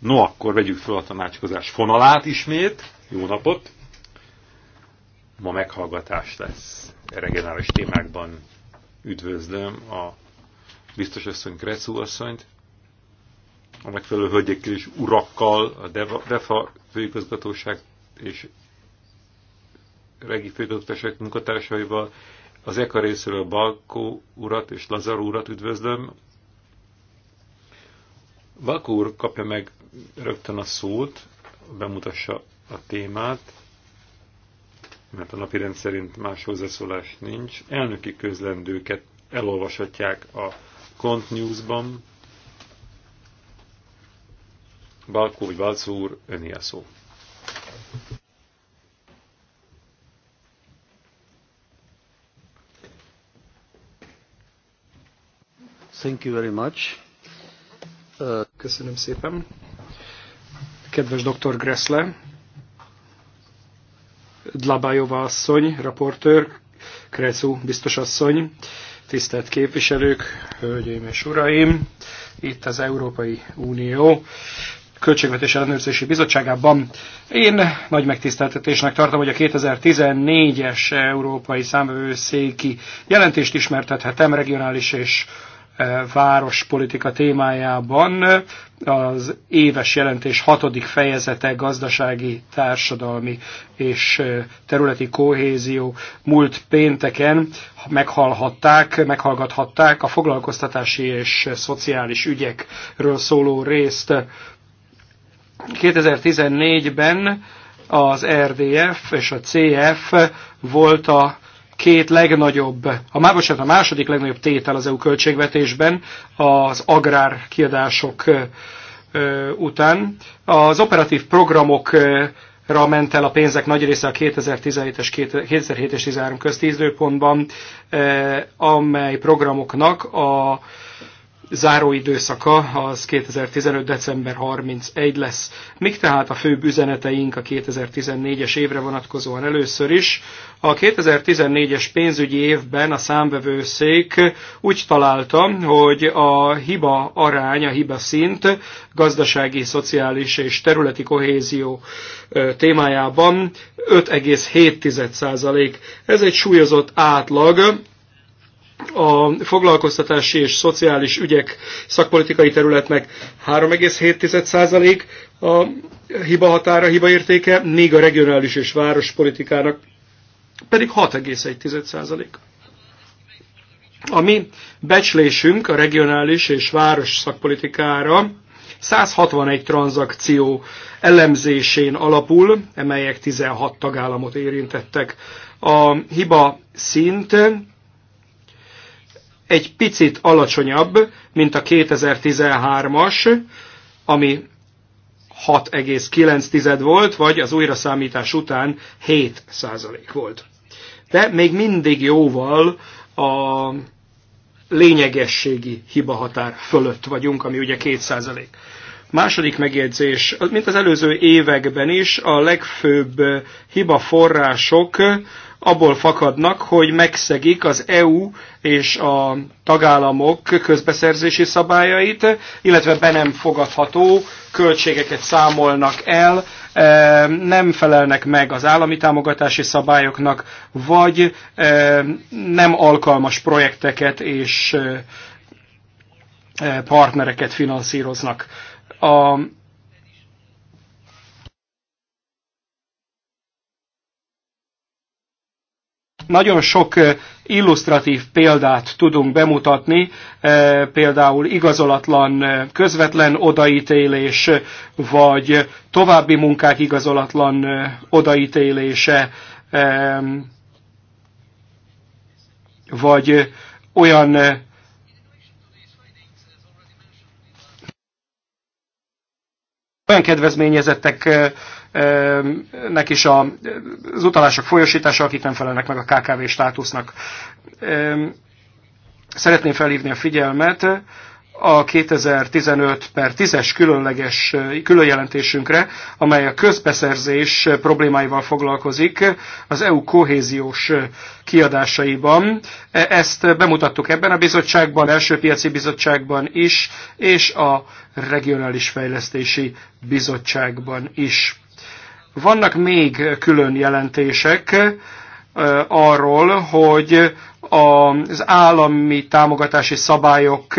No, akkor vegyük fel a tanácskozás fonalát ismét. Jó napot! Ma meghallgatás lesz regionális témákban. Üdvözlöm a biztos asszony Kretszú asszonyt, a megfelelő hölgyekkel és urakkal, a DEFA főigazgatóság és regi főigazgatóság munkatársaival, az EKA részéről Balkó urat és Lazar urat üdvözlöm, Vakúr kapja meg rögtön a szót, bemutassa a témát, mert a napi rend szerint más hozzászólás nincs. Elnöki közlendőket elolvashatják a Kont News-ban. Balkó vagy Balcó úr, öné a szó. Thank you very much. Köszönöm szépen. Kedves dr. Gressle, Dlabajova asszony, raportőr, Krecu biztos asszony, tisztelt képviselők, hölgyeim és uraim, itt az Európai Unió költségvetési Ellenőrzési Bizottságában. Én nagy megtiszteltetésnek tartom, hogy a 2014-es Európai Számvevőszéki jelentést ismertethetem regionális és E, várospolitika témájában az éves jelentés hatodik fejezete gazdasági, társadalmi és e, területi kohézió múlt pénteken meghallhatták, meghallgathatták a foglalkoztatási és szociális ügyekről szóló részt. 2014-ben az RDF és a CF volt a két legnagyobb, a, már bocsánat, a második legnagyobb tétel az EU költségvetésben az agrár kiadások után. Az operatív programokra ment el a pénzek nagy része a 2017 és 2013 közti időpontban, amely programoknak a záró időszaka az 2015. december 31 lesz. Mik tehát a főbb üzeneteink a 2014-es évre vonatkozóan először is? A 2014-es pénzügyi évben a számvevőszék úgy találta, hogy a hiba arány, a hiba szint gazdasági, szociális és területi kohézió témájában 5,7%. Ez egy súlyozott átlag, a foglalkoztatási és szociális ügyek szakpolitikai területnek 3,7% a hiba határa, hiba értéke, még a regionális és várospolitikának pedig 6,1%. A mi becslésünk a regionális és város szakpolitikára 161 tranzakció elemzésén alapul, emelyek 16 tagállamot érintettek. A hiba szint egy picit alacsonyabb, mint a 2013-as, ami 6,9 volt, vagy az újraszámítás után 7 volt. De még mindig jóval a lényegességi hibahatár fölött vagyunk, ami ugye 2 Második megjegyzés, mint az előző években is, a legfőbb hiba források abból fakadnak, hogy megszegik az EU és a tagállamok közbeszerzési szabályait, illetve be nem fogadható költségeket számolnak el, e, nem felelnek meg az állami támogatási szabályoknak, vagy e, nem alkalmas projekteket és e, partnereket finanszíroznak. A Nagyon sok illusztratív példát tudunk bemutatni, például igazolatlan közvetlen odaítélés, vagy további munkák igazolatlan odaítélése, vagy olyan olyan kedvezményezettek nek is a, az utalások folyosítása, akik nem felelnek meg a KKV státusznak. Szeretném felhívni a figyelmet a 2015 per 10-es különleges különjelentésünkre, amely a közbeszerzés problémáival foglalkozik az EU kohéziós kiadásaiban. Ezt bemutattuk ebben a bizottságban, első piaci bizottságban is, és a regionális fejlesztési bizottságban is vannak még külön jelentések arról, hogy az állami támogatási szabályok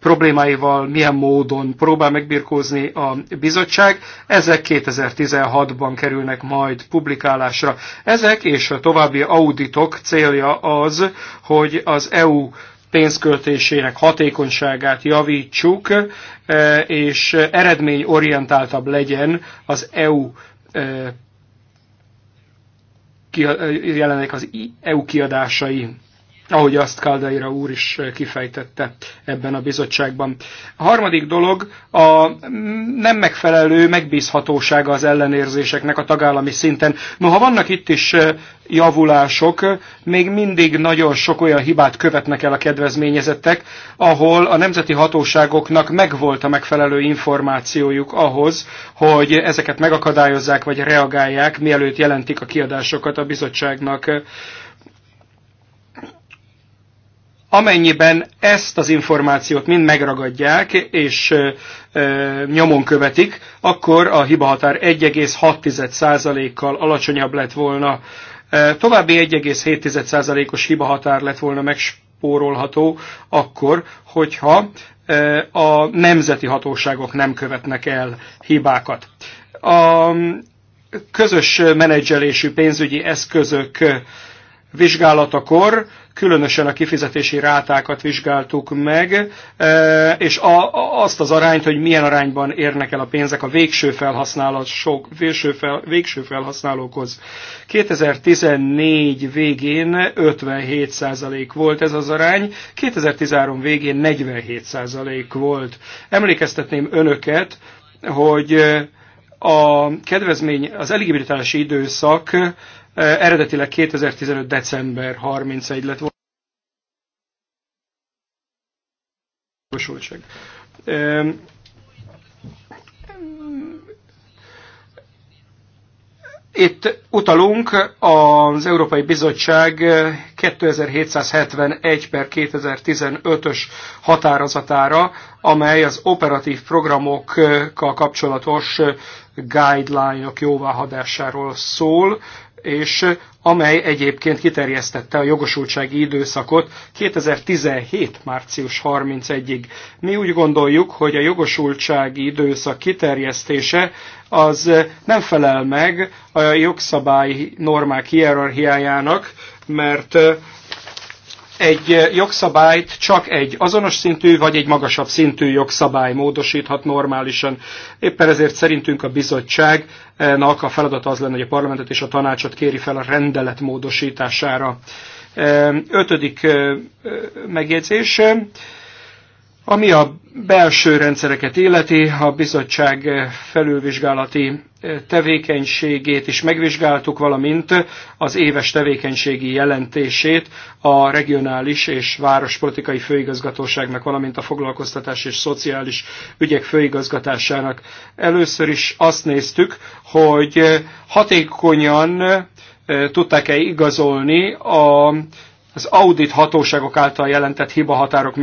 problémáival milyen módon próbál megbirkózni a bizottság. Ezek 2016-ban kerülnek majd publikálásra. Ezek és a további auditok célja az, hogy az EU pénzköltésének hatékonyságát javítsuk, és eredményorientáltabb legyen az EU jelenek az EU kiadásai ahogy azt Kaldaira úr is kifejtette ebben a bizottságban. A harmadik dolog a nem megfelelő megbízhatósága az ellenérzéseknek a tagállami szinten. Noha vannak itt is javulások, még mindig nagyon sok olyan hibát követnek el a kedvezményezettek, ahol a nemzeti hatóságoknak megvolt a megfelelő információjuk ahhoz, hogy ezeket megakadályozzák vagy reagálják, mielőtt jelentik a kiadásokat a bizottságnak. Amennyiben ezt az információt mind megragadják és ö, nyomon követik, akkor a hibahatár 1,6%-kal alacsonyabb lett volna. További 1,7%-os hibahatár lett volna megspórolható akkor, hogyha a nemzeti hatóságok nem követnek el hibákat. A közös menedzselésű pénzügyi eszközök vizsgálatakor, különösen a kifizetési rátákat vizsgáltuk meg, e, és a, azt az arányt, hogy milyen arányban érnek el a pénzek a végső, felhasználások, végső, fel, végső felhasználókhoz. 2014 végén 57% volt ez az arány, 2013 végén 47% volt. Emlékeztetném önöket, hogy e, a kedvezmény, az eligibilitási időszak Eredetileg 2015. december 31 lett volna. Itt utalunk az Európai Bizottság 2771 per 2015-ös határozatára, amely az operatív programokkal kapcsolatos guideline-ok -ok jóváhadásáról szól és amely egyébként kiterjesztette a jogosultsági időszakot 2017. március 31-ig. Mi úgy gondoljuk, hogy a jogosultsági időszak kiterjesztése az nem felel meg a jogszabályi normák hierarchiájának, mert egy jogszabályt csak egy azonos szintű vagy egy magasabb szintű jogszabály módosíthat normálisan. Éppen ezért szerintünk a bizottságnak a feladata az lenne, hogy a parlamentet és a tanácsot kéri fel a rendelet módosítására. Ötödik megjegyzés ami a belső rendszereket illeti, a bizottság felülvizsgálati tevékenységét is megvizsgáltuk, valamint az éves tevékenységi jelentését a regionális és várospolitikai főigazgatóságnak, valamint a foglalkoztatás és szociális ügyek főigazgatásának. Először is azt néztük, hogy hatékonyan eh, tudták-e igazolni a az audit hatóságok által jelentett hibahatárok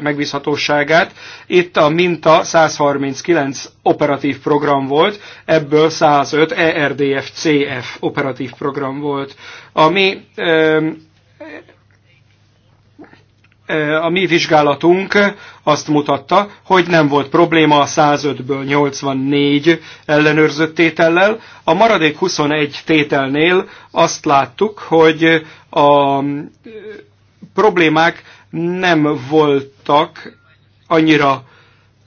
megbízhatóságát. Itt a minta 139 operatív program volt, ebből 105 ERDF-CF operatív program volt. Ami ö, a mi vizsgálatunk azt mutatta, hogy nem volt probléma a 105-ből 84 ellenőrzött tétellel. A maradék 21 tételnél azt láttuk, hogy a mm, problémák nem voltak annyira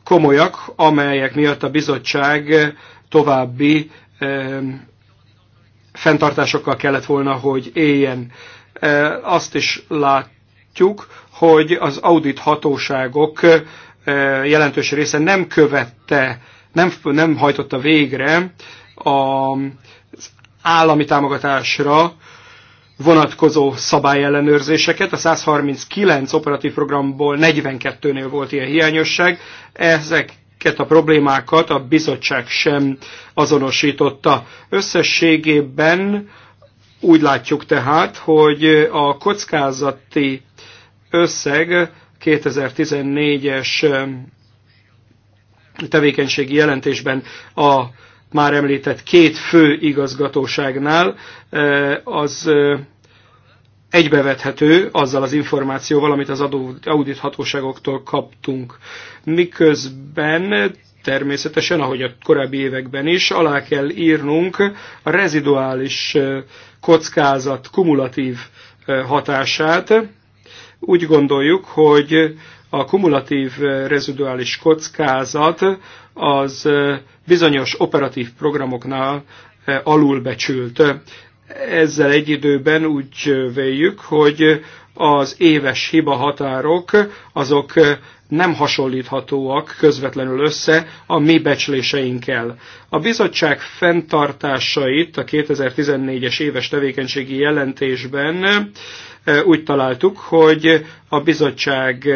komolyak, amelyek miatt a bizottság további e, fenntartásokkal kellett volna, hogy éljen. E, azt is látjuk, hogy az audit hatóságok e, jelentős része nem követte, nem, nem hajtotta végre az állami támogatásra vonatkozó szabályellenőrzéseket. A 139 operatív programból 42-nél volt ilyen hiányosság. Ezek ezeket a problémákat a bizottság sem azonosította. Összességében úgy látjuk tehát, hogy a kockázati összeg 2014-es ehm, tevékenységi jelentésben a már említett két fő igazgatóságnál, e, az e, egybevethető azzal az információval, amit az audithatóságoktól kaptunk. Miközben természetesen, ahogy a korábbi években is, alá kell írnunk a reziduális e, kockázat kumulatív hatását. Úgy gondoljuk, hogy a kumulatív reziduális kockázat az bizonyos operatív programoknál alulbecsült. Ezzel egy időben úgy véljük, hogy az éves hiba határok azok nem hasonlíthatóak közvetlenül össze a mi becsléseinkkel. A bizottság fenntartásait a 2014-es éves tevékenységi jelentésben úgy találtuk, hogy a bizottság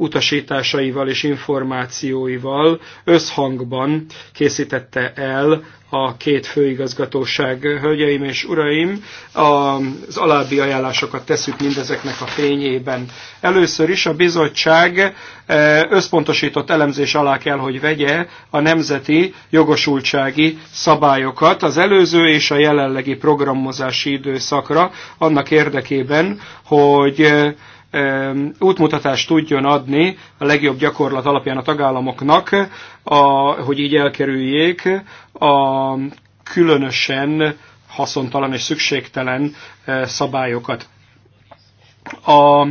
utasításaival és információival összhangban készítette el a két főigazgatóság. Hölgyeim és uraim, az alábbi ajánlásokat teszük mindezeknek a fényében. Először is a bizottság eh, összpontosított elemzés alá kell, hogy vegye a nemzeti jogosultsági szabályokat az előző és a jelenlegi programozási időszakra annak érdekében, hogy eh, útmutatást tudjon adni a legjobb gyakorlat alapján a tagállamoknak, a, hogy így elkerüljék a különösen haszontalan és szükségtelen szabályokat. A,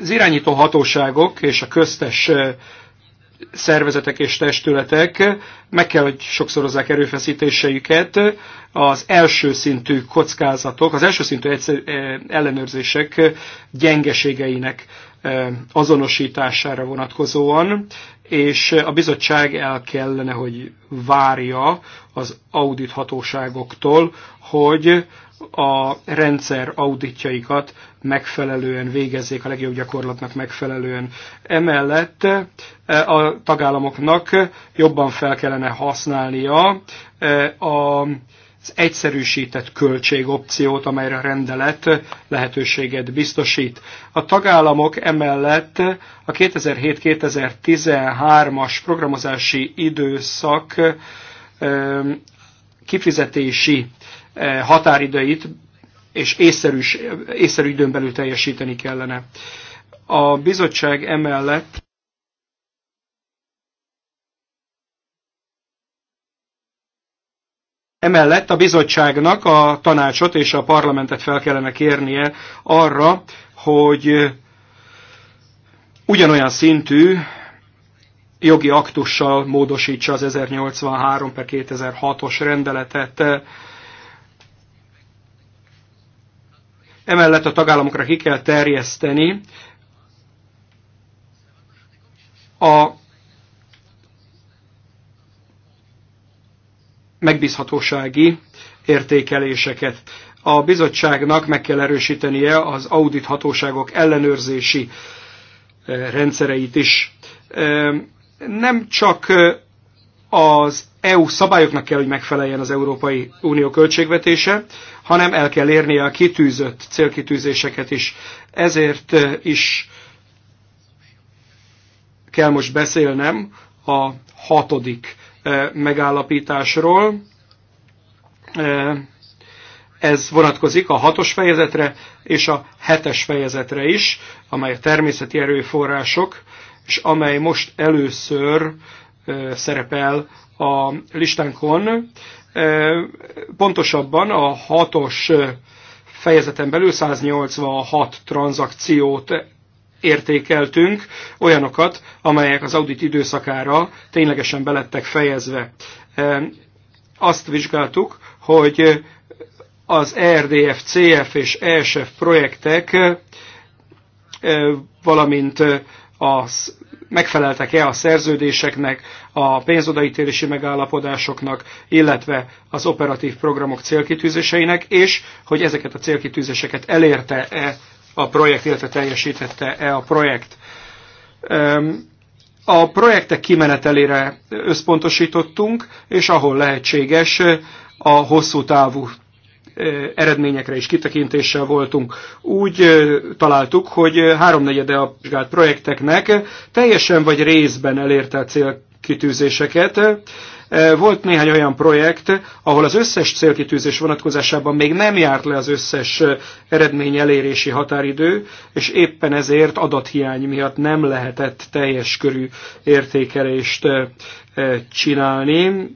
az irányító hatóságok és a köztes szervezetek és testületek meg kell, hogy sokszorozzák erőfeszítéseiket az első szintű kockázatok, az első szintű eh, ellenőrzések gyengeségeinek eh, azonosítására vonatkozóan, és a bizottság el kellene, hogy várja az audithatóságoktól, hogy a rendszer auditjaikat megfelelően végezzék, a legjobb gyakorlatnak megfelelően. Emellett eh, a tagállamoknak jobban fel kellene használnia a eh, az egyszerűsített költségopciót, amelyre a rendelet lehetőséget biztosít. A tagállamok emellett a 2007-2013-as programozási időszak eh, kifizetési határidőit, és észszerűs, észszerű időn belül teljesíteni kellene. A bizottság emellett Emellett a bizottságnak a tanácsot és a parlamentet fel kellene kérnie arra, hogy ugyanolyan szintű jogi aktussal módosítsa az 1083 per 2006-os rendeletet. Emellett a tagállamokra ki kell terjeszteni a megbízhatósági értékeléseket. A bizottságnak meg kell erősítenie az audit hatóságok ellenőrzési eh, rendszereit is. Eh, nem csak eh, az EU szabályoknak kell, hogy megfeleljen az Európai Unió költségvetése, hanem el kell érnie a kitűzött célkitűzéseket is. Ezért eh, is kell most beszélnem a hatodik eh, megállapításról. Eh, ez vonatkozik a hatos fejezetre és a hetes fejezetre is, amely a természeti erőforrások, és amely most először szerepel a listánkon. Pontosabban a hatos fejezeten belül 186 tranzakciót értékeltünk, olyanokat, amelyek az audit időszakára ténylegesen belettek fejezve. Azt vizsgáltuk, hogy az ERDF, CF és ESF projektek, valamint az megfeleltek-e a szerződéseknek, a pénzodaítélési megállapodásoknak, illetve az operatív programok célkitűzéseinek, és hogy ezeket a célkitűzéseket elérte-e a projekt, illetve teljesítette-e a projekt. Ehm, a projektek kimenetelére összpontosítottunk, és ahol lehetséges, a hosszú távú eredményekre is kitekintéssel voltunk. Úgy találtuk, hogy háromnegyede a vizsgált projekteknek teljesen vagy részben elérte a célkitűzéseket. Volt néhány olyan projekt, ahol az összes célkitűzés vonatkozásában még nem járt le az összes eredmény elérési határidő, és éppen ezért adathiány miatt nem lehetett teljes körű értékelést csinálni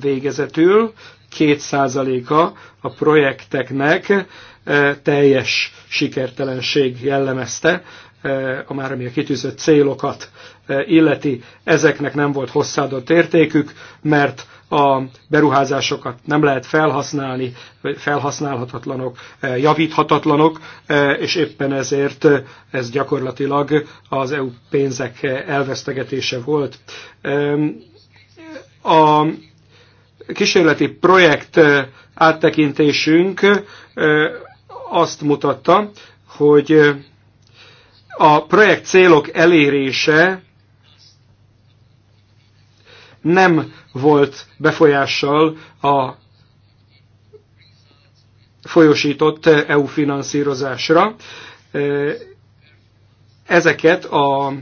végezetül. 2%-a a projekteknek e, teljes sikertelenség jellemezte, e, a már ami a kitűzött célokat e, illeti, ezeknek nem volt hosszadott értékük, mert a beruházásokat nem lehet felhasználni, felhasználhatatlanok, javíthatatlanok, és éppen ezért ez gyakorlatilag az EU pénzek elvesztegetése volt. A kísérleti projekt áttekintésünk azt mutatta, hogy a projekt célok elérése nem volt befolyással a folyosított EU finanszírozásra. Ezeket a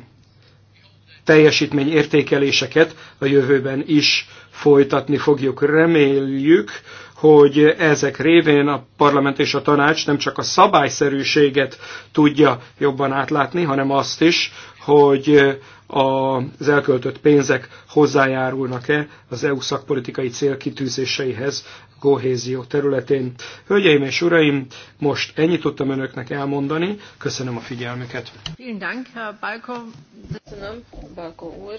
teljesítményértékeléseket a jövőben is folytatni fogjuk. Reméljük, hogy ezek révén a parlament és a tanács nem csak a szabályszerűséget tudja jobban átlátni, hanem azt is, hogy az elköltött pénzek hozzájárulnak-e az EU szakpolitikai célkitűzéseihez kohézió területén. Hölgyeim és uraim, most ennyit tudtam önöknek elmondani. Köszönöm a figyelmüket. Köszönöm, Balko úr.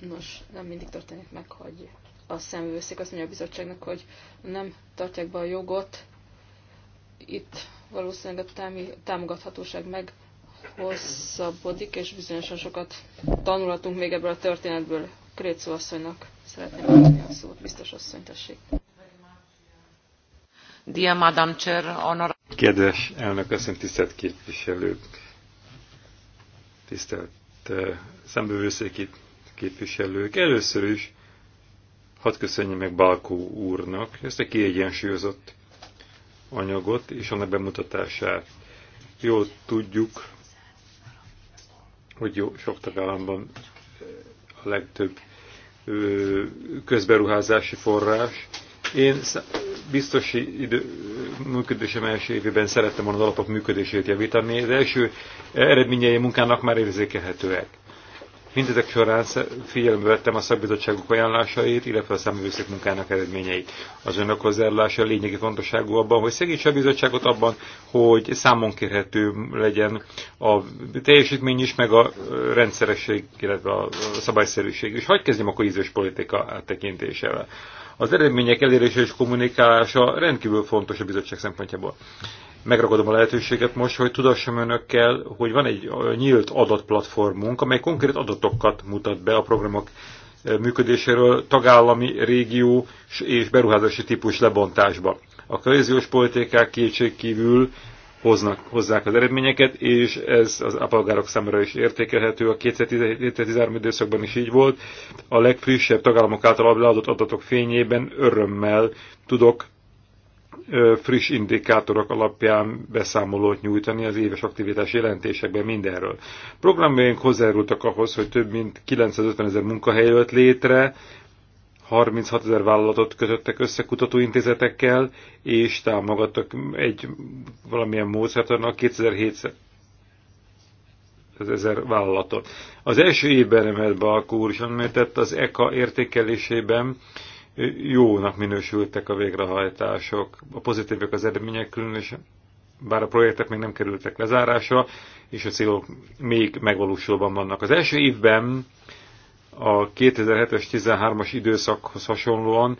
Nos, nem mindig történik meg, hogy a szemvőszék azt mondja a bizottságnak, hogy nem tartják be a jogot. Itt valószínűleg a támogathatóság meg hosszabbodik, és bizonyosan sokat tanulhatunk még ebből a történetből. Krécu asszonynak szeretném adni a szót, biztos asszony, tessék. Dia Madam Chair, honor... Kedves elnök, köszönöm tisztelt képviselők, tisztelt eh, szembevőszék itt képviselők. Először is hadd köszönjem meg Balkó úrnak ezt a kiegyensúlyozott anyagot és annak bemutatását. Jól tudjuk, hogy jó, sok tagállamban a legtöbb közberuházási forrás. Én biztos idő, működésem első évében szerettem volna az alapok működését javítani. de első eredményei munkának már érzékelhetőek. Mindezek során figyelembe vettem a szakbizottságok ajánlásait, illetve a számvevőszék munkának eredményeit. Az önök hozzáállása lényegi fontosságú abban, hogy segítse a bizottságot abban, hogy számon kérhető legyen a teljesítmény is, meg a rendszeresség, illetve a szabályszerűség is. Hagy kezdjem a ízős politika tekintésével. Az eredmények elérése és kommunikálása rendkívül fontos a bizottság szempontjából megragadom a lehetőséget most, hogy tudassam önökkel, hogy van egy nyílt adatplatformunk, amely konkrét adatokat mutat be a programok működéséről tagállami, régió és beruházási típus lebontásba. A kohéziós politikák kétségkívül hoznak, hozzák az eredményeket, és ez az apolgárok számára is értékelhető. A 2013 időszakban is így volt. A legfrissebb tagállamok által leadott adatok fényében örömmel tudok friss indikátorok alapján beszámolót nyújtani az éves aktivitás jelentésekben mindenről. Programjaink hozzájárultak ahhoz, hogy több mint 950 ezer munkahely jött létre, 36 ezer vállalatot kötöttek össze kutatóintézetekkel, és támogattak egy valamilyen módszertannak 2700 az ezer vállalatot. Az első évben emelt a úr is említett, az ECA értékelésében jónak minősültek a végrehajtások, a pozitívek az eredmények különösen, bár a projektek még nem kerültek lezárásra, és a célok még megvalósulóban vannak. Az első évben a 2007-es 13-as időszakhoz hasonlóan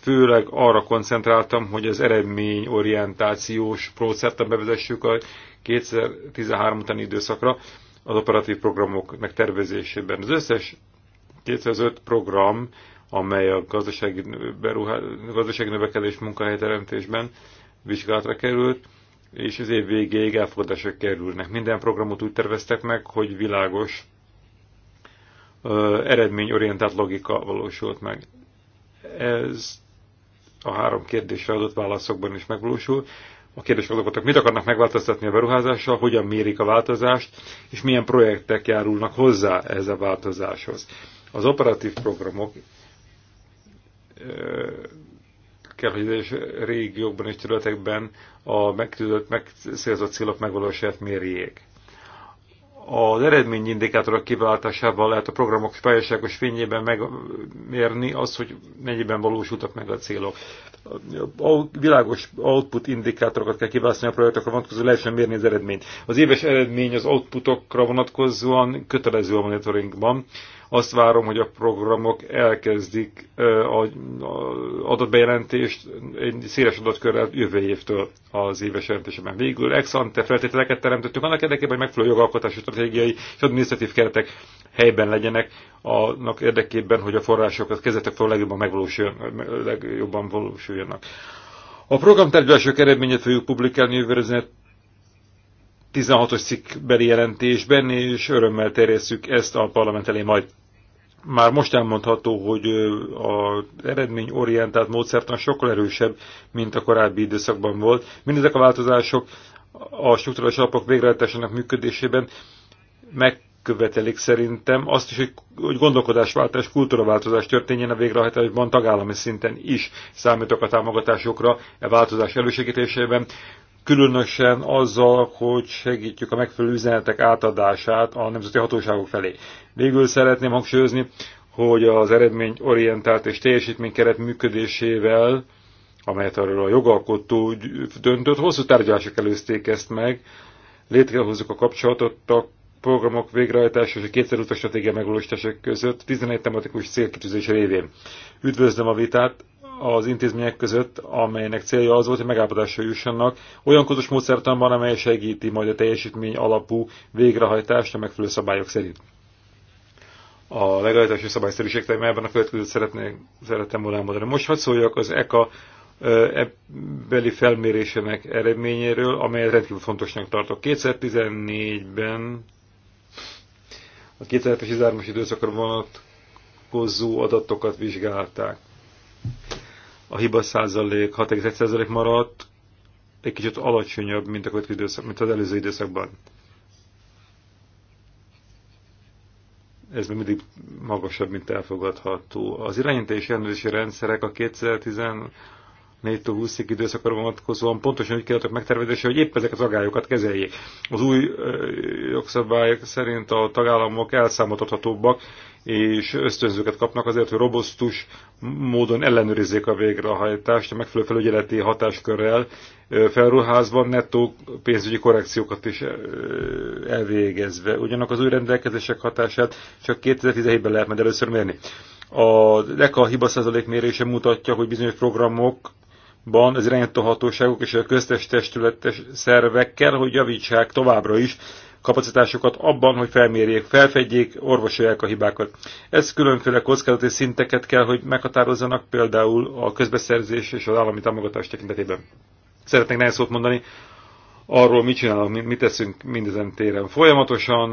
főleg arra koncentráltam, hogy az eredményorientációs procedben bevezessük a 2013 utáni időszakra az operatív programok megtervezésében. Az összes 2005 program amely a gazdasági, beruhá, gazdasági növekedés munkahelyteremtésben vizsgálatra került, és az év végéig elfogadásra kerülnek. Minden programot úgy terveztek meg, hogy világos, ö, eredményorientált logika valósult meg. Ez a három kérdésre adott válaszokban is megvalósul. A kérdések azok voltak, mit akarnak megváltoztatni a beruházással, hogyan mérik a változást, és milyen projektek járulnak hozzá ez a változáshoz. Az operatív programok kell, hogy egyes régiókban és területekben a megtűzött, megszélzott célok megvalósítását mérjék. Az eredményindikátorok kiváltásával lehet a programok spályosságos fényében megmérni azt, hogy mennyiben valósultak meg a célok. A világos output indikátorokat kell kiválasztani a projektokra vonatkozóan, lehessen mérni az eredményt. Az éves eredmény az outputokra vonatkozóan kötelező a monitoringban azt várom, hogy a programok elkezdik az adatbejelentést egy széles adatkörrel jövő évtől az éves jelentésében. Végül ex ante feltételeket teremtettünk annak érdekében, hogy megfelelő jogalkotási stratégiai és adminisztratív keretek helyben legyenek annak érdekében, hogy a források az kezdetektől legjobban, megvalósuljon, legjobban valósuljanak. A programtárgyalások eredményét fogjuk publikálni jövőre 16-os cikkbeli jelentésben, és örömmel terjesszük ezt a parlament elé majd már most elmondható, hogy az eredményorientált módszertan sokkal erősebb, mint a korábbi időszakban volt. Mindezek a változások a struktúrális alapok végrehajtásának működésében megkövetelik szerintem azt is, hogy, hogy gondolkodásváltás, kultúraváltozás történjen a végrehajtásban tagállami szinten is számítok a támogatásokra, a e változás elősegítésében, különösen azzal, hogy segítjük a megfelelő üzenetek átadását a nemzeti hatóságok felé. Végül szeretném hangsúlyozni, hogy az eredményorientált és teljesítménykeret működésével, amelyet arról a jogalkotó döntött, hosszú tárgyalások előzték ezt meg, létrehozzuk a kapcsolatot a programok végrehajtása és a kétszer stratégia megvalósítása között 11 tematikus célkitűzés révén. Üdvözlöm a vitát, az intézmények között, amelynek célja az volt, hogy megállapodásra jussanak olyan közös módszertanban, amely segíti majd a teljesítmény alapú végrehajtást a megfelelő szabályok szerint. A végrehajtási szabályszerűség ebben a következőt szeretnék, szerettem volna elmondani. Most hadd szóljak az ECA e beli felmérésének eredményéről, amelyet rendkívül fontosnak tartok. 2014-ben a 2013-as időszakra vonatkozó adatokat vizsgálták a hiba százalék 6,1 százalék maradt, egy kicsit alacsonyabb, mint, a időszak, mint az előző időszakban. Ez még mindig magasabb, mint elfogadható. Az irányítási ellenőrzési rendszerek a 2016 NATO 20 időszakra vonatkozóan pontosan úgy kérdettek megtervezésre, hogy épp ezek az agályokat kezeljék. Az új jogszabályok szerint a tagállamok elszámoltathatóbbak, és ösztönzőket kapnak azért, hogy robosztus módon ellenőrizzék a végrehajtást, a megfelelő felügyeleti hatáskörrel felruházva nettó pénzügyi korrekciókat is elvégezve. Ugyanak az új rendelkezések hatását csak 2017-ben lehet majd először mérni. A DECA hiba százalék mérése mutatja, hogy bizonyos programok ban az irányító hatóságok és a köztes testületes szervekkel, hogy javítsák továbbra is kapacitásokat abban, hogy felmérjék, felfedjék, orvosolják a hibákat. Ez különféle kockázati szinteket kell, hogy meghatározzanak például a közbeszerzés és az állami támogatás tekintetében. Szeretnék néhány szót mondani arról, mit csinálunk, mit teszünk mindezen téren. Folyamatosan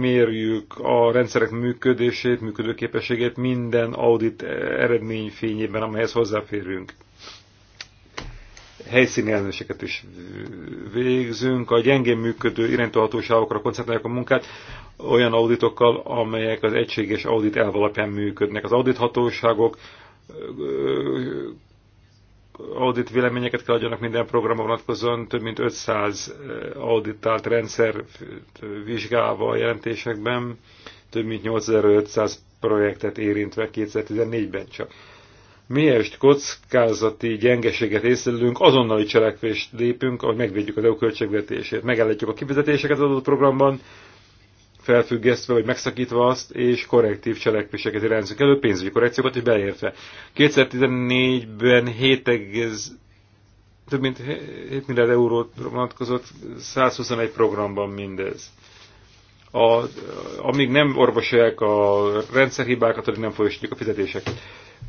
mérjük a rendszerek működését, működőképességét minden audit eredmény fényében, amelyhez hozzáférünk helyszíni ellenőrseket is végzünk, a gyengén működő hatóságokra koncentráljuk a munkát olyan auditokkal, amelyek az egységes audit elv alapján működnek. Az audit hatóságok audit véleményeket kell adjanak minden programra vonatkozóan, több mint 500 auditált rendszer vizsgálva a jelentésekben, több mint 8500 projektet érintve 2014-ben csak miért kockázati gyengeséget észlelünk, azonnali cselekvést lépünk, hogy megvédjük az EU költségvetését. Megállítjuk a kifizetéseket az adott programban, felfüggesztve vagy megszakítva azt, és korrektív cselekvéseket irányzunk elő, pénzügyi korrekciókat is beértve. 2014-ben 7, több mint 7 milliárd eurót vonatkozott 121 programban mindez. A, amíg nem orvosolják a rendszerhibákat, addig nem folyosítjuk a fizetéseket.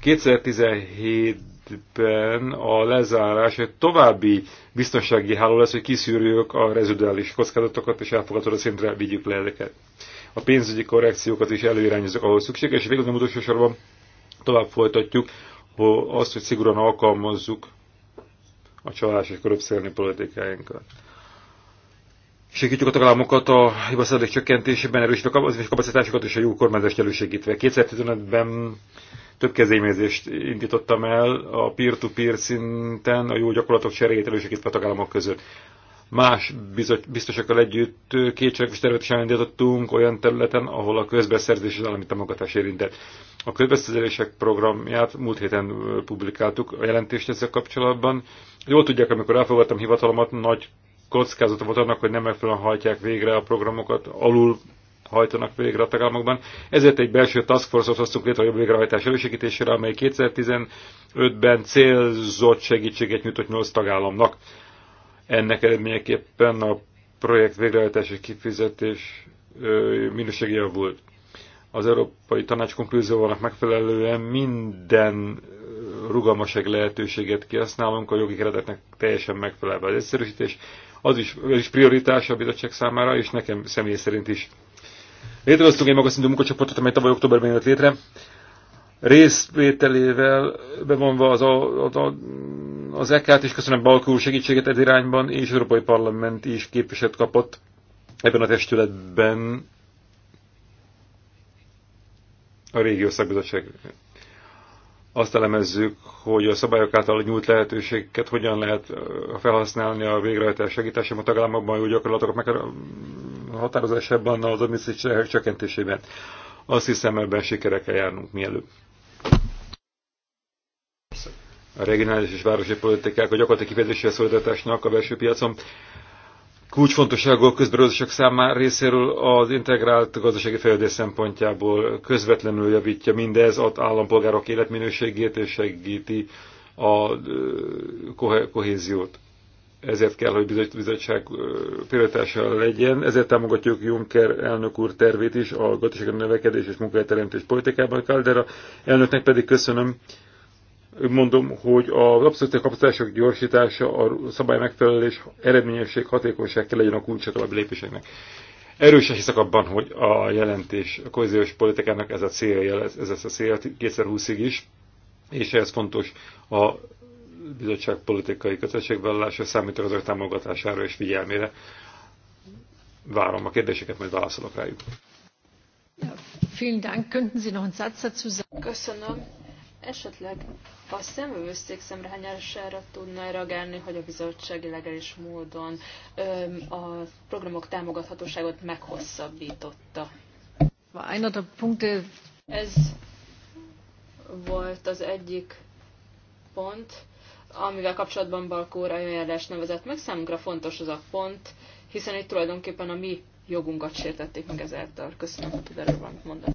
2017-ben a lezárás egy további biztonsági háló lesz, hogy kiszűrjük a rezidális kockázatokat, és elfogadható szintre vigyük le ezeket. A pénzügyi korrekciókat is előirányozok, ahol szükséges, és végül nem utolsó sorban tovább folytatjuk hogy azt, hogy szigorúan alkalmazzuk a csalás és korrupciálni politikáinkat. Segítjük a tagállamokat a hibaszadék csökkentésében, erősítve az kapacitásokat és a jó kormányzást elősegítve. 2015-ben több kezdeményezést indítottam el a peer-to-peer -peer szinten, a jó gyakorlatok cseréjét elősegítve a tagállamok között. Más biztosakkal együtt kétségekes tervet is elindítottunk olyan területen, ahol a közbeszerzés az állami támogatás érintett. A közbeszerzések programját múlt héten publikáltuk, a jelentést ezzel kapcsolatban. Jól tudják, amikor elfogadtam hivatalomat, nagy kockázata volt annak, hogy nem megfelelően hajtják végre a programokat, alul hajtanak végre a tagállamokban. Ezért egy belső task force-ot hoztunk létre a jobb végrehajtás elősegítésére, amely 2015-ben célzott segítséget nyújtott 8 tagállamnak. Ennek eredményeképpen a projekt végrehajtási kifizetés minőségi javult. Az Európai Tanács konklúzióvalnak megfelelően minden rugalmaság lehetőséget kihasználunk, a jogi kereteknek teljesen megfelelve az egyszerűsítés. Az is, az is prioritás a bizottság számára, és nekem személy szerint is Létrehoztunk egy magas szintű munkacsoportot, amely tavaly októberben jött létre, részvételével bevonva az, a, a, az EK-t, és köszönöm Balkó segítséget ez irányban, és Európai Parlament is képviselt kapott ebben a testületben a régió szakbizottság. Azt elemezzük, hogy a szabályok által nyújt lehetőségeket hogyan lehet felhasználni a végrehajtás segítésében a tagállamokban jó gyakorlatok határozásában az adminisztrációk csökkentésében. Azt hiszem, ebben sikerekkel járnunk mielőbb. A regionális és városi politikák a gyakorlati kifejezési szolidatásnak a belső piacon kulcsfontosságú közberuházások számára részéről az integrált gazdasági fejlődés szempontjából közvetlenül javítja mindez az állampolgárok életminőségét és segíti a kohéziót ezért kell, hogy bizottság prioritása legyen, ezért támogatjuk Juncker elnök úr tervét is a gazdasági növekedés és munkahelyteremtés politikában. Caldera elnöknek pedig köszönöm, mondom, hogy az abszolút kapacitások gyorsítása, a szabály megfelelés, eredményesség, hatékonyság kell legyen a kulcsa további lépéseknek. Erősen hiszek abban, hogy a jelentés, a kohéziós politikának ez a célja, ez, ez a cél 2020-ig is, és ez fontos a bizottság politikai kötelezettségvállalása számítok azok támogatására és figyelmére. Várom a kérdéseket, majd válaszolok rájuk. Vielen Dank. Könnten Sie noch einen Satz dazu sagen? Köszönöm. Esetleg a szemüvőszék szemrehányására tudna reagálni, hogy a bizottság illegális módon a programok támogathatóságot meghosszabbította. Ez volt az egyik pont, amivel kapcsolatban Balkó rajajárás nevezett meg, számunkra fontos az a pont, hiszen itt tulajdonképpen a mi jogunkat sértették meg ezáltal. Köszönöm, hogy erről valamit mondani.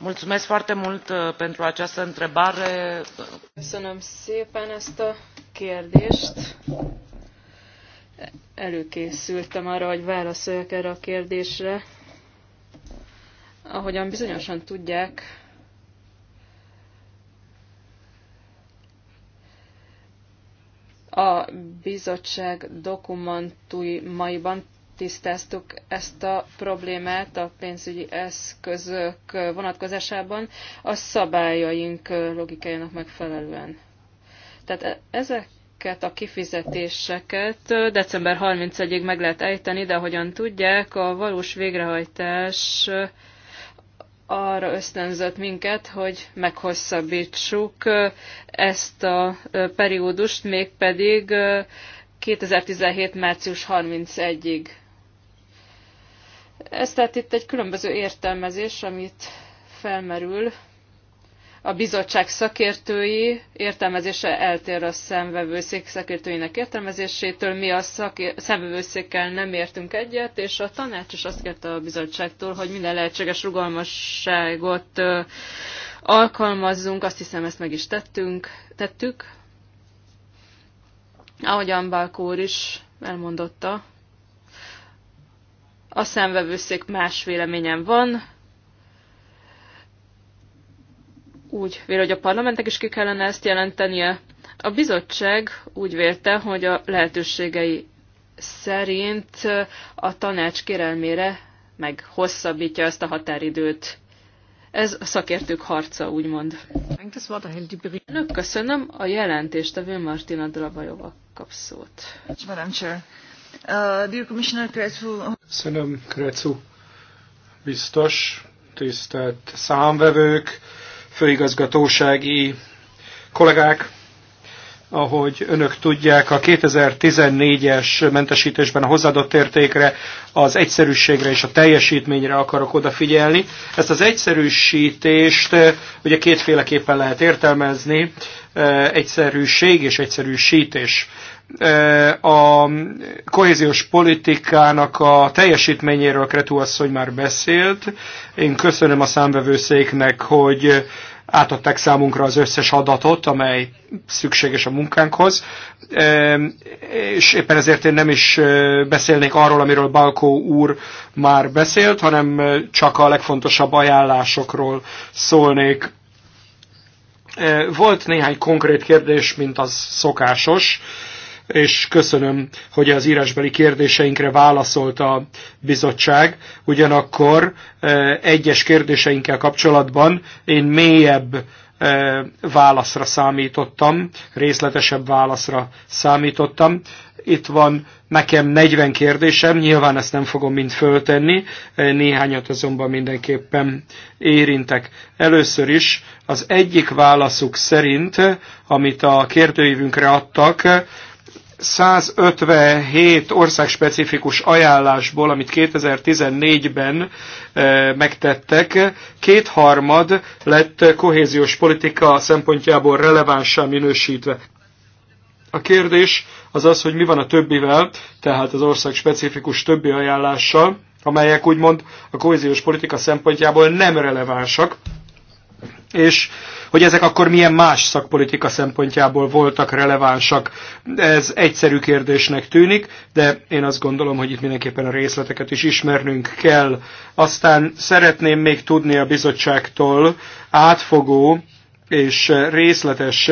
Mulțumesc foarte mult uh, pentru această întrebare. Köszönöm szépen ezt a kérdést. Előkészültem arra, hogy válaszoljak erre a kérdésre. Ahogyan bizonyosan tudják, A bizottság dokumentumaiban tisztáztuk ezt a problémát a pénzügyi eszközök vonatkozásában a szabályaink logikájának megfelelően. Tehát e- ezeket a kifizetéseket december 31-ig meg lehet ejteni, de ahogyan tudják, a valós végrehajtás arra ösztönzött minket, hogy meghosszabbítsuk ezt a periódust, mégpedig 2017. március 31-ig. Ez tehát itt egy különböző értelmezés, amit felmerül a bizottság szakértői értelmezése eltér a szemvevőszék szakértőinek értelmezésétől, mi a szemvevőszékkel nem értünk egyet, és a tanács is azt kérte a bizottságtól, hogy minden lehetséges rugalmasságot alkalmazzunk, azt hiszem ezt meg is tettünk, tettük. Ahogyan Balkór is elmondotta, a szemvevőszék más véleményen van, úgy vél, hogy a parlamentnek is ki kellene ezt jelentenie. A bizottság úgy vélte, hogy a lehetőségei szerint a tanács kérelmére meg hosszabbítja ezt a határidőt. Ez a szakértők harca, úgymond. Önök köszönöm a jelentést, a Martina Drabajova kap szót. Uh, köszönöm, Krecu. Biztos, tisztelt számvevők, főigazgatósági kollégák, ahogy önök tudják, a 2014-es mentesítésben a hozzáadott értékre, az egyszerűségre és a teljesítményre akarok odafigyelni. Ezt az egyszerűsítést eh, ugye kétféleképpen lehet értelmezni, eh, egyszerűség és egyszerűsítés. Eh, a kohéziós politikának a teljesítményéről Kretu asszony már beszélt. Én köszönöm a számvevőszéknek, hogy átadták számunkra az összes adatot, amely szükséges a munkánkhoz, és éppen ezért én nem is eh, beszélnék arról, amiről Balkó úr már beszélt, hanem eh, csak a legfontosabb ajánlásokról szólnék. Volt néhány konkrét kérdés, mint az szokásos és köszönöm, hogy az írásbeli kérdéseinkre válaszolt a bizottság. Ugyanakkor e, egyes kérdéseinkkel kapcsolatban én mélyebb e, válaszra számítottam, részletesebb válaszra számítottam. Itt van nekem 40 kérdésem, nyilván ezt nem fogom mind föltenni, e, néhányat azonban mindenképpen érintek. Először is az egyik válaszuk szerint, amit a kérdőívünkre adtak, 157 országspecifikus ajánlásból, amit 2014-ben eh, megtettek, kétharmad lett kohéziós politika szempontjából relevánsá minősítve. A kérdés az az, hogy mi van a többivel, tehát az ország specifikus többi ajánlással, amelyek úgymond a kohéziós politika szempontjából nem relevánsak, és hogy ezek akkor milyen más szakpolitika szempontjából voltak relevánsak. Ez egyszerű kérdésnek tűnik, de én azt gondolom, hogy itt mindenképpen a részleteket is ismernünk kell. Aztán szeretném még tudni a bizottságtól átfogó és részletes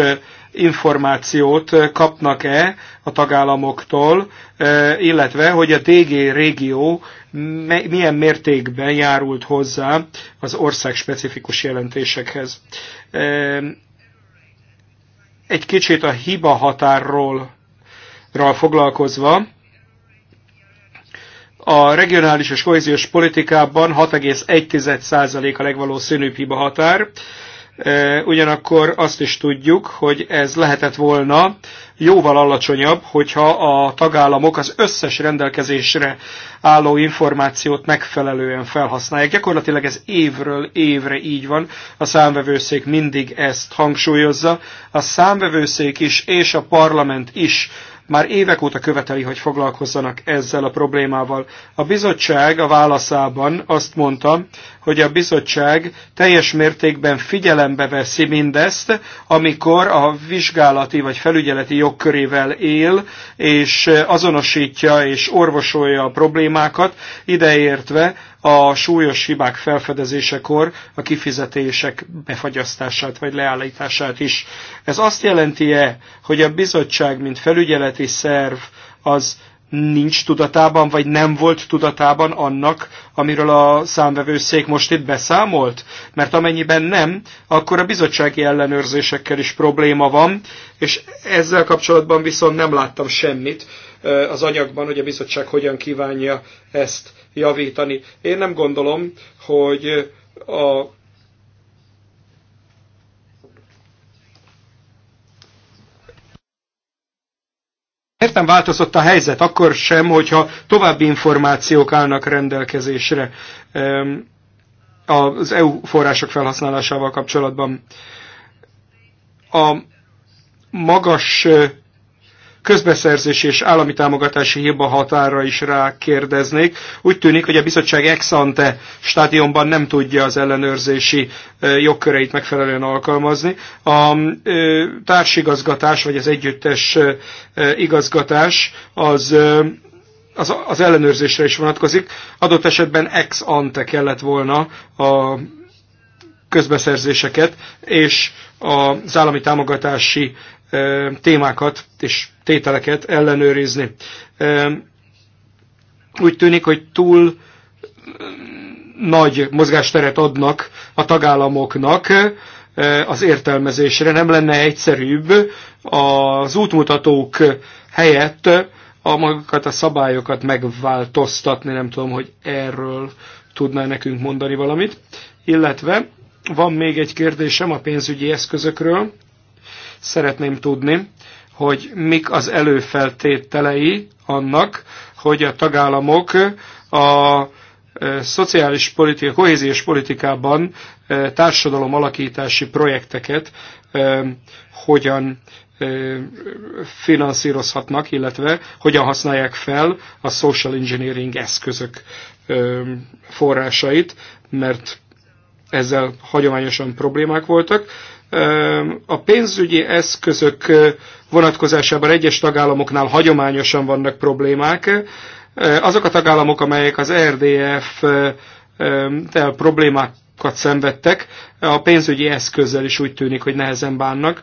információt kapnak-e a tagállamoktól, e, illetve hogy a DG régió milyen mértékben járult hozzá az ország specifikus jelentésekhez. E, egy kicsit a hiba határról foglalkozva, a regionális és kohéziós politikában 6,1% a legvalószínűbb hiba határ, Ugyanakkor azt is tudjuk, hogy ez lehetett volna jóval alacsonyabb, hogyha a tagállamok az összes rendelkezésre álló információt megfelelően felhasználják. Gyakorlatilag ez évről évre így van, a számvevőszék mindig ezt hangsúlyozza. A számvevőszék is és a parlament is már évek óta követeli, hogy foglalkozzanak ezzel a problémával. A bizottság a válaszában azt mondta, hogy a bizottság teljes mértékben figyelembe veszi mindezt, amikor a vizsgálati vagy felügyeleti jogkörével él, és azonosítja és orvosolja a problémákat, ideértve a súlyos hibák felfedezésekor a kifizetések befagyasztását vagy leállítását is. Ez azt jelenti-e, hogy a bizottság, mint felügyeleti szerv, az nincs tudatában, vagy nem volt tudatában annak, amiről a számvevőszék most itt beszámolt? Mert amennyiben nem, akkor a bizottsági ellenőrzésekkel is probléma van, és ezzel kapcsolatban viszont nem láttam semmit Eh, az anyagban, hogy a bizottság hogyan kívánja ezt javítani. Én nem gondolom, hogy a Értem változott a helyzet, akkor sem, hogyha további információk állnak rendelkezésre az EU források felhasználásával kapcsolatban. A magas közbeszerzési és állami támogatási hiba határa is rákérdeznék. Úgy tűnik, hogy a bizottság ex-ante nem tudja az ellenőrzési jogköreit megfelelően alkalmazni. A társigazgatás, vagy az együttes igazgatás az az, az ellenőrzésre is vonatkozik. Adott esetben ex ante kellett volna a közbeszerzéseket és az állami támogatási témákat és tételeket ellenőrizni. Úgy tűnik, hogy túl nagy mozgásteret adnak a tagállamoknak eh, az értelmezésre. Nem lenne egyszerűbb az útmutatók helyett a magukat a szabályokat megváltoztatni. Nem tudom, hogy erről tudná nekünk mondani valamit. Illetve van még egy kérdésem a pénzügyi eszközökről. Szeretném tudni, hogy mik az előfeltételei annak, hogy a tagállamok a szociális politika, kohéziós politikában társadalom alakítási projekteket hogyan finanszírozhatnak, illetve hogyan használják fel a social engineering eszközök forrásait, mert ezzel hagyományosan problémák voltak. A pénzügyi eszközök vonatkozásában egyes tagállamoknál hagyományosan vannak problémák. Azok a tagállamok, amelyek az RDF-tel problémák szenvedtek. A pénzügyi eszközzel is úgy tűnik, hogy nehezen bánnak.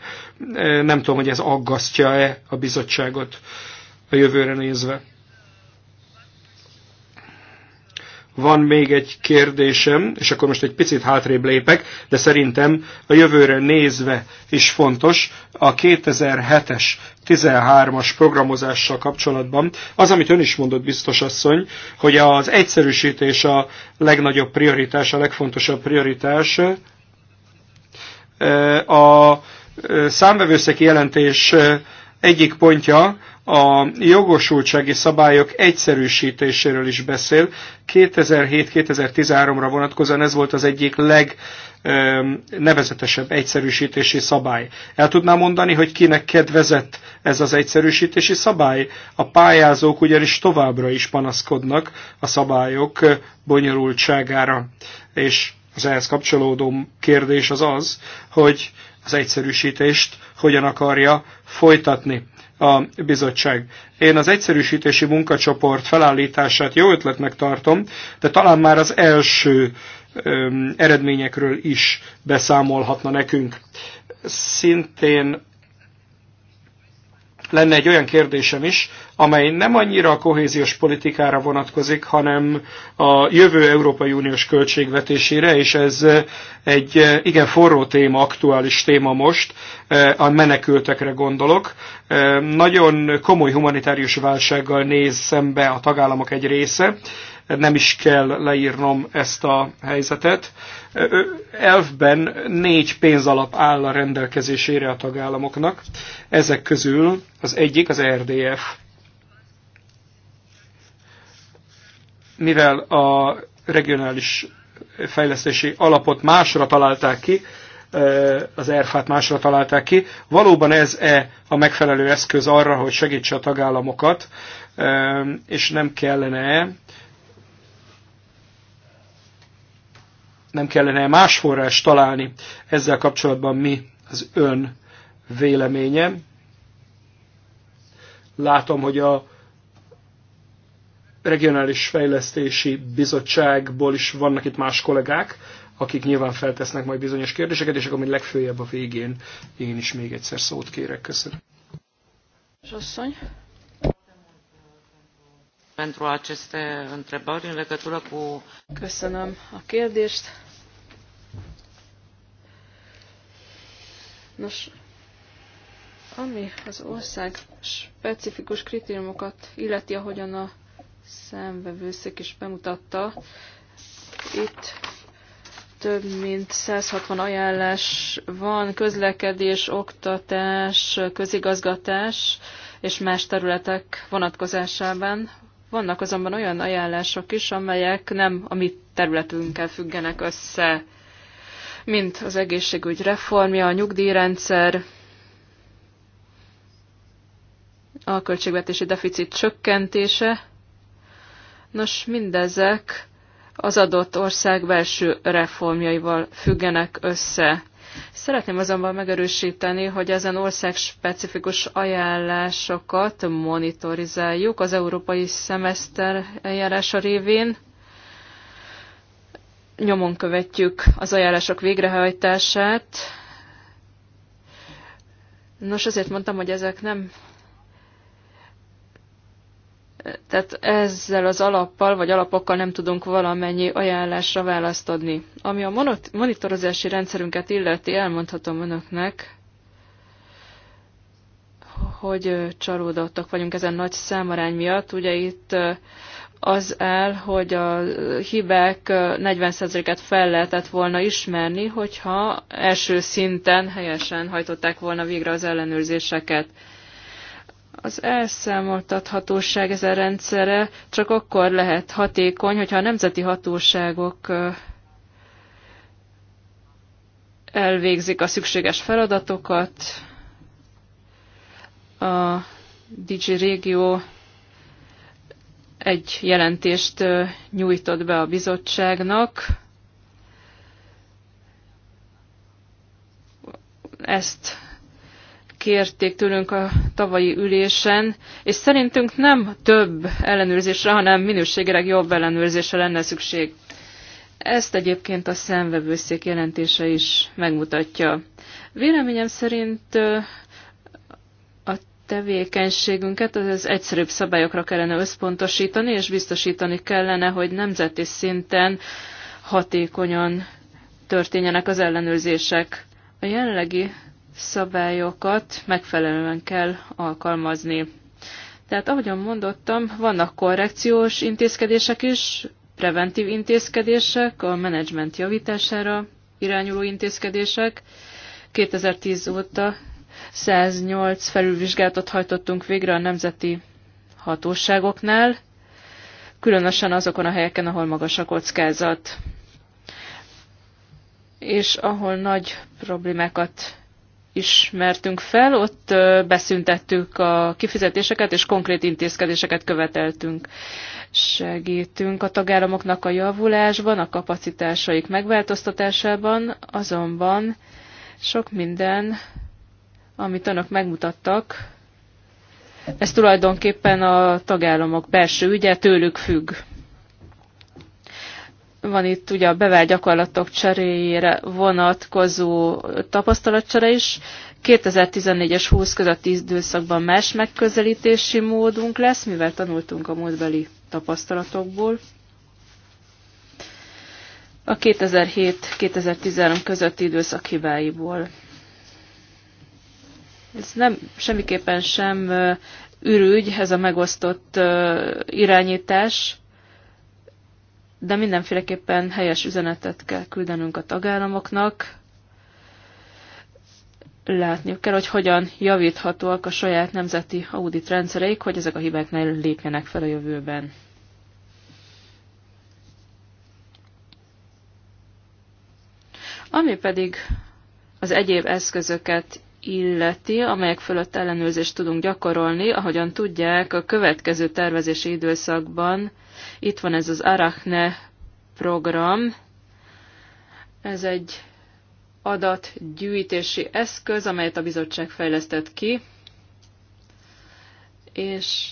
Nem tudom, hogy ez aggasztja-e a bizottságot a jövőre nézve. van még egy kérdésem, és akkor most egy picit hátrébb lépek, de szerintem a jövőre nézve is fontos a 2007-es 13-as programozással kapcsolatban. Az, amit ön is mondott, biztos asszony, hogy az egyszerűsítés a legnagyobb prioritás, a legfontosabb prioritás. A számvevőszeki jelentés egyik pontja a jogosultsági szabályok egyszerűsítéséről is beszél. 2007-2013-ra vonatkozóan ez volt az egyik leg nevezetesebb egyszerűsítési szabály. El tudná mondani, hogy kinek kedvezett ez az egyszerűsítési szabály? A pályázók ugyanis továbbra is panaszkodnak a szabályok bonyolultságára. És az ehhez kapcsolódó kérdés az az, hogy az egyszerűsítést hogyan akarja folytatni a bizottság. Én az egyszerűsítési munkacsoport felállítását jó ötletnek tartom, de talán már az első öm, eredményekről is beszámolhatna nekünk. Szintén lenne egy olyan kérdésem is, amely nem annyira a kohéziós politikára vonatkozik, hanem a jövő Európai Uniós költségvetésére, és ez eh, egy eh, igen forró téma, aktuális téma most, eh, a menekültekre gondolok. Nagyon komoly humanitárius válsággal néz szembe a tagállamok egy része, nem is kell leírnom ezt a helyzetet elfben négy pénzalap áll a rendelkezésére a tagállamoknak. Ezek közül az egyik az RDF. Mivel a regionális fejlesztési alapot másra találták ki, eh, az erfát másra találták ki. Valóban ez-e a megfelelő eszköz arra, hogy segítse a tagállamokat, eh, és nem kellene nem kellene más forrás találni. Ezzel kapcsolatban mi az ön véleménye? Látom, hogy a Regionális Fejlesztési Bizottságból is vannak itt más kollégák, akik nyilván feltesznek majd bizonyos kérdéseket, és akkor még legfőjebb a végén én is még egyszer szót kérek. Köszönöm. Asszony. Pentru aceste întrebări în legătură cu... Köszönöm a kérdést. Nos, ami az ország specifikus kritériumokat illeti, ahogyan a szemvevőszék is bemutatta, itt több mint 160 ajánlás van, közlekedés, oktatás, közigazgatás és más területek vonatkozásában. Vannak azonban olyan ajánlások is, amelyek nem a mi területünkkel függenek össze mint az egészségügy reformja, a nyugdíjrendszer, a költségvetési deficit csökkentése. Nos, mindezek az adott ország belső reformjaival függenek össze. Szeretném azonban megerősíteni, hogy ezen ország specifikus ajánlásokat monitorizáljuk az európai szemeszter eljárása révén, nyomon követjük az ajánlások végrehajtását. Nos, azért mondtam, hogy ezek nem tehát ezzel az alappal vagy alapokkal nem tudunk valamennyi ajánlásra választ adni. Ami a monitorozási rendszerünket illeti, elmondhatom önöknek, hogy csalódottak vagyunk ezen nagy számarány miatt. Ugye itt az el, hogy a hibák 40%-et fel lehetett volna ismerni, hogyha első szinten helyesen hajtották volna végre az ellenőrzéseket. Az elszámoltathatóság a rendszere csak akkor lehet hatékony, hogyha a nemzeti hatóságok elvégzik a szükséges feladatokat, a Digi Régió egy jelentést nyújtott be a bizottságnak. Ezt kérték tőlünk a tavalyi ülésen, és szerintünk nem több ellenőrzésre, hanem minőségileg jobb ellenőrzésre lenne szükség. Ezt egyébként a szemvevőszék jelentése is megmutatja. Véleményem szerint tevékenységünket az egyszerűbb szabályokra kellene összpontosítani, és biztosítani kellene, hogy nemzeti szinten hatékonyan történjenek az ellenőrzések. A jelenlegi szabályokat megfelelően kell alkalmazni. Tehát ahogyan mondottam, vannak korrekciós intézkedések is, preventív intézkedések, a menedzsment javítására irányuló intézkedések. 2010 óta 108 felülvizsgálatot hajtottunk végre a nemzeti hatóságoknál, különösen azokon a helyeken, ahol magas a kockázat, és ahol nagy problémákat ismertünk fel, ott beszüntettük a kifizetéseket, és konkrét intézkedéseket követeltünk. Segítünk a tagállamoknak a javulásban, a kapacitásaik megváltoztatásában, azonban sok minden amit önök megmutattak, ez tulajdonképpen a tagállamok belső ügye tőlük függ. Van itt ugye a bevált gyakorlatok cseréjére vonatkozó tapasztalatcsere is. 2014 és 20 közötti időszakban más megközelítési módunk lesz, mivel tanultunk a múltbeli tapasztalatokból. A 2007-2013 közötti időszak hibáiból. Ez nem semmiképpen sem ürügy, ez a megosztott irányítás, de mindenféleképpen helyes üzenetet kell küldenünk a tagállamoknak. Látniuk kell, hogy hogyan javíthatóak a saját nemzeti audit rendszereik, hogy ezek a hibák ne lépjenek fel a jövőben. Ami pedig az egyéb eszközöket illeti, amelyek fölött ellenőrzést tudunk gyakorolni, ahogyan tudják, a következő tervezési időszakban itt van ez az Arachne program. Ez egy adatgyűjtési eszköz, amelyet a bizottság fejlesztett ki, és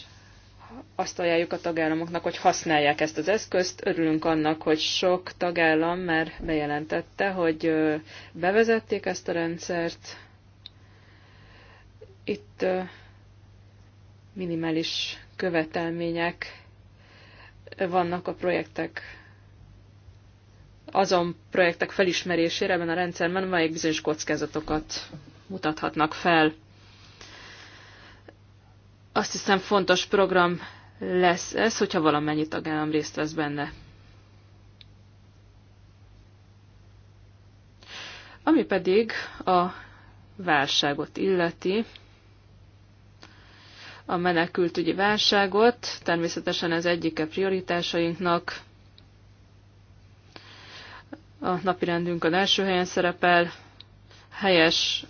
azt ajánljuk a tagállamoknak, hogy használják ezt az eszközt. Örülünk annak, hogy sok tagállam már bejelentette, hogy bevezették ezt a rendszert, itt minimális követelmények vannak a projektek azon projektek felismerésére ebben a rendszerben, amelyek bizonyos kockázatokat mutathatnak fel. Azt hiszem fontos program lesz ez, hogyha valamennyi tagállam részt vesz benne. Ami pedig a válságot illeti, a menekültügyi válságot. Természetesen ez egyike prioritásainknak. A az első helyen szerepel. Helyes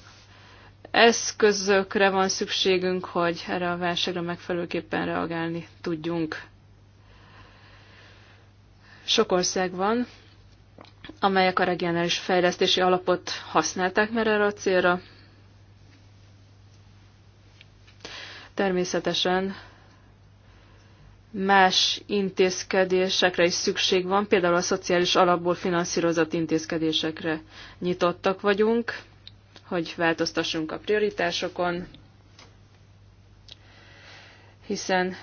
eszközökre van szükségünk, hogy erre a válságra megfelelőképpen reagálni tudjunk. Sok ország van, amelyek a regionális fejlesztési alapot használták már erre a célra, Természetesen más intézkedésekre is szükség van, például a szociális alapból finanszírozott intézkedésekre nyitottak vagyunk, hogy változtassunk a prioritásokon, hiszen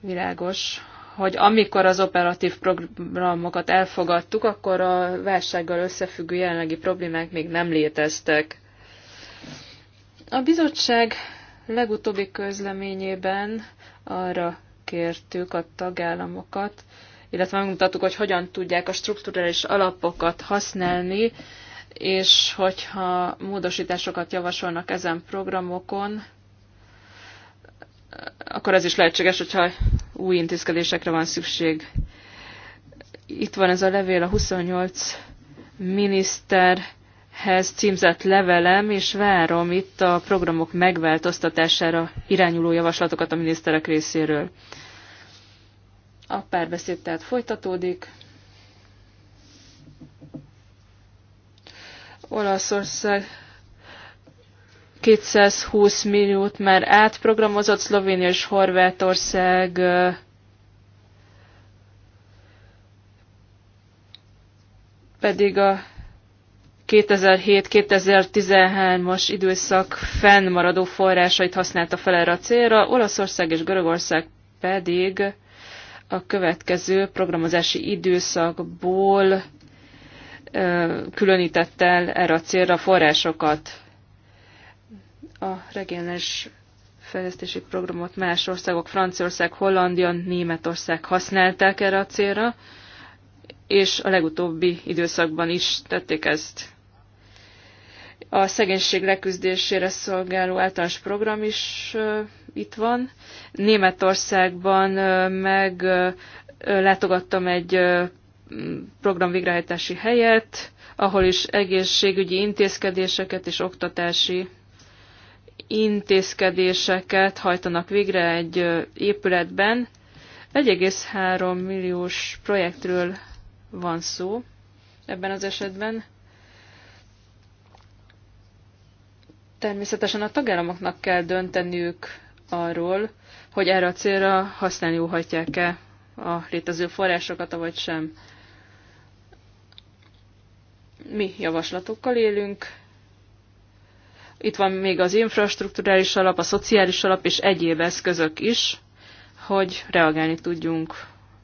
világos, hogy amikor az operatív programokat elfogadtuk, akkor a válsággal összefüggő jelenlegi problémák még nem léteztek. A bizottság legutóbbi közleményében arra kértük a tagállamokat, illetve megmutattuk, hogy hogyan tudják a strukturális alapokat használni, és hogyha módosításokat javasolnak ezen programokon, akkor ez is lehetséges, hogyha új intézkedésekre van szükség. Itt van ez a levél a 28 miniszter hez címzett levelem, és várom itt a programok megváltoztatására irányuló javaslatokat a miniszterek részéről. A párbeszéd tehát folytatódik. Olaszország 220 milliót már átprogramozott, Szlovénia és Horvátország pedig a 2007-2013-as időszak fennmaradó forrásait használta fel erre a célra, Olaszország és Görögország pedig a következő programozási időszakból különített el erre a célra forrásokat. A regionális fejlesztési programot más országok, Franciaország, Hollandia, Németország használták erre a célra, és a legutóbbi időszakban is tették ezt. A szegénység leküzdésére szolgáló általános program is itt van. Németországban meg látogattam egy program végrehajtási helyet, ahol is egészségügyi intézkedéseket és oktatási intézkedéseket hajtanak végre egy épületben. 1,3 milliós projektről van szó ebben az esetben. Természetesen a tagállamoknak kell dönteniük arról, hogy erre a célra használni óhatják-e a létező forrásokat, vagy sem. Mi javaslatokkal élünk. Itt van még az infrastruktúrális alap, a szociális alap és egyéb eszközök is, hogy reagálni tudjunk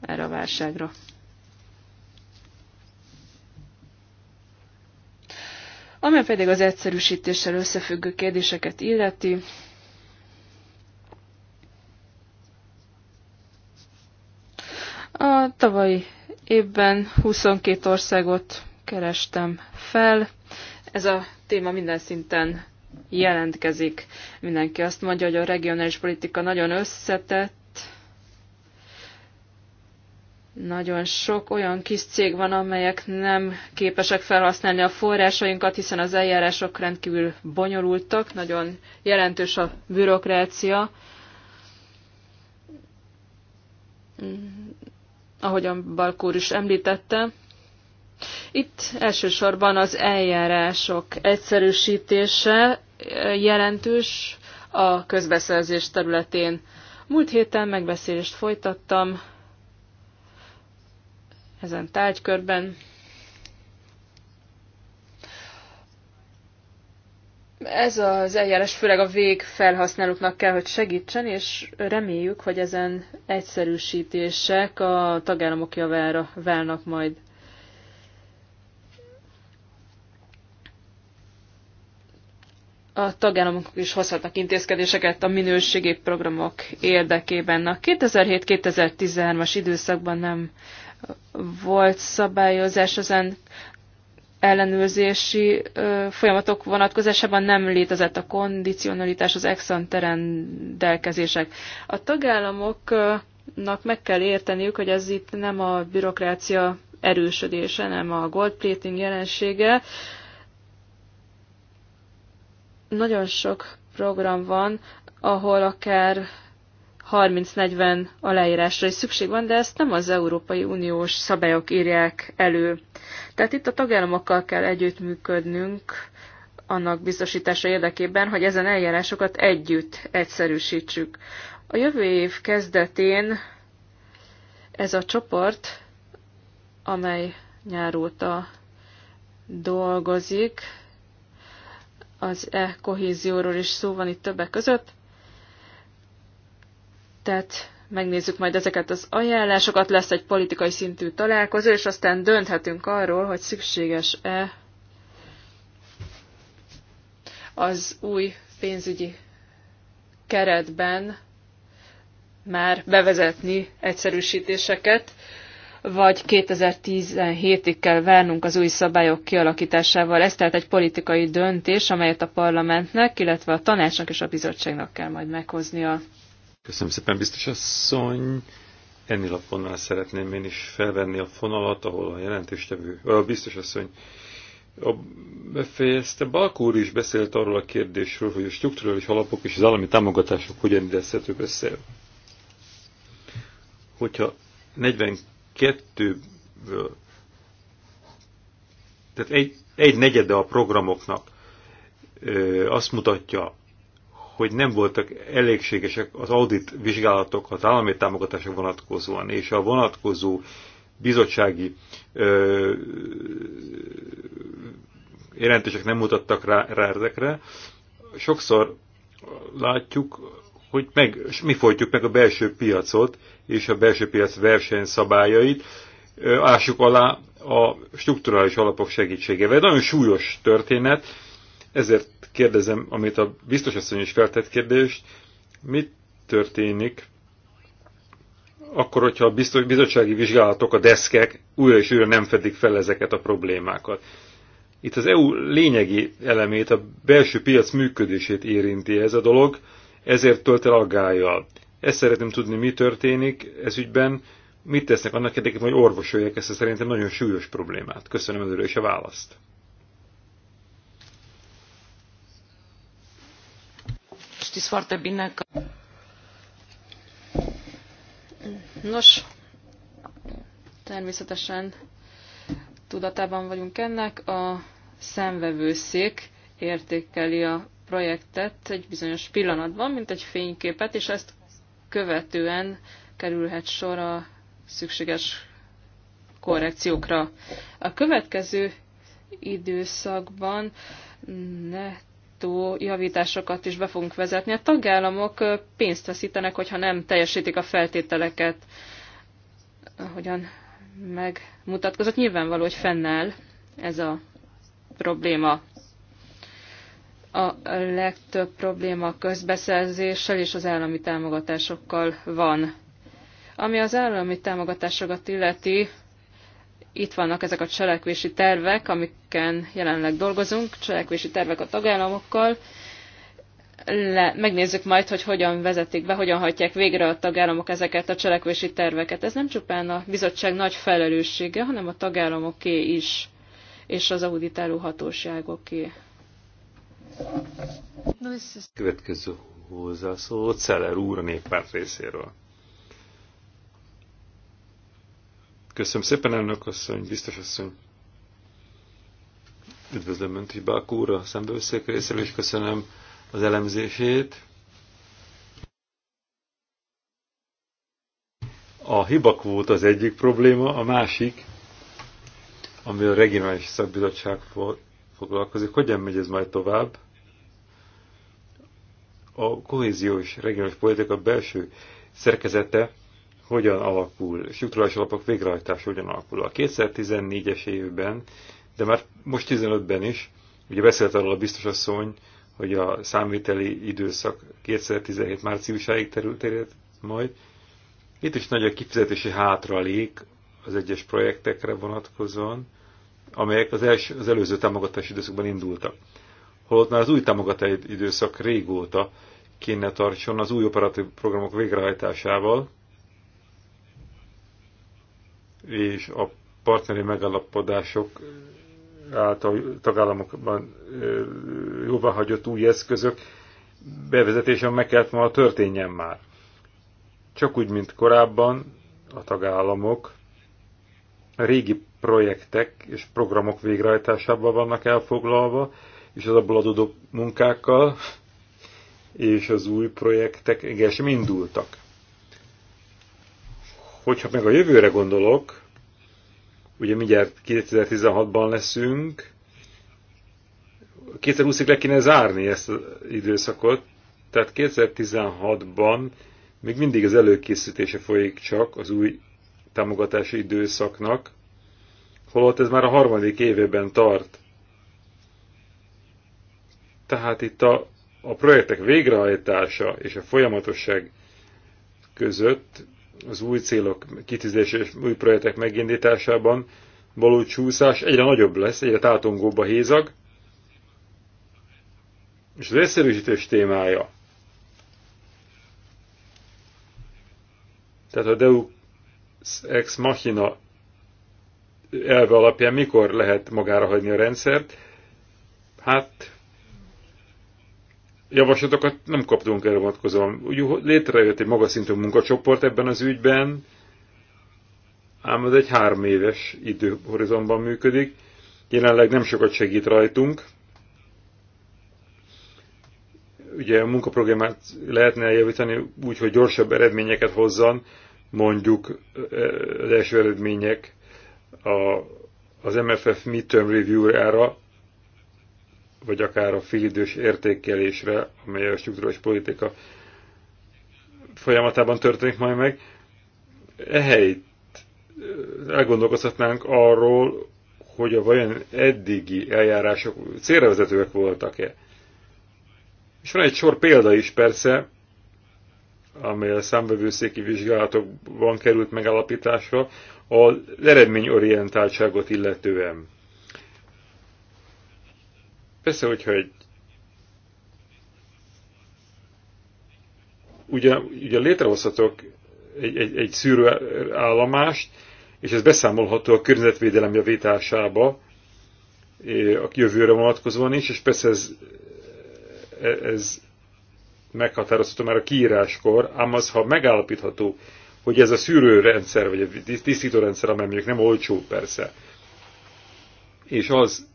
erre a válságra. Ami pedig az egyszerűsítéssel összefüggő kérdéseket illeti, a tavalyi évben 22 országot kerestem fel. Ez a téma minden szinten jelentkezik. Mindenki azt mondja, hogy a regionális politika nagyon összetett, nagyon sok olyan kis cég van, amelyek nem képesek felhasználni a forrásainkat, hiszen az eljárások rendkívül bonyolultak, nagyon jelentős a bürokrácia. Mm, ahogyan Balkór is említette, itt elsősorban az eljárások egyszerűsítése e, jelentős a közbeszerzés területén. Múlt héten megbeszélést folytattam ezen tárgykörben. Ez az eljárás főleg a végfelhasználóknak kell, hogy segítsen, és reméljük, hogy ezen egyszerűsítések a tagállamok javára válnak majd. a tagállamok is hozhatnak intézkedéseket a minőségi programok érdekében. A 2007-2013-as időszakban nem volt szabályozás ezen ellenőrzési folyamatok vonatkozásában nem létezett a kondicionalitás, az ex-ante rendelkezések. A tagállamoknak meg kell érteniük, hogy ez itt nem a bürokrácia erősödése, nem a gold plating jelensége. Nagyon sok program van, ahol akár 30-40 aláírásra is szükség van, de ezt nem az Európai Uniós szabályok írják elő. Tehát itt a tagállamokkal kell együttműködnünk annak biztosítása érdekében, hogy ezen eljárásokat együtt egyszerűsítsük. A jövő év kezdetén ez a csoport, amely nyár óta dolgozik, az e-kohézióról is szó van itt többek között, tehát megnézzük majd ezeket az ajánlásokat, lesz egy politikai szintű találkozó, és aztán dönthetünk arról, hogy szükséges-e az új pénzügyi keretben már bevezetni egyszerűsítéseket, vagy 2017-ig kell várnunk az új szabályok kialakításával. Ez tehát egy politikai döntés, amelyet a parlamentnek, illetve a tanácsnak és a bizottságnak kell majd meghoznia. Köszönöm szépen, biztos asszony. Ennél a fonnál szeretném én is felvenni a fonalat, ahol a jelentéstevő, a biztos asszony a, befejezte. Balkúr is beszélt arról a kérdésről, hogy a struktúrális alapok és az állami támogatások hogyan idezhetők össze. Hogyha 42-ből, tehát egy, egy negyede a programoknak ö, azt mutatja, hogy nem voltak elégségesek az audit vizsgálatok az állami támogatások vonatkozóan, és a vonatkozó bizottsági ö, jelentések nem mutattak rá, rá ezekre. Sokszor látjuk, hogy meg, mi folytjuk meg a belső piacot és a belső piac versenyszabályait, ássuk alá a strukturális alapok segítségével. Nagyon súlyos történet, ezért kérdezem, amit a biztos asszony is feltett kérdést, mit történik akkor, hogyha a bizottsági vizsgálatok, a deszkek újra és újra nem fedik fel ezeket a problémákat. Itt az EU lényegi elemét, a belső piac működését érinti ez a dolog, ezért tölt el aggájjal. Ezt szeretném tudni, mi történik ez ügyben, mit tesznek annak érdekében, hogy orvosolják ezt a szerintem nagyon súlyos problémát. Köszönöm előre is a választ. știți foarte bine că... Nos, természetesen tudatában vagyunk ennek. A szemvevőszék értékeli a projektet egy bizonyos pillanatban, mint egy fényképet, és ezt követően kerülhet sor a szükséges korrekciókra. A következő időszakban ne irányító javításokat is be fogunk vezetni. A tagállamok pénzt veszítenek, hogyha nem teljesítik a feltételeket, ahogyan megmutatkozott. Nyilvánvaló, hogy fennáll ez a probléma. A legtöbb probléma a közbeszerzéssel és az állami támogatásokkal van. Ami az állami támogatásokat illeti, itt vannak ezek a cselekvési tervek, amiken jelenleg dolgozunk, cselekvési tervek a tagállamokkal. Le, megnézzük majd, hogy hogyan vezetik be, hogyan hajtják végre a tagállamok ezeket a cselekvési terveket. Ez nem csupán a bizottság nagy felelőssége, hanem a tagállamoké is, és az auditáló hatóságoké. Következő hozzászóló Celer úr a néppárt részéről. Köszönöm szépen, elnök asszony, biztos asszony. Üdvözlöm Önt Bák úr a szembeösszék részéről, és köszönöm az elemzését. A hibakvót az egyik probléma, a másik, ami a regionális szakbizottság foglalkozik. Hogyan megy ez majd tovább? A kohéziós regionális politika belső szerkezete hogyan alakul, struktúrális alapok végrehajtása hogyan alakul. A 2014-es évben, de már most 15-ben is, ugye beszélt arról a biztos asszony, hogy a számviteli időszak 2017 márciusáig terült terjed majd. Itt is nagy a kifizetési hátralék az egyes projektekre vonatkozóan, amelyek az, els, az előző támogatási időszakban indultak. Holott már az új támogatási időszak régóta kéne tartson az új operatív programok végrehajtásával, és a partneri megállapodások által tagállamokban jóváhagyott új eszközök bevezetése meg kellett volna történjen már. Csak úgy, mint korábban a tagállamok a régi projektek és programok végrehajtásában vannak elfoglalva, és az abból adódó munkákkal, és az új projektek igen, indultak. Hogyha meg a jövőre gondolok, ugye mindjárt 2016-ban leszünk, 2020-ig le kéne zárni ezt az időszakot, tehát 2016-ban még mindig az előkészítése folyik csak az új támogatási időszaknak, holott ez már a harmadik évében tart. Tehát itt a, a projektek végrehajtása és a folyamatosság között az új célok kitűzése és új projektek megindításában való csúszás egyre nagyobb lesz, egyre tátongóbb a hézag, és az egyszerűsítés témája. Tehát a Deus ex machina elve alapján mikor lehet magára hagyni a rendszert? Hát javaslatokat nem kaptunk erre vonatkozóan. Létrejött egy magas szintű munkacsoport ebben az ügyben, ám ez egy három éves időhorizontban működik. Jelenleg nem sokat segít rajtunk. Ugye a munkaprogramát lehetne eljavítani úgy, hogy gyorsabb eredményeket hozzan, mondjuk az első eredmények a, az MFF midterm review-ra vagy akár a félidős értékelésre, amely a struktúrális politika folyamatában történik majd meg, ehelyt elgondolkozhatnánk arról, hogy a vajon eddigi eljárások célrevezetőek voltak-e. És van egy sor példa is persze, amely a számvevőszéki vizsgálatokban került megállapításra, az eredményorientáltságot illetően. Persze, hogyha egy ugye, ugye létrehozhatok egy, egy, egy állomást, és ez beszámolható a környezetvédelem javításába, a jövőre vonatkozóan is, és persze ez, e, ez meghatározható már a kiíráskor, ám az, ha megállapítható, hogy ez a szűrőrendszer, vagy a tisztítórendszer, amely mondjuk nem olcsó persze, és az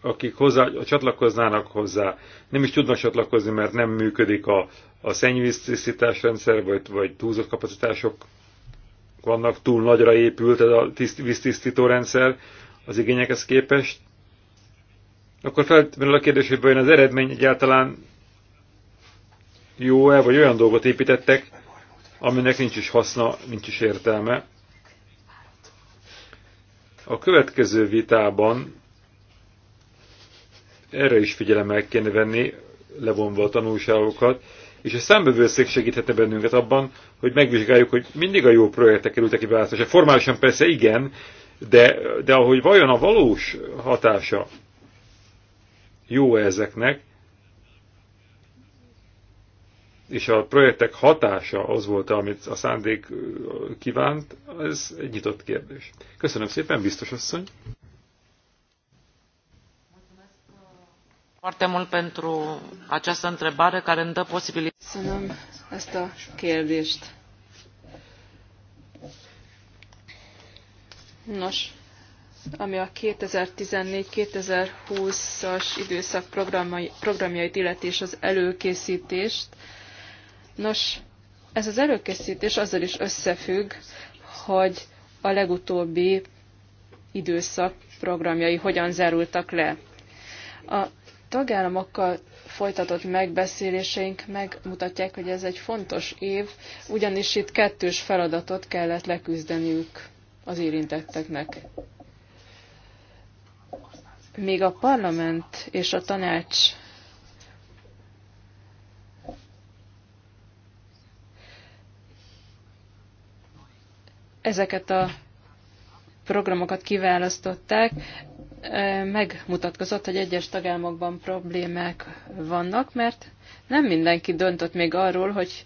akik hozzá, csatlakoznának hozzá, nem is tudnak csatlakozni, mert nem működik a, a szennyvíztisztítás rendszer, vagy, vagy túlzott kapacitások vannak, túl nagyra épült ez a tiszt, víztisztító rendszer az igényekhez képest, akkor felmerül a kérdés, hogy vajon az eredmény egyáltalán jó-e, vagy olyan dolgot építettek, aminek nincs is haszna, nincs is értelme. A következő vitában erre is figyelemmel kéne venni, levonva a tanulságokat, és a számbevőszék segíthetne bennünket abban, hogy megvizsgáljuk, hogy mindig a jó projektek kerültek ki választásra. Formálisan persze igen, de, de ahogy vajon a valós hatása jó -e ezeknek, és a projektek hatása az volt, amit a szándék kívánt, ez egy nyitott kérdés. Köszönöm szépen, biztos asszony! foarte mult pentru această întrebare care îmi dă posibilitatea. Köszönöm ezt a kérdést. Nos, ami a 2014-2020-as időszak programjait illeti és az előkészítést. Nos, ez az előkészítés azzal is összefügg, hogy a legutóbbi időszak programjai hogyan zárultak le. A tagállamokkal folytatott megbeszéléseink megmutatják, hogy ez egy fontos év, ugyanis itt kettős feladatot kellett leküzdeniük az érintetteknek. Még a parlament és a tanács ezeket a programokat kiválasztották, megmutatkozott, hogy egyes tagállamokban problémák vannak, mert nem mindenki döntött még arról, hogy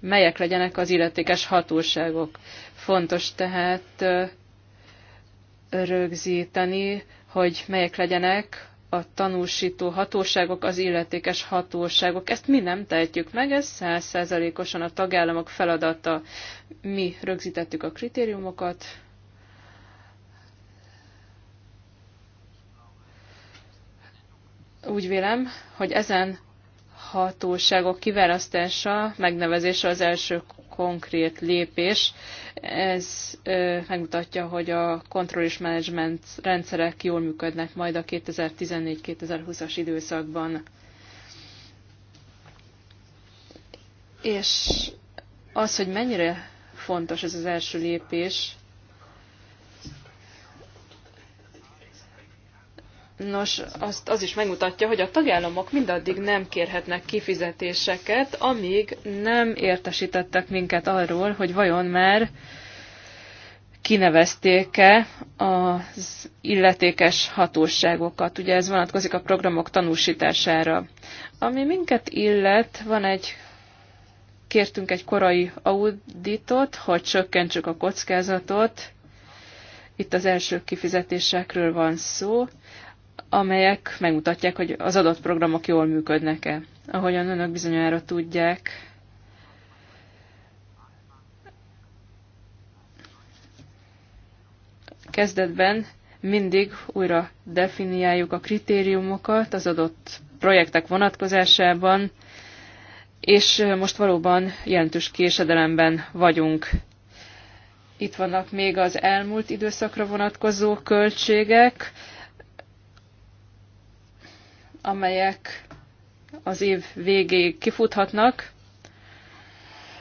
melyek legyenek az illetékes hatóságok. Fontos tehát rögzíteni, hogy melyek legyenek a tanúsító hatóságok, az illetékes hatóságok. Ezt mi nem tehetjük meg, ez százszerzalékosan a tagállamok feladata. Mi rögzítettük a kritériumokat, Úgy vélem, hogy ezen hatóságok kiválasztása, megnevezése az első konkrét lépés. Ez ö, megmutatja, hogy a kontroll és menedzsment rendszerek jól működnek majd a 2014-2020-as időszakban. És az, hogy mennyire fontos ez az első lépés, Nos, azt, az is megmutatja, hogy a tagállamok mindaddig nem kérhetnek kifizetéseket, amíg nem értesítettek minket arról, hogy vajon már kinevezték-e az illetékes hatóságokat. Ugye ez vonatkozik a programok tanúsítására. Ami minket illet, van egy kértünk egy korai auditot, hogy csökkentsük a kockázatot. Itt az első kifizetésekről van szó amelyek megmutatják, hogy az adott programok jól működnek-e. Ahogyan önök bizonyára tudják, kezdetben mindig újra definiáljuk a kritériumokat az adott projektek vonatkozásában, és most valóban jelentős késedelemben vagyunk. Itt vannak még az elmúlt időszakra vonatkozó költségek, amelyek az év végéig kifuthatnak.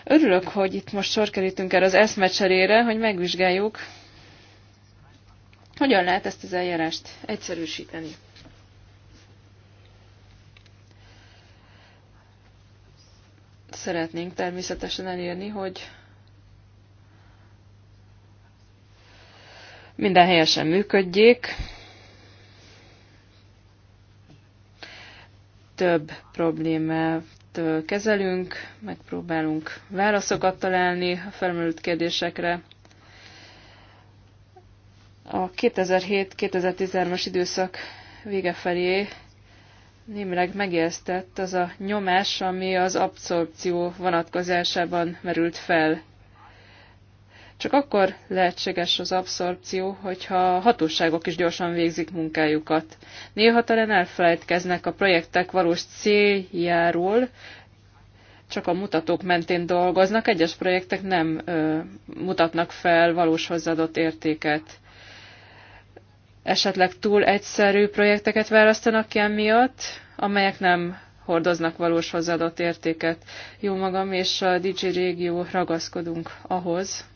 Örülök, hogy itt most sor kerítünk erre az eszmecserére, hogy megvizsgáljuk, hogyan lehet ezt az eljárást egyszerűsíteni. Szeretnénk természetesen elérni, hogy minden helyesen működjék, több problémát kezelünk, megpróbálunk válaszokat találni a felmerült kérdésekre. A 2007-2013-as időszak vége felé némileg megjelztett az a nyomás, ami az abszorpció vonatkozásában merült fel. Csak akkor lehetséges az abszorpció, hogyha a hatóságok is gyorsan végzik munkájukat. Néha talán elfelejtkeznek a projektek valós céljáról, csak a mutatók mentén dolgoznak, egyes projektek nem ö, mutatnak fel valós hozzáadott értéket. Esetleg túl egyszerű projekteket választanak ki emiatt, amelyek nem hordoznak valós hozzáadott értéket. Jó magam és a DJ Régió ragaszkodunk ahhoz,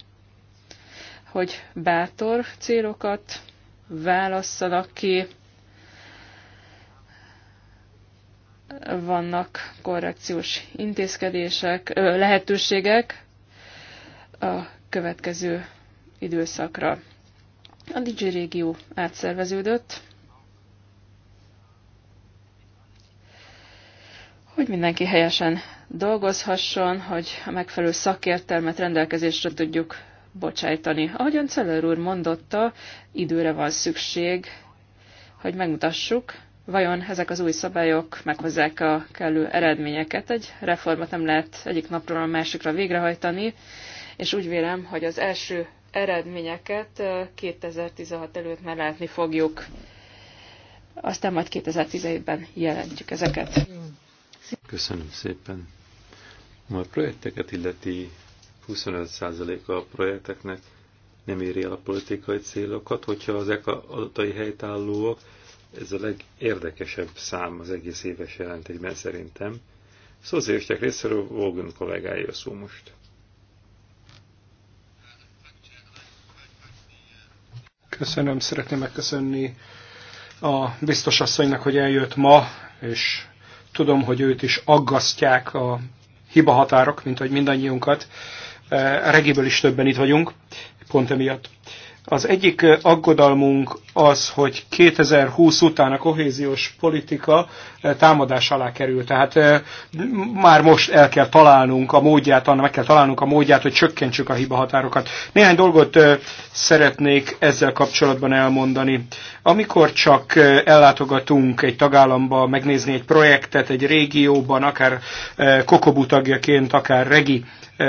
hogy bátor célokat válasszanak ki, vannak korrekciós intézkedések, lehetőségek a következő időszakra. A DJ régió átszerveződött, hogy mindenki helyesen dolgozhasson, hogy a megfelelő szakértelmet rendelkezésre tudjuk bocsájtani. ön Celler úr mondotta, időre van szükség, hogy megmutassuk, vajon ezek az új szabályok meghozzák a kellő eredményeket. Egy reformat nem lehet egyik napról a másikra végrehajtani, és úgy vélem, hogy az első eredményeket 2016 előtt már látni fogjuk. Aztán majd 2017-ben jelentjük ezeket. Köszönöm szépen. Ma a projekteket illeti 25%-a a projekteknek nem éri el a politikai célokat, hogyha ezek a adatai helytállóak, ez a legérdekesebb szám az egész éves jelentésben szerintem. Szocialisták részéről Vogan kollégája szó most. Köszönöm, szeretném megköszönni a biztos asszonynak, hogy eljött ma, és tudom, hogy őt is aggasztják a hibahatárok, mint hogy mindannyiunkat. Eh, a regiből is többen itt vagyunk, pont emiatt. Az egyik eh, aggodalmunk az, hogy 2020 után a kohéziós politika eh, támadás alá kerül. Tehát már most el kell találnunk a módját, annak meg kell találnunk a módját, hogy csökkentsük a hibahatárokat. Néhány dolgot szeretnék ezzel kapcsolatban elmondani. Amikor csak ellátogatunk egy tagállamba megnézni egy projektet, egy régióban, akár kokobutagjaként, akár regi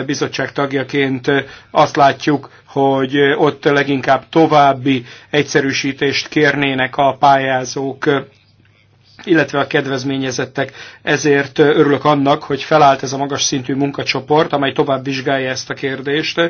bizottság tagjaként azt látjuk, hogy ott leginkább további egyszerűsítést kérnének a pályázók illetve a kedvezményezettek. Ezért örülök annak, hogy felállt ez a magas szintű munkacsoport, amely tovább vizsgálja ezt a kérdést.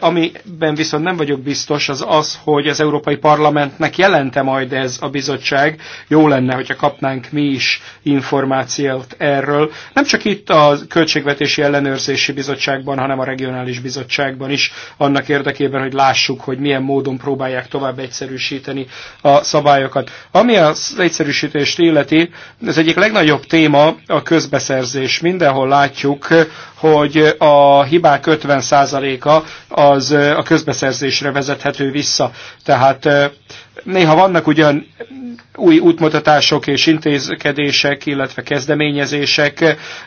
Amiben viszont nem vagyok biztos, az az, hogy az Európai Parlamentnek jelente majd ez a bizottság. Jó lenne, hogyha kapnánk mi is információt erről. Nem csak itt a Költségvetési Ellenőrzési Bizottságban, hanem a Regionális Bizottságban is, annak érdekében, hogy lássuk, hogy milyen módon próbálják tovább egyszerűsíteni a szabályokat. Ami az egyszerűsítés kérdést illeti, ez egyik legnagyobb téma a közbeszerzés. Mindenhol látjuk, hogy a hibák 50%-a az a közbeszerzésre vezethető vissza. Tehát Néha vannak ugyan új útmutatások és intézkedések, illetve kezdeményezések,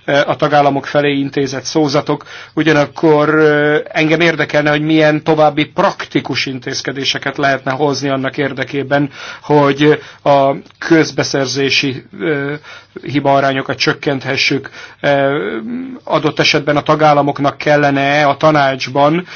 eh, a tagállamok felé intézett szózatok, ugyanakkor eh, engem érdekelne, hogy milyen további praktikus intézkedéseket lehetne hozni annak érdekében, hogy a közbeszerzési eh, hibaarányokat csökkenthessük. Adott esetben a tagállamoknak kellene a tanácsban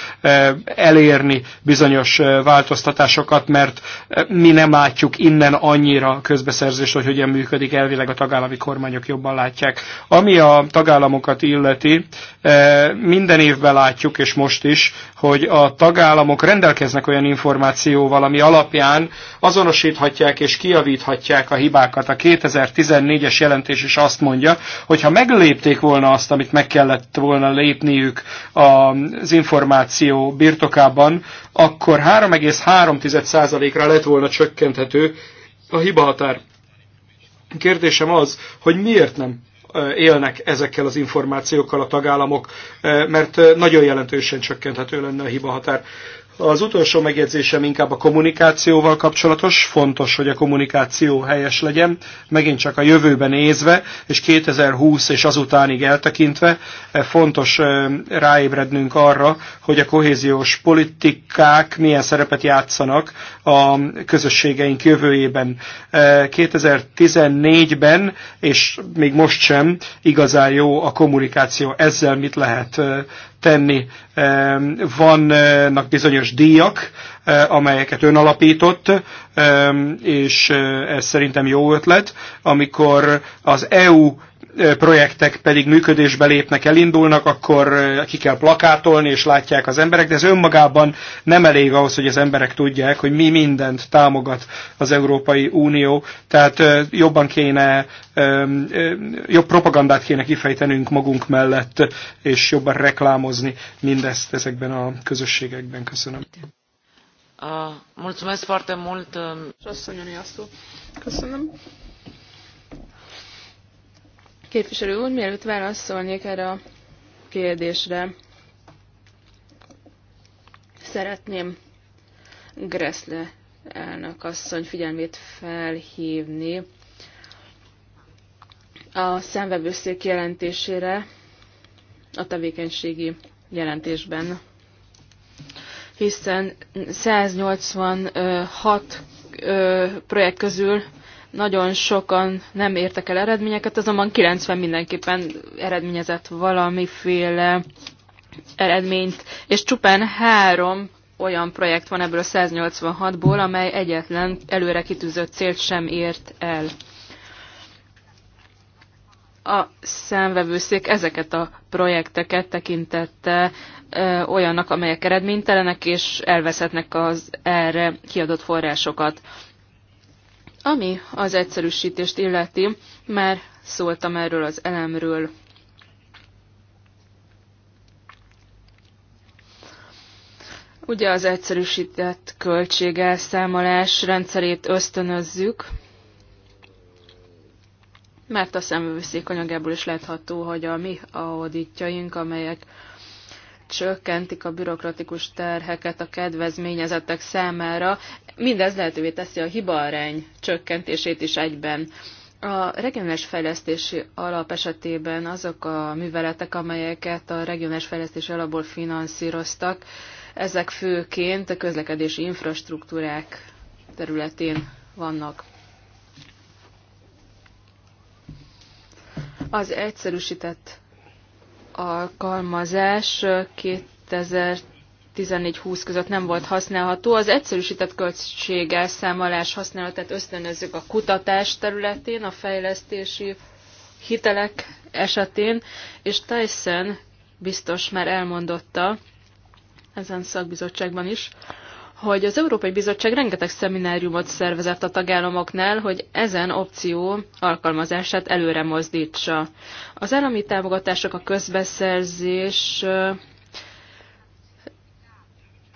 elérni bizonyos változtatásokat, mert mi nem látjuk innen annyira közbeszerzés, hogy hogyan működik, elvileg a tagállami kormányok jobban látják. Ami a tagállamokat illeti, e, minden évben látjuk, és most is, hogy a tagállamok rendelkeznek olyan információval, ami alapján azonosíthatják és kiavíthatják a hibákat. A 2014-es jelentés is azt mondja, hogy ha meglépték volna azt, amit meg kellett volna lépniük az információ birtokában, akkor 3,3%-ra lett volna volna csökkenthető a hibahatár. Kérdésem az, hogy miért nem e, élnek ezekkel az információkkal a tagállamok, e, mert e, nagyon jelentősen csökkenthető lenne a hibahatár. Az utolsó megjegyzésem inkább a kommunikációval kapcsolatos. Fontos, hogy a kommunikáció helyes legyen, megint csak a jövőben nézve, és 2020 és azutánig eltekintve e, fontos e, ráébrednünk arra, hogy a kohéziós politikák milyen szerepet játszanak a közösségeink jövőjében. 2014-ben, e, és még most sem igazán jó a kommunikáció. Ezzel mit lehet tenni. Vannak bizonyos díjak, eh, amelyeket ön alapított, és eh, ez szerintem jó ötlet, amikor az EU projektek pedig működésbe lépnek, elindulnak, akkor ki kell plakátolni, és látják az emberek, de ez önmagában nem elég ahhoz, hogy az emberek tudják, hogy mi mindent támogat az Európai Unió, tehát jobban kéne, jobb propagandát kéne kifejtenünk magunk mellett, és jobban reklámozni mindezt ezekben a közösségekben. Köszönöm. Uh, mulțumesc foarte mult. Köszönöm. Képviselő úr, mielőtt válaszolnék erre a kérdésre, szeretném greszle elnök asszony figyelmét felhívni a szemvevőszék jelentésére a tevékenységi jelentésben, hiszen 186 projekt közül nagyon sokan nem értek el eredményeket, azonban 90 mindenképpen eredményezett valamiféle eredményt, és csupán három olyan projekt van ebből a 186-ból, amely egyetlen előre kitűzött célt sem ért el. A számvevőszék ezeket a projekteket tekintette ö, olyannak, amelyek eredménytelenek és elveszhetnek az erre kiadott forrásokat. Ami az egyszerűsítést illeti, már szóltam erről az elemről. Ugye az egyszerűsített költségelszámolás rendszerét ösztönözzük, mert a szemvőszék anyagából is látható, hogy a mi auditjaink, amelyek csökkentik a bürokratikus terheket a kedvezményezettek számára. Mindez lehetővé teszi a hibaarány csökkentését is egyben. A regionális fejlesztési alap esetében azok a műveletek, amelyeket a regionális fejlesztési alapból finanszíroztak, ezek főként a közlekedési infrastruktúrák területén vannak. Az egyszerűsített alkalmazás 2014-20 között nem volt használható. Az egyszerűsített elszámolás használatát ösztönözzük a kutatás területén, a fejlesztési hitelek esetén, és Tyson biztos már elmondotta ezen szakbizottságban is, hogy az Európai Bizottság rengeteg szemináriumot szervezett a tagállamoknál, hogy ezen opció alkalmazását előre mozdítsa. Az állami támogatások, a közbeszerzés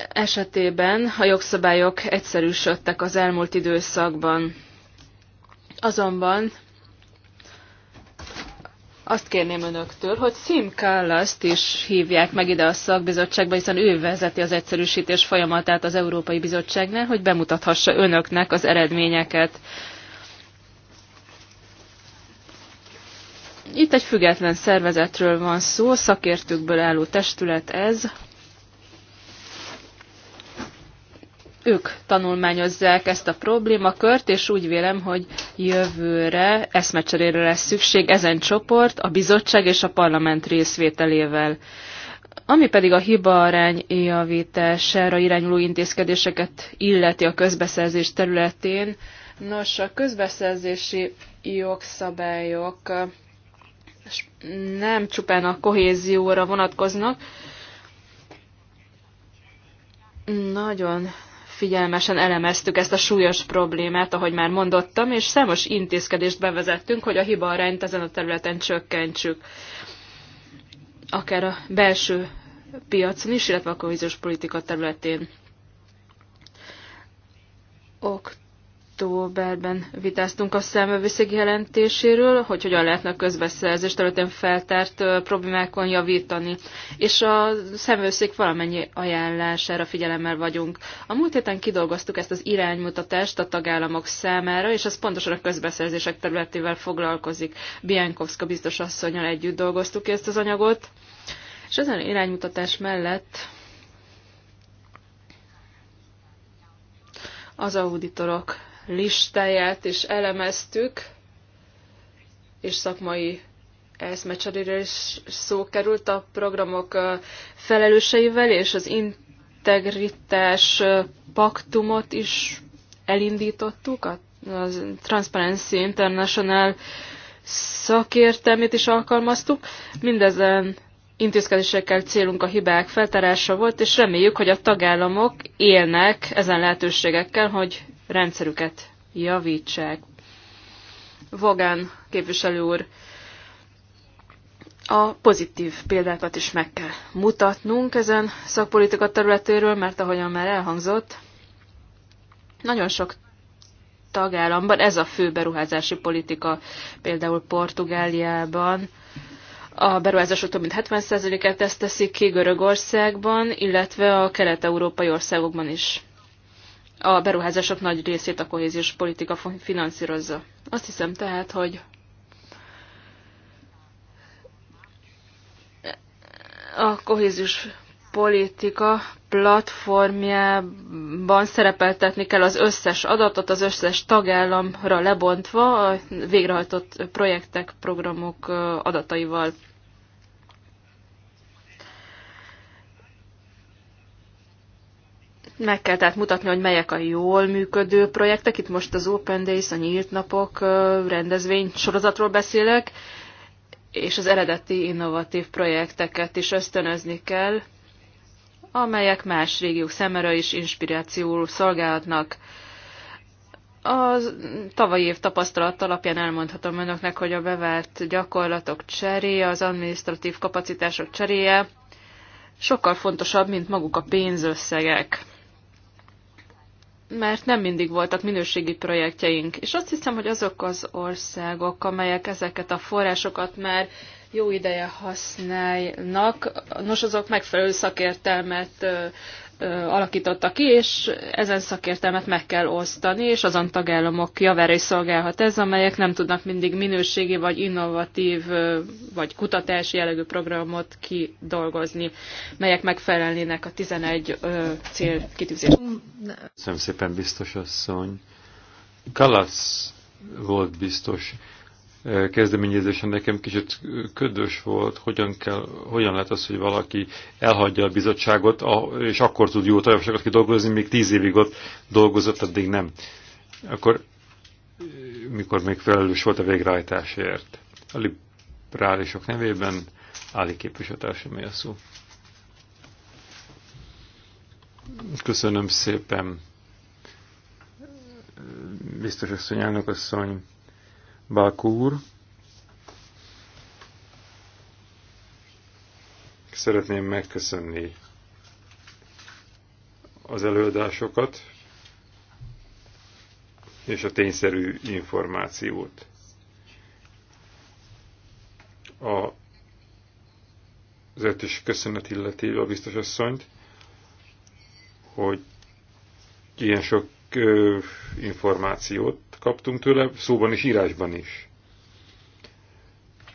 esetében a jogszabályok egyszerűsödtek az elmúlt időszakban. Azonban azt kérném önöktől, hogy Sim Kallaszt is hívják meg ide a szakbizottságba, hiszen ő vezeti az egyszerűsítés folyamatát az Európai Bizottságnál, hogy bemutathassa önöknek az eredményeket. Itt egy független szervezetről van szó, szakértőkből álló testület ez, ők tanulmányozzák ezt a problémakört, és úgy vélem, hogy jövőre eszmecserére lesz szükség ezen csoport, a bizottság és a parlament részvételével. Ami pedig a hibaarány javítására irányuló intézkedéseket illeti a közbeszerzés területén, nos, a közbeszerzési jogszabályok nem csupán a kohézióra vonatkoznak, nagyon figyelmesen elemeztük ezt a súlyos problémát, ahogy már mondottam, és számos intézkedést bevezettünk, hogy a hiba arányt ezen a területen csökkentsük. Akár a belső piacon is, illetve a kohéziós politika területén. Okt októberben vitáztunk a számövőszegi jelentéséről, hogy hogyan lehetne a közbeszerzés területén feltárt problémákon javítani. És a számövőszék valamennyi ajánlására figyelemmel vagyunk. A múlt héten kidolgoztuk ezt az iránymutatást a tagállamok számára, és ez pontosan a közbeszerzések területével foglalkozik. Biankovska biztos asszonyal együtt dolgoztuk ezt az anyagot. És ezen iránymutatás mellett az auditorok listáját is elemeztük, és szakmai eszmecserére is szó került a programok felelőseivel, és az integritás paktumot is elindítottuk, a, a Transparency International szakértelmét is alkalmaztuk. Mindezen intézkedésekkel célunk a hibák feltárása volt, és reméljük, hogy a tagállamok élnek ezen lehetőségekkel, hogy rendszerüket javítsák. Vogán képviselő úr, a pozitív példákat is meg kell mutatnunk ezen szakpolitika területéről, mert ahogyan már elhangzott, nagyon sok tagállamban ez a fő beruházási politika, például Portugáliában, a beruházások több mint 70 et ezt teszik ki Görögországban, illetve a kelet-európai országokban is a beruházások nagy részét a kohéziós politika finanszírozza. Azt hiszem tehát, hogy a kohéziós politika platformjában szerepeltetni kell az összes adatot, az összes tagállamra lebontva a végrehajtott projektek, programok adataival. Meg kell tehát mutatni, hogy melyek a jól működő projektek. Itt most az Open Days, a Nyílt Napok rendezvény sorozatról beszélek, és az eredeti innovatív projekteket is ösztönözni kell, amelyek más régiók szemére is inspirációul szolgálhatnak. A tavalyi év tapasztalat alapján elmondhatom önöknek, hogy a bevált gyakorlatok cseréje, az administratív kapacitások cseréje sokkal fontosabb, mint maguk a pénzösszegek mert nem mindig voltak minőségi projektjeink. És azt hiszem, hogy azok az országok, amelyek ezeket a forrásokat már jó ideje használnak, nos, azok megfelelő szakértelmet alakította ki, és ezen szakértelmet meg kell osztani, és azon tagállamok javára is szolgálhat ez, amelyek nem tudnak mindig minőségi, vagy innovatív, vagy kutatási jellegű programot kidolgozni, melyek megfelelnének a 11 cél kitűzésnek. Köszönöm szépen, biztos asszony. Kalasz volt biztos kezdeményezésen nekem kicsit ködös volt, hogyan, kell, hogyan lehet az, hogy valaki elhagyja a bizottságot, és akkor tud jó tajabosokat kidolgozni, még tíz évig ott dolgozott, addig nem. Akkor, mikor még felelős volt a végrehajtásért. A liberálisok nevében Áli képviselőtársam a szó. Köszönöm szépen. Biztos asszony, elnök asszony. Bákúr. Szeretném megköszönni az előadásokat és a tényszerű információt. A, azért is köszönet illeti a biztos asszonyt, hogy ilyen sok információt kaptunk tőle, szóban és írásban is.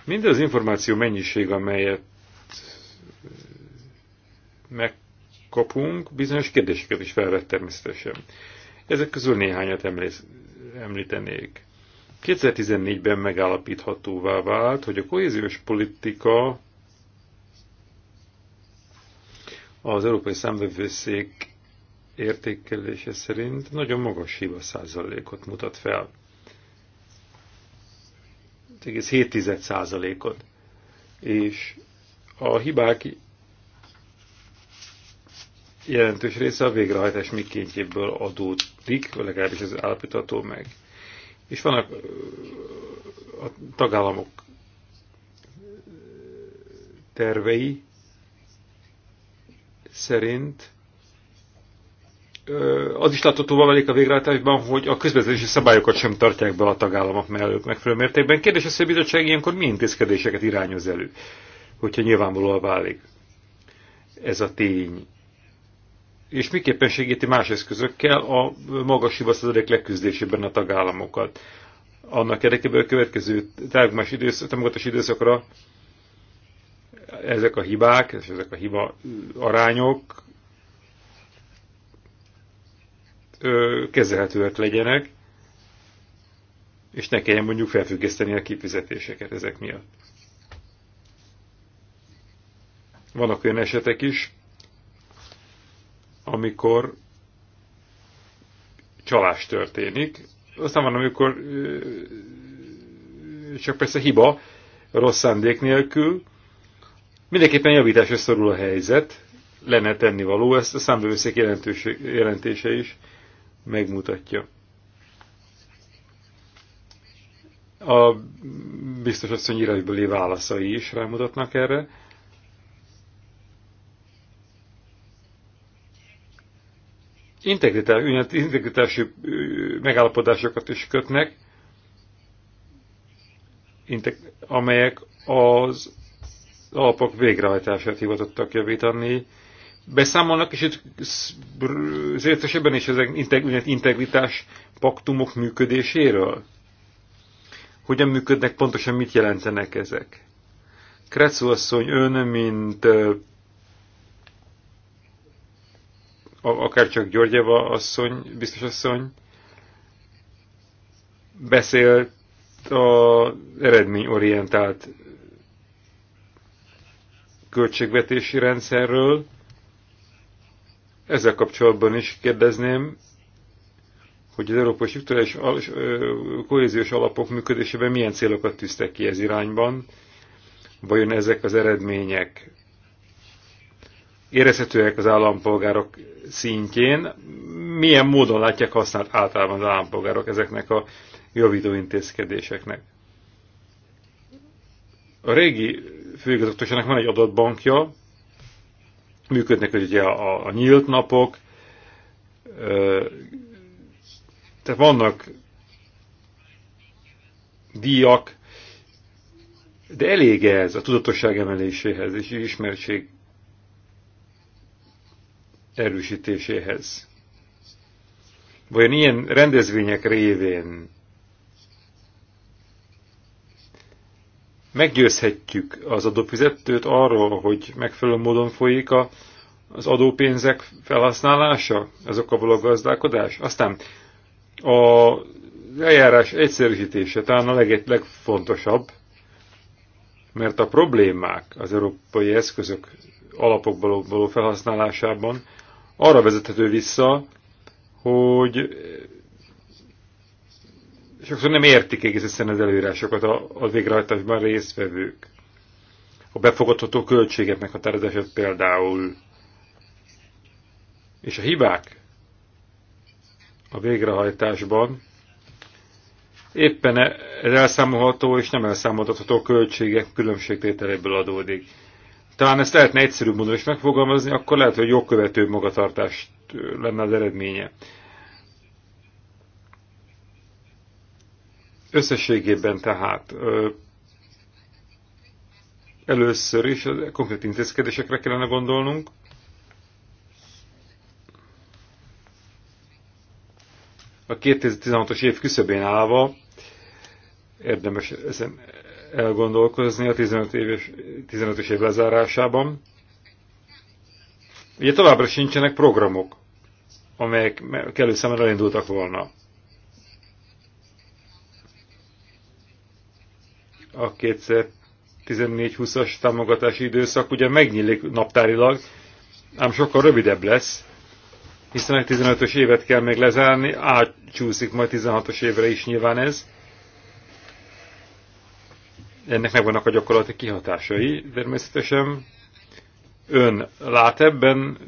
Minden az információ mennyiség, amelyet megkapunk, bizonyos kérdéseket is felvett természetesen. Ezek közül néhányat említenék. 2014-ben megállapíthatóvá vált, hogy a kohéziós politika az Európai Számvevőszék értékelése szerint nagyon magas hiba százalékot mutat fel. 1,7 százalékot. És a hibák jelentős része a végrehajtás mikéntjéből adódik, legalábbis ez állapítható meg. És vannak a tagállamok tervei szerint az is látható valamelyik a végrehajtásban, hogy a közvetési szabályokat sem tartják be a tagállamok mellett megfelelő mértékben. Kérdés az, hogy a bizottság ilyenkor mi intézkedéseket irányoz elő, hogyha nyilvánvalóan válik ez a tény. És miképpen segíti más eszközökkel a magas hibaszadék leküzdésében a tagállamokat. Annak érdekében a következő tárgyalás időszak, támogatás időszakra ezek a hibák, és ezek a hiba arányok ö, kezelhetőek legyenek, és ne kelljen mondjuk felfüggeszteni a kifizetéseket ezek miatt. Vannak olyan esetek is, amikor csalás történik, aztán van, amikor csak persze hiba, rossz szándék nélkül, mindenképpen javításra szorul a helyzet, lenne tennivaló, ezt a számbevőszék jelentése is megmutatja. A biztos asszony írásbeli válaszai is rámutatnak erre. integritási megállapodásokat is kötnek, amelyek az alapok végrehajtását hivatottak javítani, beszámolnak, és itt részesebben is ezek integritás paktumok működéséről? Hogyan működnek, pontosan mit jelentenek ezek? Kretszó asszony, ön, mint akár csak Györgyeva asszony, biztos asszony, beszélt a eredményorientált költségvetési rendszerről, ezzel kapcsolatban is kérdezném, hogy az Európai Struktúrális és Kohéziós Alapok működésében milyen célokat tűztek ki ez irányban, vajon ezek az eredmények érezhetőek az állampolgárok szintjén, milyen módon látják használt általában az állampolgárok ezeknek a javító intézkedéseknek. A régi főigazgatóságnak van egy adatbankja, működnek ugye a, a nyílt napok, tehát vannak díjak, de elég ez a tudatosság emeléséhez és ismertség erősítéséhez. Vajon ilyen rendezvények révén meggyőzhetjük az adófizetőt arról, hogy megfelelő módon folyik a, az adópénzek felhasználása, a való gazdálkodás. Aztán a eljárás egyszerűsítése talán a leg, legfontosabb, mert a problémák az európai eszközök alapokból való felhasználásában arra vezethető vissza, hogy sokszor nem értik egészen az előírásokat a, a végrehajtásban résztvevők. A befogadható költségek meghatározása például. És a hibák a végrehajtásban éppen ez elszámolható és nem elszámolható költségek különbségtételéből adódik. Talán ezt lehetne egyszerűbb módon is megfogalmazni, akkor lehet, hogy jogkövető magatartást lenne az eredménye. Összességében tehát először is a konkrét intézkedésekre kellene gondolnunk, a 2016-os év küszöbén állva érdemes ezen elgondolkozni a 15 éves, 15-ös év lezárásában. Ugye továbbra sincsenek programok, amelyek kellő szemben elindultak volna. a 2014-20-as támogatási időszak ugye megnyílik naptárilag, ám sokkal rövidebb lesz, hiszen a 15-ös évet kell még lezárni, átcsúszik majd 16-os évre is nyilván ez. Ennek megvannak a gyakorlati kihatásai, természetesen. Ön lát ebben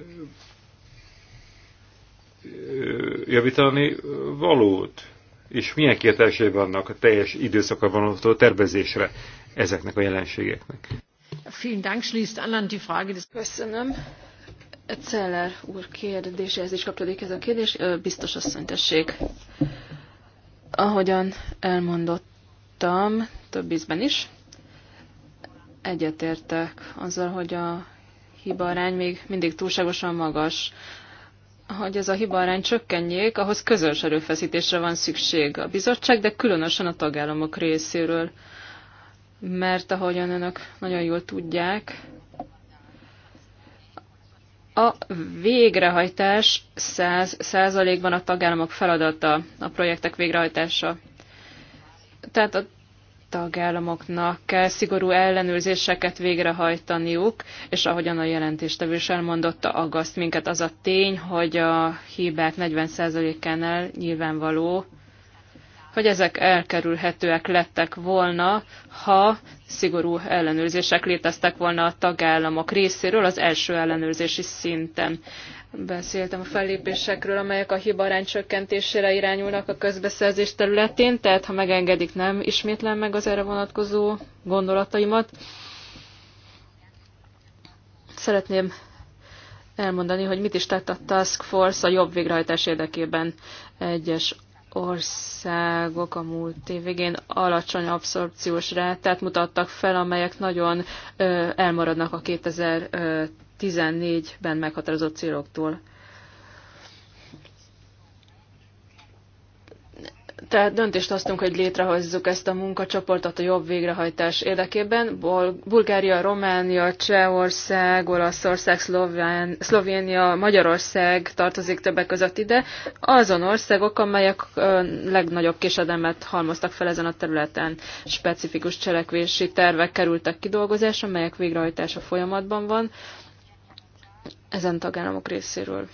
javítani valót? és milyen kiadásai vannak a teljes időszakra vonatkozó tervezésre ezeknek a jelenségeknek. Köszönöm. Celler úr kérdéséhez is kapcsolódik ez a kérdés. Biztos asszony, tessék. Ahogyan elmondottam több ízben is, egyetértek azzal, hogy a hiba arány még mindig túlságosan magas hogy ez a hibarány csökkenjék, ahhoz közös erőfeszítésre van szükség a bizottság, de különösen a tagállamok részéről. Mert ahogyan önök nagyon jól tudják, a végrehajtás 100%-ban a tagállamok feladata, a projektek végrehajtása. Tehát a tagállamoknak kell szigorú ellenőrzéseket végrehajtaniuk, és ahogyan a jelentéstevő is elmondotta, aggaszt minket az a tény, hogy a hibák 40%-ánál nyilvánvaló, hogy ezek elkerülhetőek lettek volna, ha szigorú ellenőrzések léteztek volna a tagállamok részéről az első ellenőrzési szinten. Beszéltem a fellépésekről, amelyek a hibarány csökkentésére irányulnak a közbeszerzés területén, tehát ha megengedik, nem ismétlen meg az erre vonatkozó gondolataimat. Szeretném elmondani, hogy mit is tett a Task Force a jobb végrehajtás érdekében. Egyes országok a múlt év végén alacsony abszorpciós rátát mutattak fel, amelyek nagyon elmaradnak a 2000 14-ben meghatározott céloktól. Tehát döntést hoztunk, hogy létrehozzuk ezt a munkacsoportot a jobb végrehajtás érdekében. Bol- Bulgária, Románia, Csehország, Olaszország, Szlovén- Szlovénia, Magyarország tartozik többek között ide. Azon országok, amelyek ö, legnagyobb késedelmet halmoztak fel ezen a területen. Specifikus cselekvési tervek kerültek kidolgozásra, amelyek végrehajtása folyamatban van ezen tagállamok részéről.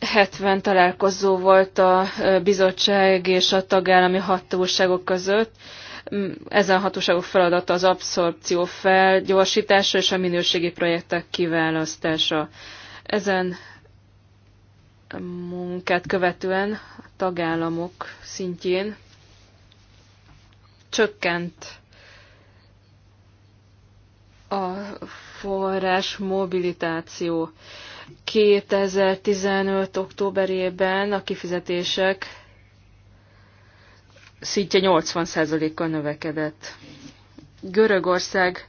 70 találkozó volt a bizottság és a tagállami hatóságok között. Ezen hatóságok feladata az abszorpció felgyorsítása és a minőségi projektek kiválasztása. Ezen munkát követően a tagállamok szintjén csökkent a forrás mobilitáció. 2015. októberében a kifizetések szintje 80%-kal növekedett. Görögország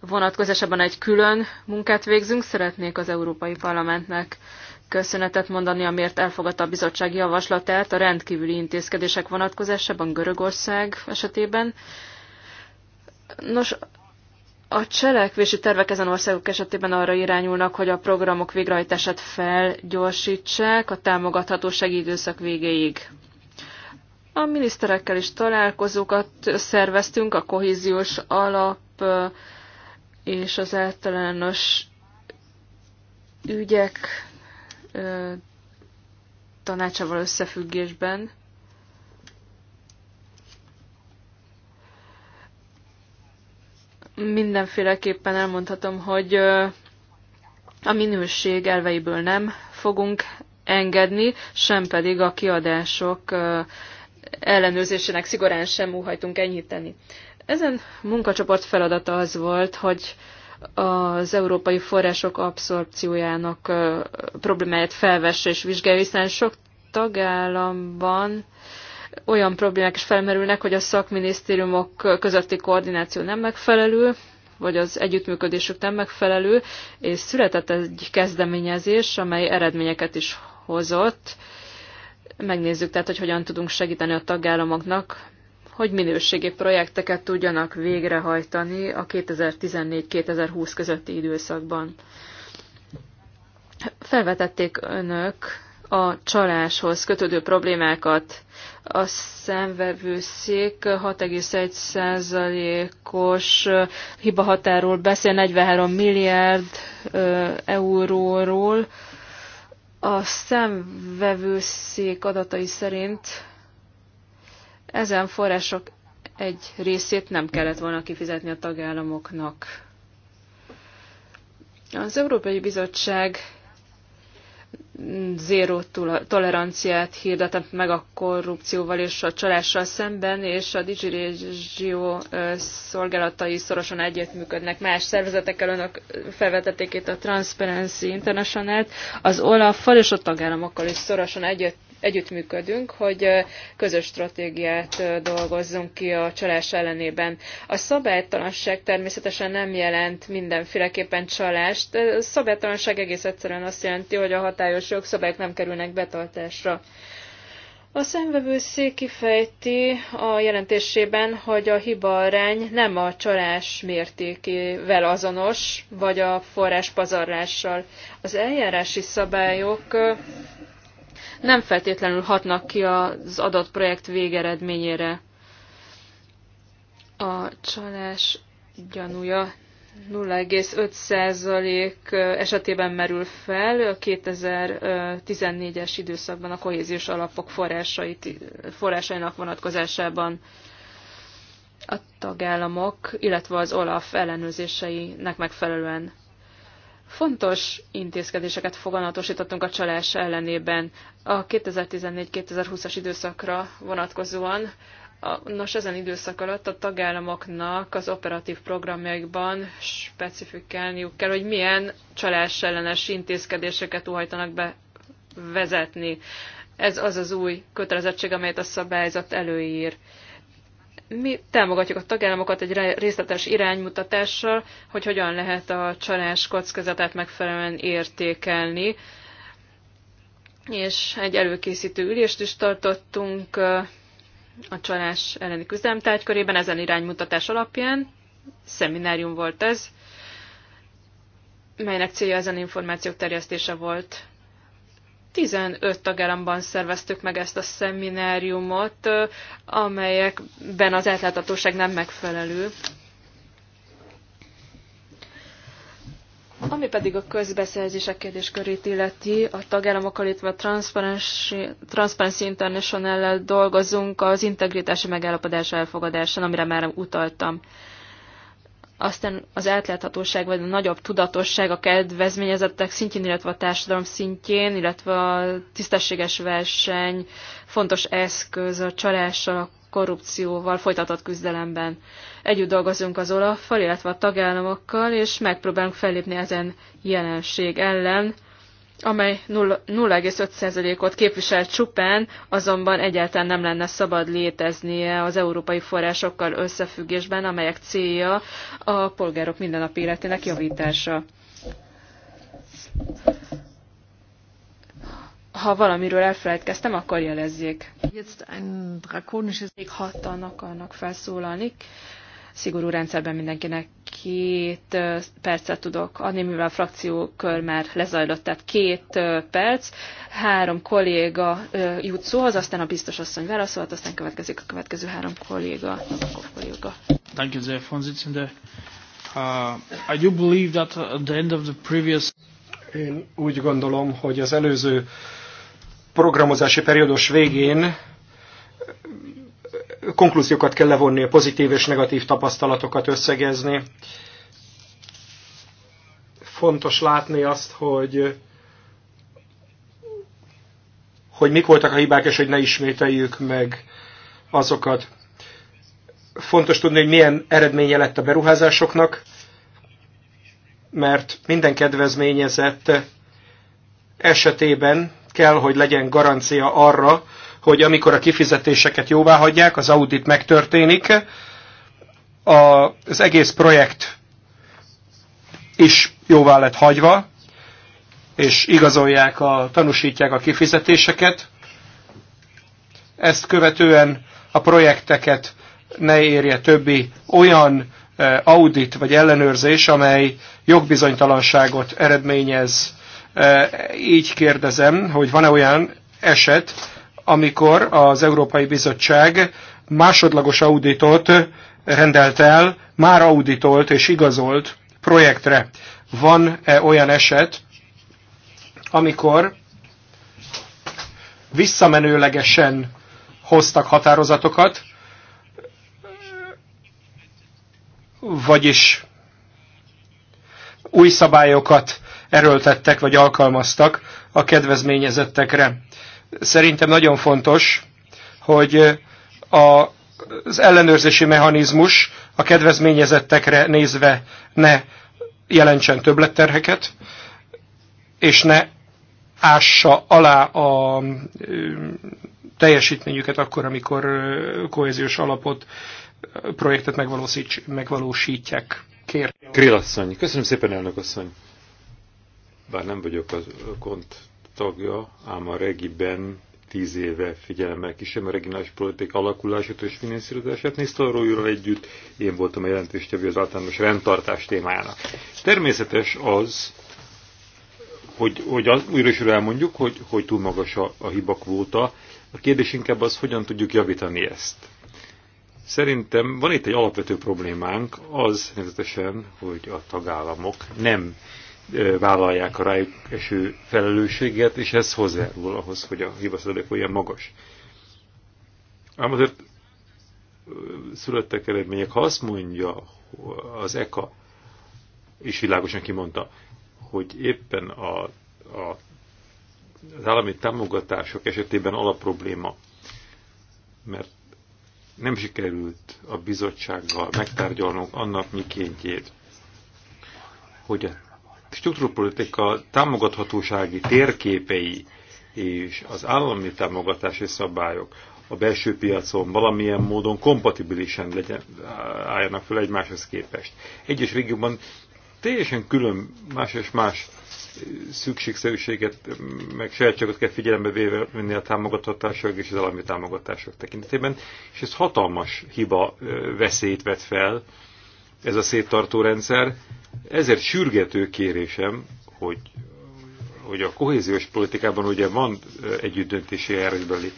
vonatkozásában egy külön munkát végzünk. Szeretnék az Európai Parlamentnek köszönetet mondani, amiért elfogadta a bizottság javaslatát a rendkívüli intézkedések vonatkozásában Görögország esetében. Nos, a cselekvési tervek ezen országok esetében arra irányulnak, hogy a programok végrehajtását felgyorsítsák a támogathatósági időszak végéig. A miniszterekkel is találkozókat szerveztünk, a kohéziós alap és az általános ügyek tanácsával összefüggésben. mindenféleképpen elmondhatom, hogy a minőség elveiből nem fogunk engedni, sem pedig a kiadások ellenőrzésének szigorán sem óhajtunk enyhíteni. Ezen munkacsoport feladata az volt, hogy az európai források abszorpciójának problémáját felvesse és vizsgálja, hiszen sok tagállamban olyan problémák is felmerülnek, hogy a szakminisztériumok közötti koordináció nem megfelelő, vagy az együttműködésük nem megfelelő, és született egy kezdeményezés, amely eredményeket is hozott. Megnézzük tehát, hogy hogyan tudunk segíteni a tagállamoknak, hogy minőségi projekteket tudjanak végrehajtani a 2014-2020 közötti időszakban. Felvetették önök a csaláshoz kötődő problémákat a szemvevőszék 6,1%-os hibahatáról beszél, 43 milliárd euróról. A szemvevőszék adatai szerint ezen források egy részét nem kellett volna kifizetni a tagállamoknak. Az Európai Bizottság zéró toleranciát hirdetett meg a korrupcióval és a csalással szemben, és a Digirégió szolgálatai szorosan együttműködnek más szervezetekkel. Önök felvetették itt a Transparency international az olaf és a tagállamokkal is szorosan együtt együttműködünk, hogy közös stratégiát dolgozzunk ki a csalás ellenében. A szabálytalanság természetesen nem jelent mindenféleképpen csalást. A szabálytalanság egész egyszerűen azt jelenti, hogy a hatályos jogszabályok nem kerülnek betartásra. A szemvevőszék kifejti a jelentésében, hogy a arány nem a csalás mértékével azonos, vagy a forrás pazarlással. Az eljárási szabályok nem feltétlenül hatnak ki az adott projekt végeredményére. A csalás gyanúja 0,5% esetében merül fel a 2014-es időszakban a kohéziós alapok forrásait, forrásainak vonatkozásában a tagállamok, illetve az OLAF ellenőrzéseinek megfelelően. Fontos intézkedéseket foganatosítottunk a csalás ellenében a 2014-2020-as időszakra vonatkozóan. Nos, ezen időszak alatt a tagállamoknak az operatív programjaikban specifikálniuk kell, hogy milyen csalás ellenes intézkedéseket uhajtanak be vezetni. Ez az az új kötelezettség, amelyet a szabályzat előír mi támogatjuk a tagállamokat egy részletes iránymutatással, hogy hogyan lehet a csalás kockázatát megfelelően értékelni. És egy előkészítő ülést is tartottunk a csalás elleni küzdelem tárgykörében ezen iránymutatás alapján. Szeminárium volt ez, melynek célja ezen információk terjesztése volt. 15 tagállamban szerveztük meg ezt a szemináriumot, amelyekben az átláthatóság nem megfelelő. Ami pedig a közbeszerzések kérdéskörét illeti, a tagállamokkal, illetve a Transparency, Transparency international dolgozunk az integritási megállapodás elfogadásán, amire már utaltam aztán az átláthatóság vagy a nagyobb tudatosság a kedvezményezettek szintjén, illetve a társadalom szintjén, illetve a tisztességes verseny fontos eszköz a csalással, a korrupcióval folytatott küzdelemben. Együtt dolgozunk az olaf illetve a tagállamokkal, és megpróbálunk fellépni ezen jelenség ellen, amely 0,5%-ot képvisel csupán, azonban egyáltalán nem lenne szabad léteznie az európai forrásokkal összefüggésben, amelyek célja a polgárok mindennapi életének javítása. Ha valamiről elfelejtkeztem, akkor jelezzék. Még hatalnak annak felszólalni szigorú rendszerben mindenkinek két percet tudok adni, mivel a frakciókör már lezajlott, tehát két perc, három kolléga jut szóhoz, aztán a biztos asszony válaszolt, aztán következik a következő három kolléga. kolléga. Thank you, Zef Uh, I do believe that at the end of the previous... Én úgy gondolom, hogy az előző programozási periódus végén konklúziókat kell levonni, a pozitív és negatív tapasztalatokat összegezni. Fontos látni azt, hogy hogy mik voltak a hibák, és hogy ne ismételjük meg azokat. Fontos tudni, hogy milyen eredménye lett a beruházásoknak, mert minden kedvezményezett esetében kell, hogy legyen garancia arra, hogy amikor a kifizetéseket jóvá hagyják, az audit megtörténik, a, az egész projekt is jóvá lett hagyva, és igazolják, a, tanúsítják a kifizetéseket. Ezt követően a projekteket ne érje többi olyan e, audit vagy ellenőrzés, amely jogbizonytalanságot eredményez. E, így kérdezem, hogy van-e olyan eset, amikor az Európai Bizottság másodlagos auditot rendelt el, már auditolt és igazolt projektre. Van-e olyan eset, amikor visszamenőlegesen hoztak határozatokat, vagyis új szabályokat erőltettek vagy alkalmaztak a kedvezményezettekre. Szerintem nagyon fontos, hogy a, az ellenőrzési mechanizmus a kedvezményezettekre nézve ne jelentsen többletterheket, és ne ássa alá a teljesítményüket akkor, amikor kohéziós alapot, projektet megvalósítják. Kér. Krilasszony, köszönöm szépen, elnök asszony. Bár nem vagyok a kont tagja, ám a regiben tíz éve figyelemmel kísérem a regionális politika alakulását és finanszírozását. Nisztalról újra együtt én voltam a jelentéstevő az általános rendtartás témájának. Természetes az, hogy, hogy az, újra is elmondjuk, hogy, hogy túl magas a, a kvóta. A kérdés inkább az, hogyan tudjuk javítani ezt. Szerintem van itt egy alapvető problémánk, az nevezetesen, hogy a tagállamok nem vállalják a rájuk eső felelősséget, és ez hozzájárul ahhoz, hogy a hibaszadék olyan magas. Ám azért születtek eredmények. Ha azt mondja az ECA, és világosan kimondta, hogy éppen a, a, az állami támogatások esetében alapprobléma, mert nem sikerült a bizottsággal megtárgyalnunk annak mikéntjét, hogy a struktúrpolitika támogathatósági térképei és az állami támogatási szabályok a belső piacon valamilyen módon kompatibilisen legyen, álljanak fel egymáshoz képest. Egyes régióban teljesen külön más és más szükségszerűséget, meg sajátságot kell figyelembe véve venni a támogatások és az állami támogatások tekintetében, és ez hatalmas hiba veszélyt vet fel, ez a széttartó rendszer, ezért sürgető kérésem, hogy, hogy a kohéziós politikában ugye van együttdöntési eredbeli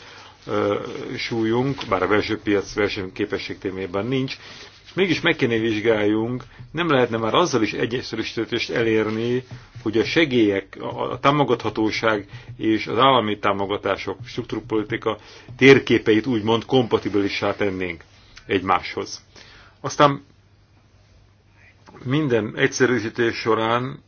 súlyunk, bár a belső piac versenyképesség témében nincs, mégis meg kéne vizsgáljunk, nem lehetne már azzal is egyszerűsítést elérni, hogy a segélyek, a támogathatóság és az állami támogatások, struktúrpolitika térképeit úgymond kompatibilissá tennénk egymáshoz. Aztán minden egyszerűsítés során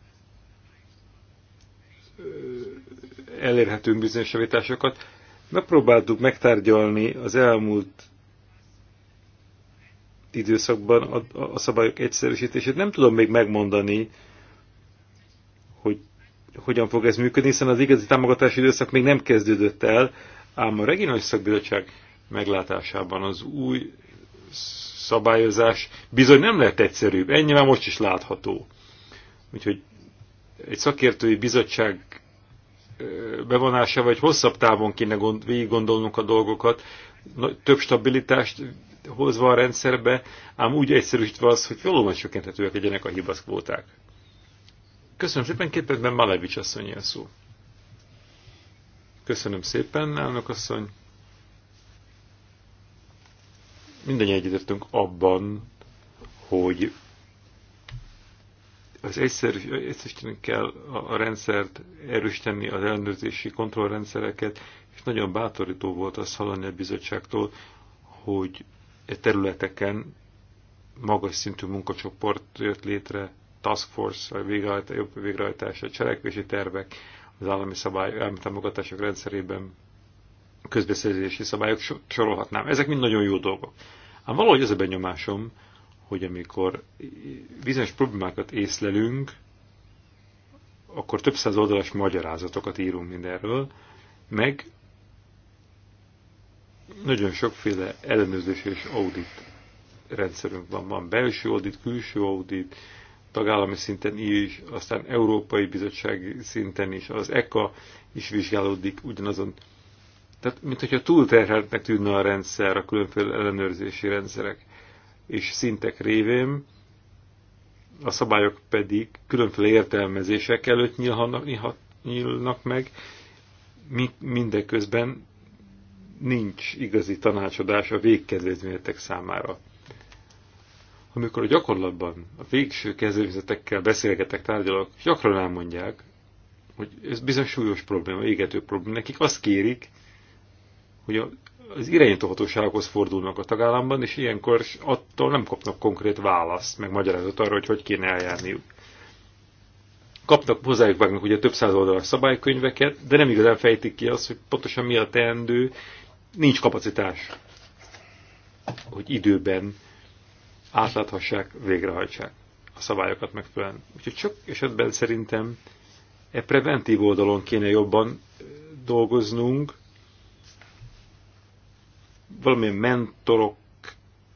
elérhetünk bizonyos javításokat. Megpróbáltuk megtárgyalni az elmúlt időszakban a, a szabályok egyszerűsítését. Nem tudom még megmondani, hogy hogyan fog ez működni, hiszen az igazi támogatási időszak még nem kezdődött el, ám a regionális szakbizottság meglátásában az új szabályozás bizony nem lehet egyszerűbb. Ennyi már most is látható. Úgyhogy egy szakértői bizottság bevonása, vagy hosszabb távon kéne gond, végig gondolnunk a dolgokat, több stabilitást hozva a rendszerbe, ám úgy egyszerűsítve az, hogy valóban csökkenthetőek legyenek a hibaszkvóták. Köszönöm szépen, képetben Malevics asszony ilyen szó. Köszönöm szépen, elnök asszony minden egyetértünk abban, hogy az egyszerűen kell a rendszert, erősíteni az ellenőrzési kontrollrendszereket, és nagyon bátorító volt azt hallani a bizottságtól, hogy e területeken magas szintű munkacsoport jött létre, task force, a a cselekvési tervek az állami szabály, állami támogatások rendszerében közbeszerzési szabályok sorolhatnám. Ezek mind nagyon jó dolgok. Ám valahogy az a benyomásom, hogy amikor bizonyos problémákat észlelünk, akkor több száz oldalas magyarázatokat írunk mindenről, meg nagyon sokféle ellenőrzés és audit rendszerünk van. Van belső audit, külső audit, tagállami szinten is, aztán Európai Bizottság szinten is, az ECA is vizsgálódik ugyanazon tehát, mint hogyha túlterheltnek tűnne a rendszer, a különféle ellenőrzési rendszerek és szintek révén, a szabályok pedig különféle értelmezések előtt nyilhanak, nyílnak meg, mindeközben nincs igazi tanácsadás a végkedvezményetek számára. Amikor a gyakorlatban a végső kezdeményezetekkel beszélgetek, tárgyalok, gyakran elmondják, hogy ez bizony súlyos probléma, égető probléma. Nekik azt kérik, hogy az irányítóhatósághoz fordulnak a tagállamban, és ilyenkor attól nem kapnak konkrét választ, meg magyarázat arra, hogy hogy kéne eljárniuk. Kapnak hozzájuk vágnak ugye több száz oldalas szabálykönyveket, de nem igazán fejtik ki azt, hogy pontosan mi a teendő, nincs kapacitás, hogy időben átláthassák, végrehajtsák a szabályokat megfelelően. Úgyhogy sok esetben szerintem e preventív oldalon kéne jobban dolgoznunk, valamilyen mentorok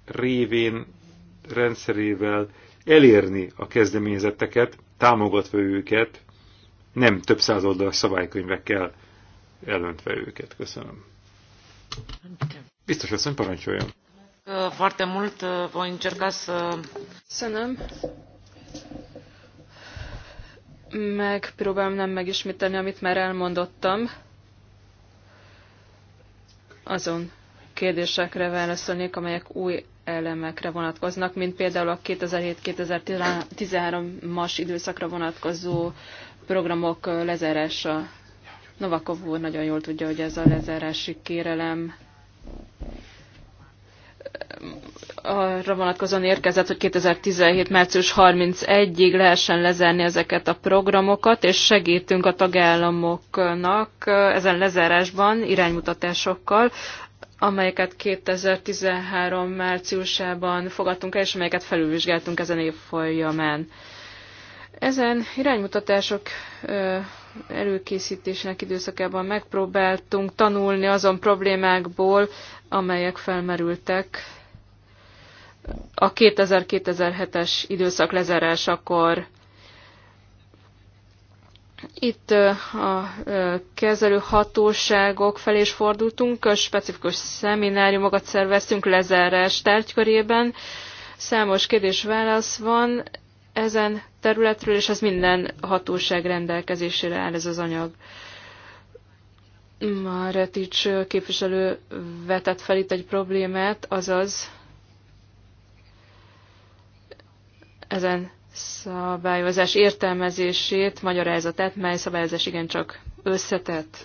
révén rendszerével elérni a kezdeményezetteket, támogatva őket, nem több száz oldalas szabálykönyvekkel elöntve őket. Köszönöm. Biztos asszony, parancsoljon. Foarte mult uh, voi încerca să... Meg Megpróbálom nem megismételni, amit már elmondottam. Azon kérdésekre válaszolnék, amelyek új elemekre vonatkoznak, mint például a 2007-2013-as időszakra vonatkozó programok lezárása. Novakov úr nagyon jól tudja, hogy ez a lezárási kérelem arra vonatkozóan érkezett, hogy 2017. március 31-ig lehessen lezárni ezeket a programokat, és segítünk a tagállamoknak ezen lezárásban iránymutatásokkal amelyeket 2013 márciusában fogadtunk el, és amelyeket felülvizsgáltunk ezen év folyamán. Ezen iránymutatások előkészítésének időszakában megpróbáltunk tanulni azon problémákból, amelyek felmerültek a 2000-2007-es időszak lezárásakor itt a kezelő hatóságok felé is fordultunk, specifikus szemináriumokat szerveztünk lezárás tárgykörében. Számos kérdés-válasz van ezen területről, és ez minden hatóság rendelkezésére áll ez az anyag. Maretics képviselő vetett fel itt egy problémát, azaz ezen szabályozás értelmezését, magyarázatát, mely szabályozás igencsak összetett.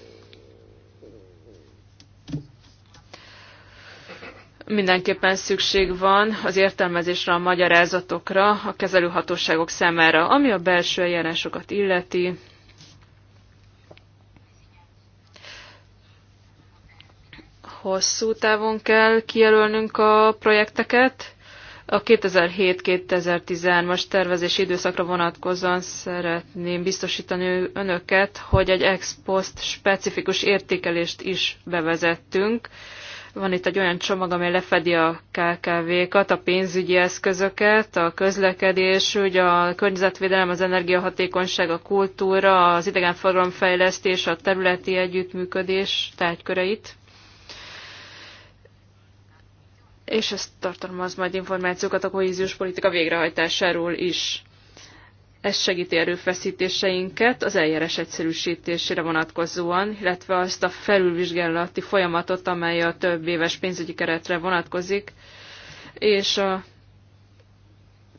Mindenképpen szükség van az értelmezésre, a magyarázatokra, a kezelőhatóságok számára, ami a belső eljárásokat illeti. Hosszú távon kell kijelölnünk a projekteket, a 2007 2010 as tervezési időszakra vonatkozóan szeretném biztosítani önöket, hogy egy ex post specifikus értékelést is bevezettünk. Van itt egy olyan csomag, amely lefedi a KKV-kat, a pénzügyi eszközöket, a közlekedés, ugye a környezetvédelem, az energiahatékonyság, a kultúra, az idegenforgalom fejlesztés, a területi együttműködés tárgyköreit és ezt tartalmaz majd információkat a kohéziós politika végrehajtásáról is. Ez segíti erőfeszítéseinket az eljárás egyszerűsítésére vonatkozóan, illetve azt a felülvizsgálati folyamatot, amely a több éves pénzügyi keretre vonatkozik, és a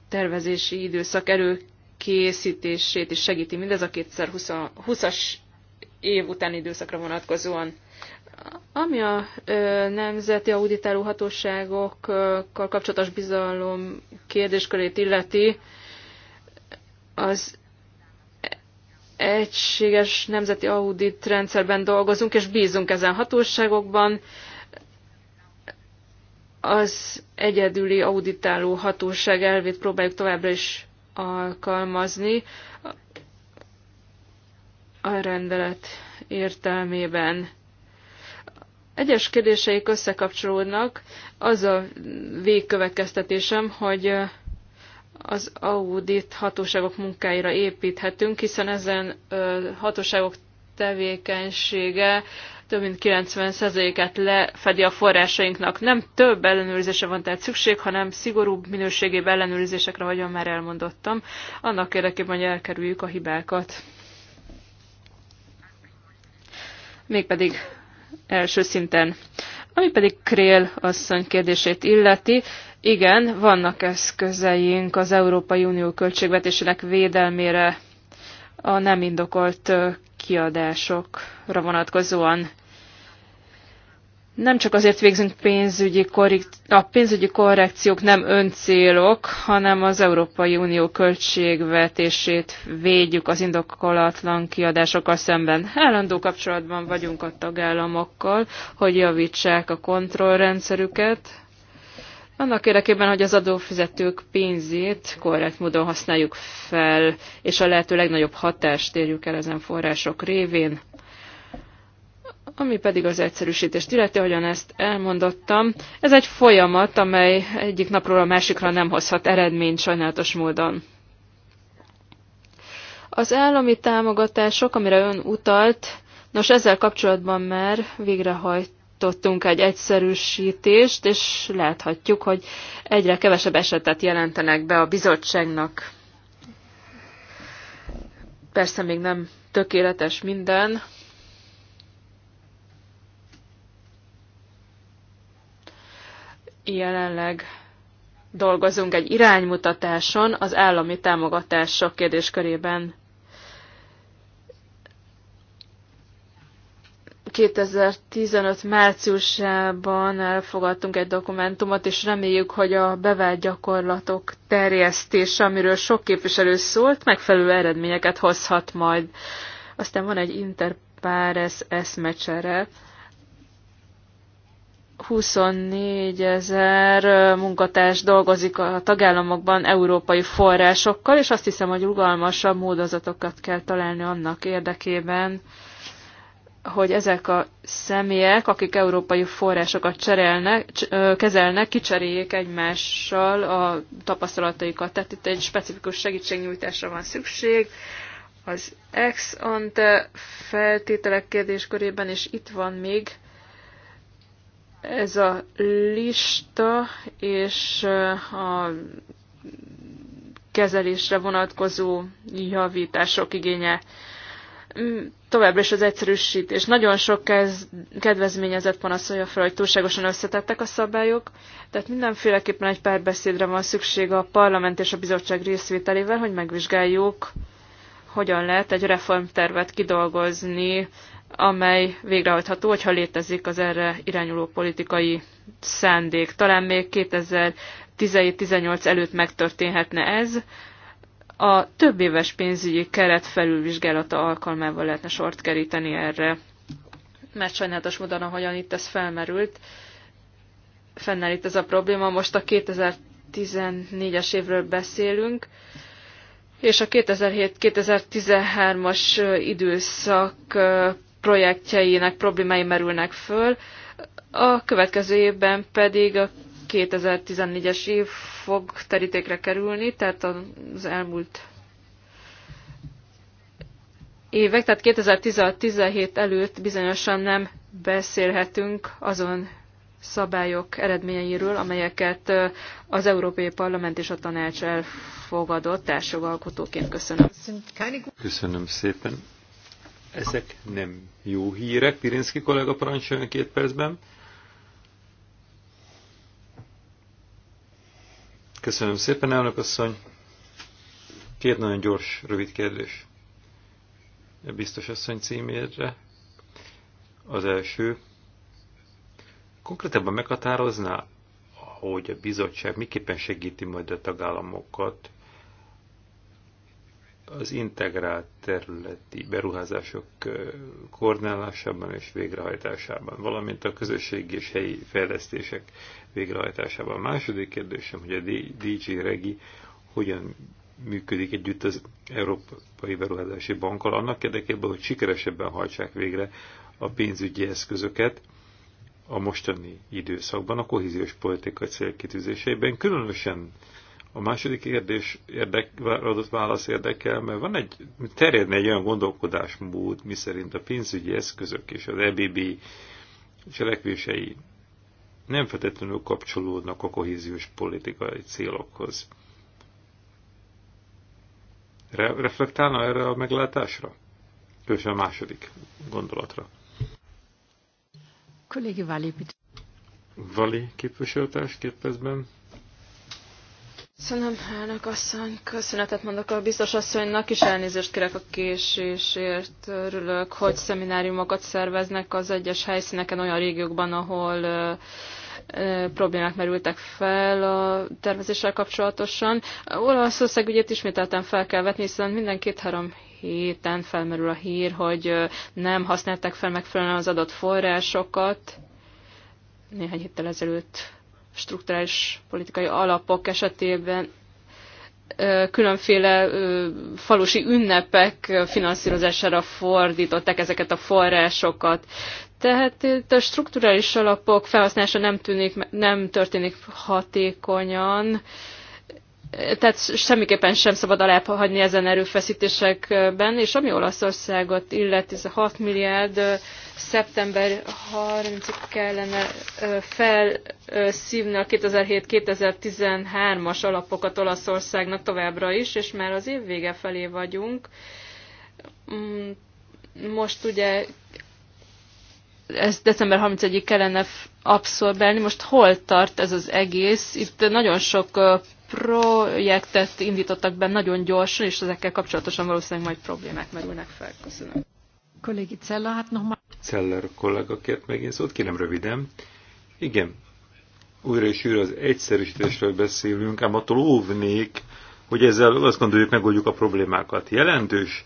tervezési időszak előkészítését is segíti mindez a 2020-as év utáni időszakra vonatkozóan. Ami a ö, nemzeti auditáló hatóságokkal kapcsolatos bizalom kérdéskörét illeti, az egységes nemzeti audit rendszerben dolgozunk, és bízunk ezen hatóságokban. Az egyedüli auditáló hatóság elvét próbáljuk továbbra is alkalmazni a rendelet értelmében. Egyes kérdéseik összekapcsolódnak. Az a végkövetkeztetésem, hogy az audit hatóságok munkáira építhetünk, hiszen ezen hatóságok tevékenysége több mint 90%-át lefedi a forrásainknak. Nem több ellenőrzése van tehát szükség, hanem szigorúbb minőségében ellenőrzésekre, ahogyan már elmondottam, annak érdekében, hogy elkerüljük a hibákat. Mégpedig első szinten. Ami pedig Krél asszony kérdését illeti, igen, vannak eszközeink az Európai Unió költségvetésének védelmére a nem indokolt kiadásokra vonatkozóan nem csak azért végzünk pénzügyi korrik- a pénzügyi korrekciók nem öncélok, hanem az Európai Unió költségvetését védjük az indokolatlan kiadásokkal szemben. Állandó kapcsolatban vagyunk a tagállamokkal, hogy javítsák a kontrollrendszerüket, annak érdekében, hogy az adófizetők pénzét korrekt módon használjuk fel, és a lehető legnagyobb hatást érjük el ezen források révén. Ami pedig az egyszerűsítést illeti, ahogyan ezt elmondottam, ez egy folyamat, amely egyik napról a másikra nem hozhat eredményt sajnálatos módon. Az állami támogatások, amire ön utalt, nos ezzel kapcsolatban már végrehajtottunk egy egyszerűsítést, és láthatjuk, hogy egyre kevesebb esetet jelentenek be a bizottságnak. Persze még nem tökéletes minden, jelenleg dolgozunk egy iránymutatáson az állami támogatások kérdéskörében. 2015 márciusában elfogadtunk egy dokumentumot, és reméljük, hogy a bevált gyakorlatok terjesztése, amiről sok képviselő szólt, megfelelő eredményeket hozhat majd. Aztán van egy interpáres eszmecsere, 24 ezer munkatárs dolgozik a tagállamokban európai forrásokkal, és azt hiszem, hogy rugalmasabb módozatokat kell találni annak érdekében, hogy ezek a személyek, akik európai forrásokat cserélnek, kezelnek, kicseréljék egymással a tapasztalataikat. Tehát itt egy specifikus segítségnyújtásra van szükség. Az ex ante feltételek kérdéskörében, és itt van még ez a lista és a kezelésre vonatkozó javítások igénye. Mm, továbbra is az egyszerűsítés. Nagyon sok kez, kedvezményezett panaszolja fel, hogy túlságosan összetettek a szabályok, tehát mindenféleképpen egy párbeszédre van szükség a parlament és a bizottság részvételével, hogy megvizsgáljuk, hogyan lehet egy reformtervet kidolgozni amely végrehajtható, hogyha létezik az erre irányuló politikai szándék. Talán még 2017-18 előtt megtörténhetne ez. A több éves pénzügyi keret felülvizsgálata alkalmával lehetne sort keríteni erre, mert sajnálatos módon, ahogyan itt ez felmerült, fennáll itt ez a probléma. Most a 2014-es évről beszélünk, és a 2007-2013-as időszak projektjeinek problémái merülnek föl, a következő évben pedig a 2014-es év fog terítékre kerülni, tehát az elmúlt évek, tehát 2017 előtt bizonyosan nem beszélhetünk azon szabályok eredményeiről, amelyeket az Európai Parlament és a Tanács elfogadott társjogalkotóként. Köszönöm. Köszönöm szépen. Ezek nem jó hírek. Pirinszki kollega parancsoljon két percben. Köszönöm szépen, elnök asszony. Két nagyon gyors, rövid kérdés. biztos asszony címére. Az első. Konkrétabban meghatározná, hogy a bizottság miképpen segíti majd a tagállamokat az integrált területi beruházások koordinálásában és végrehajtásában, valamint a közösségi és helyi fejlesztések végrehajtásában. A második kérdésem, hogy a DG Regi hogyan működik együtt az Európai Beruházási Bankkal, annak érdekében, hogy sikeresebben hajtsák végre a pénzügyi eszközöket a mostani időszakban, a kohéziós politika célkitűzéseiben, különösen a második kérdés érdek, adott válasz érdekel, mert van egy, terjedne egy olyan gondolkodásmód, miszerint a pénzügyi eszközök és az EBB cselekvései nem feltétlenül kapcsolódnak a kohéziós politikai célokhoz. Re reflektálna erre a meglátásra? Különösen a második gondolatra. Kollégi Vali, Vali képviselőtárs két percben. Köszönöm, elnök asszony. Köszönetet mondok a biztos asszonynak, és elnézést kérek a késésért. Örülök, hogy szemináriumokat szerveznek az egyes helyszíneken, olyan régiókban, ahol problémák merültek fel a tervezéssel kapcsolatosan. Olaszország ügyét ismételten fel kell vetni, hiszen minden két-három héten felmerül a hír, hogy nem használták fel megfelelően az adott forrásokat. Néhány héttel ezelőtt strukturális politikai alapok esetében különféle falusi ünnepek finanszírozására fordították ezeket a forrásokat. Tehát itt a strukturális alapok felhasználása nem, tűnik, nem történik hatékonyan, tehát semmiképpen sem szabad alább hagyni ezen erőfeszítésekben, és ami Olaszországot illet, ez a 6 milliárd szeptember 30-ig kellene felszívni a 2007-2013-as alapokat Olaszországnak továbbra is, és már az év vége felé vagyunk. Mm, most ugye ez december 31-ig kellene abszorbálni. Most hol tart ez az egész? Itt nagyon sok projektet indítottak be nagyon gyorsan, és ezekkel kapcsolatosan valószínűleg majd problémák merülnek fel. Köszönöm. Kollégi Cella, hát nochmal. Celler kollega kért megint szót, kérem röviden. Igen, újra és újra az egyszerűsítésről beszélünk, ám attól óvnék, hogy ezzel azt gondoljuk, megoldjuk a problémákat. Jelentős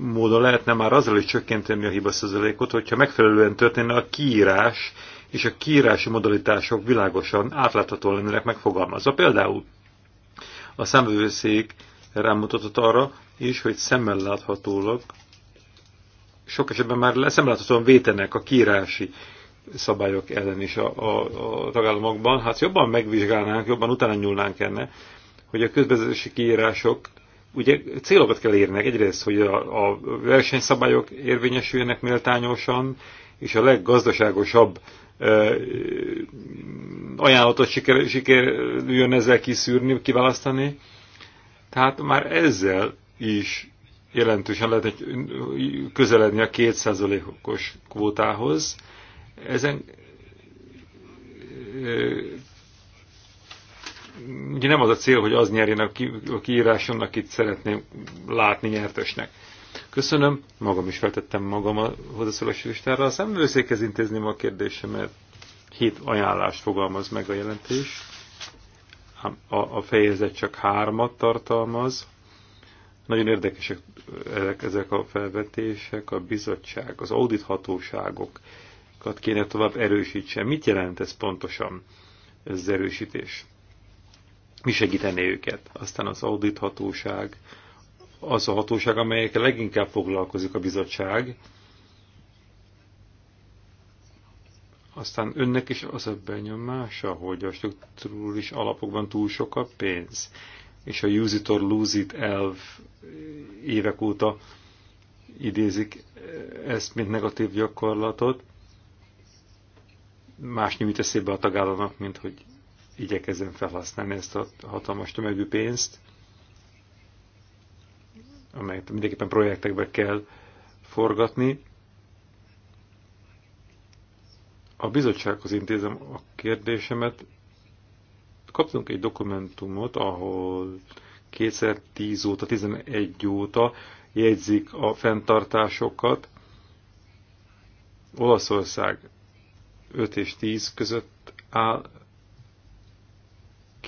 módon lehetne már azzal is csökkenteni a hibaszözelékot, hogyha megfelelően történne a kiírás, és a kiírási modalitások világosan átláthatóan lennének megfogalmazva. Például a számvevőszék rámutatott arra is, hogy szemmel láthatólag sok esetben már láthatóan vétenek a kírási szabályok ellen is a, a, a tagállamokban. Hát jobban megvizsgálnánk, jobban utána nyúlnánk enne, hogy a közbeszerzési kiírások ugye célokat kell érnek. Egyrészt, hogy a, a versenyszabályok érvényesüljenek méltányosan, és a leggazdaságosabb ajánlatot siker, jön ezzel kiszűrni, kiválasztani. Tehát már ezzel is jelentősen lehet egy közeledni a kétszázalékos kvótához. Ezen ugye nem az a cél, hogy az nyerjen a kiírásonnak akit szeretném látni nyertesnek. Köszönöm, magam is feltettem magam a hozzászólási listára. A szemvőszékhez intézném a kérdésemet. Hét ajánlást fogalmaz meg a jelentés. A, a fejezet csak hármat tartalmaz. Nagyon érdekesek eh, ezek a felvetések, a bizottság, az audit hatóságokat kéne tovább erősítse. Mit jelent ez pontosan, ez az erősítés? Mi segítené őket? Aztán az audit hatóság az a hatóság, amelyek leginkább foglalkozik a bizottság. Aztán önnek is az a benyomása, hogy a struktúrális alapokban túl sok a pénz, és a use it or lose it elv évek óta idézik ezt, mint negatív gyakorlatot. Más nyújt eszébe a tagállamnak, mint hogy igyekezzen felhasználni ezt a hatalmas tömegű pénzt amelyet mindenképpen projektekbe kell forgatni. A bizottsághoz intézem a kérdésemet. Kaptunk egy dokumentumot, ahol 2010 óta, 11 óta jegyzik a fenntartásokat. Olaszország 5 és 10 között áll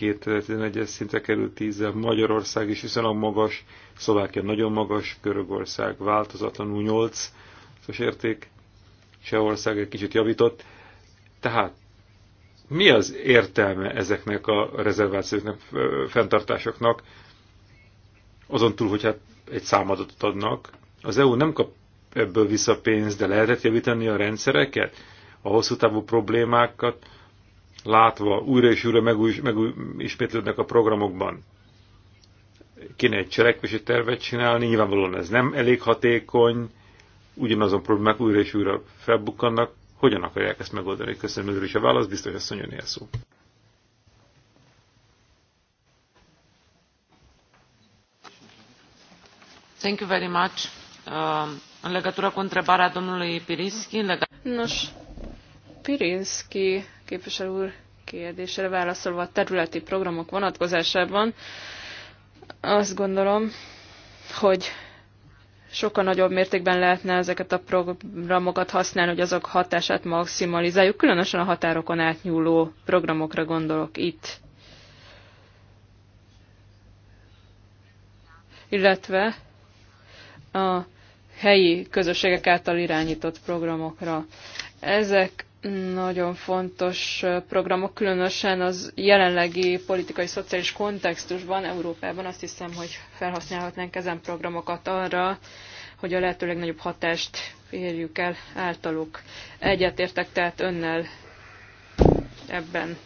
2011-es szintre került 10 Magyarország is viszonylag magas, Szlovákia nagyon magas, Görögország változatlanul 8 szos érték, Csehország egy kicsit javított. Tehát mi az értelme ezeknek a rezervációknak, fenntartásoknak, azon túl, hogy hát egy számadatot adnak. Az EU nem kap ebből vissza pénzt, de lehetett javítani a rendszereket, a hosszú távú problémákat, látva újra és újra megismétlődnek a programokban. Kéne egy cselekvési tervet csinálni, nyilvánvalóan ez nem elég hatékony, ugyanazon problémák újra és újra felbukkannak. Hogyan akarják ezt megoldani? Köszönöm hogy is a válasz, biztos asszony jön szó. Thank you very much. Uh, um, legatura legătură cu întrebarea domnului Piriski. în Nos, Pirinszki képviselő úr kérdésére válaszolva a területi programok vonatkozásában, azt gondolom, hogy sokkal nagyobb mértékben lehetne ezeket a programokat használni, hogy azok hatását maximalizáljuk, különösen a határokon átnyúló programokra gondolok itt. Illetve a helyi közösségek által irányított programokra. Ezek nagyon fontos programok, különösen az jelenlegi politikai-szociális kontextusban Európában azt hiszem, hogy felhasználhatnánk ezen programokat arra, hogy a lehető legnagyobb hatást érjük el általuk. Egyetértek tehát önnel ebben.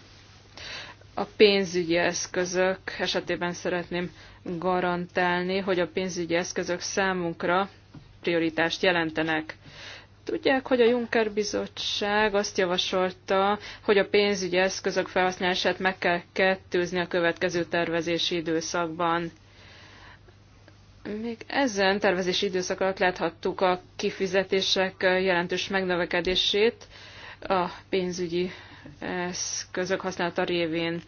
A pénzügyi eszközök esetében szeretném garantálni, hogy a pénzügyi eszközök számunkra prioritást jelentenek. Tudják, hogy a Juncker bizottság azt javasolta, hogy a pénzügyi eszközök felhasználását meg kell kettőzni a következő tervezési időszakban. Még ezen tervezési időszak alatt láthattuk a kifizetések jelentős megnövekedését a pénzügyi eszközök használata révén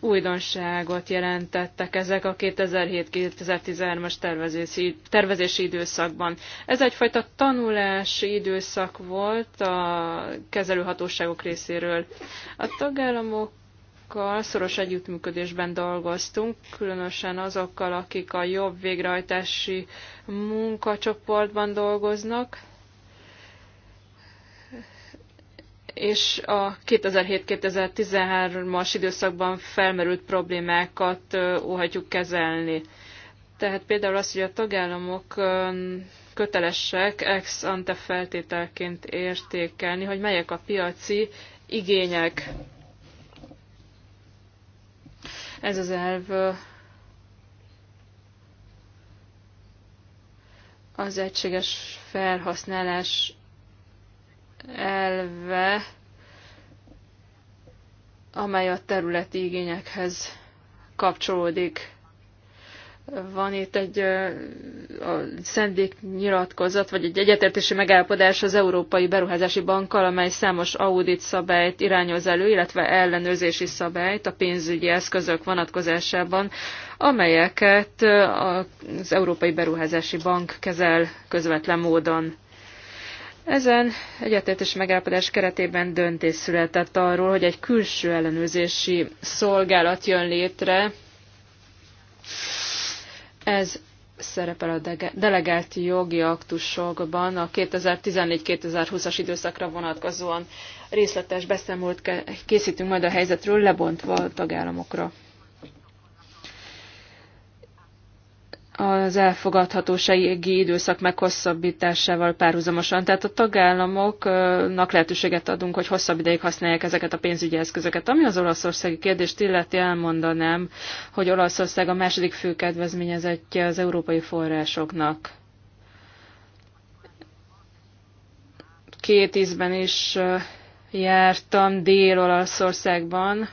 újdonságot jelentettek ezek a 2007-2013-as tervezési, tervezési időszakban. Ez egyfajta tanulási időszak volt a kezelőhatóságok részéről. A tagállamok szoros együttműködésben dolgoztunk, különösen azokkal, akik a jobb végrehajtási munkacsoportban dolgoznak. és a 2007-2013-as időszakban felmerült problémákat óhatjuk kezelni. Tehát például az, hogy a tagállamok kötelesek ex ante feltételként értékelni, hogy melyek a piaci igények. Ez az elv az egységes felhasználás elve, amely a területi igényekhez kapcsolódik. Van itt egy a nyilatkozat, vagy egy egyetértési megállapodás az Európai Beruházási Bankkal, amely számos audit szabályt irányoz elő, illetve ellenőrzési szabályt a pénzügyi eszközök vonatkozásában, amelyeket az Európai Beruházási Bank kezel közvetlen módon. Ezen egyetértés megállapodás keretében döntés született arról, hogy egy külső ellenőrzési szolgálat jön létre. Ez szerepel a delegált jogi aktusokban a 2014-2020-as időszakra vonatkozóan részletes beszámolt készítünk majd a helyzetről, lebontva a tagállamokra. az elfogadhatósági időszak meghosszabbításával párhuzamosan. Tehát a tagállamoknak lehetőséget adunk, hogy hosszabb ideig használják ezeket a pénzügyi eszközöket. Ami az olaszországi kérdést illeti, elmondanám, hogy Olaszország a második fő kedvezményezettje az európai forrásoknak. Két ízben is eh, jártam Dél-Olaszországban,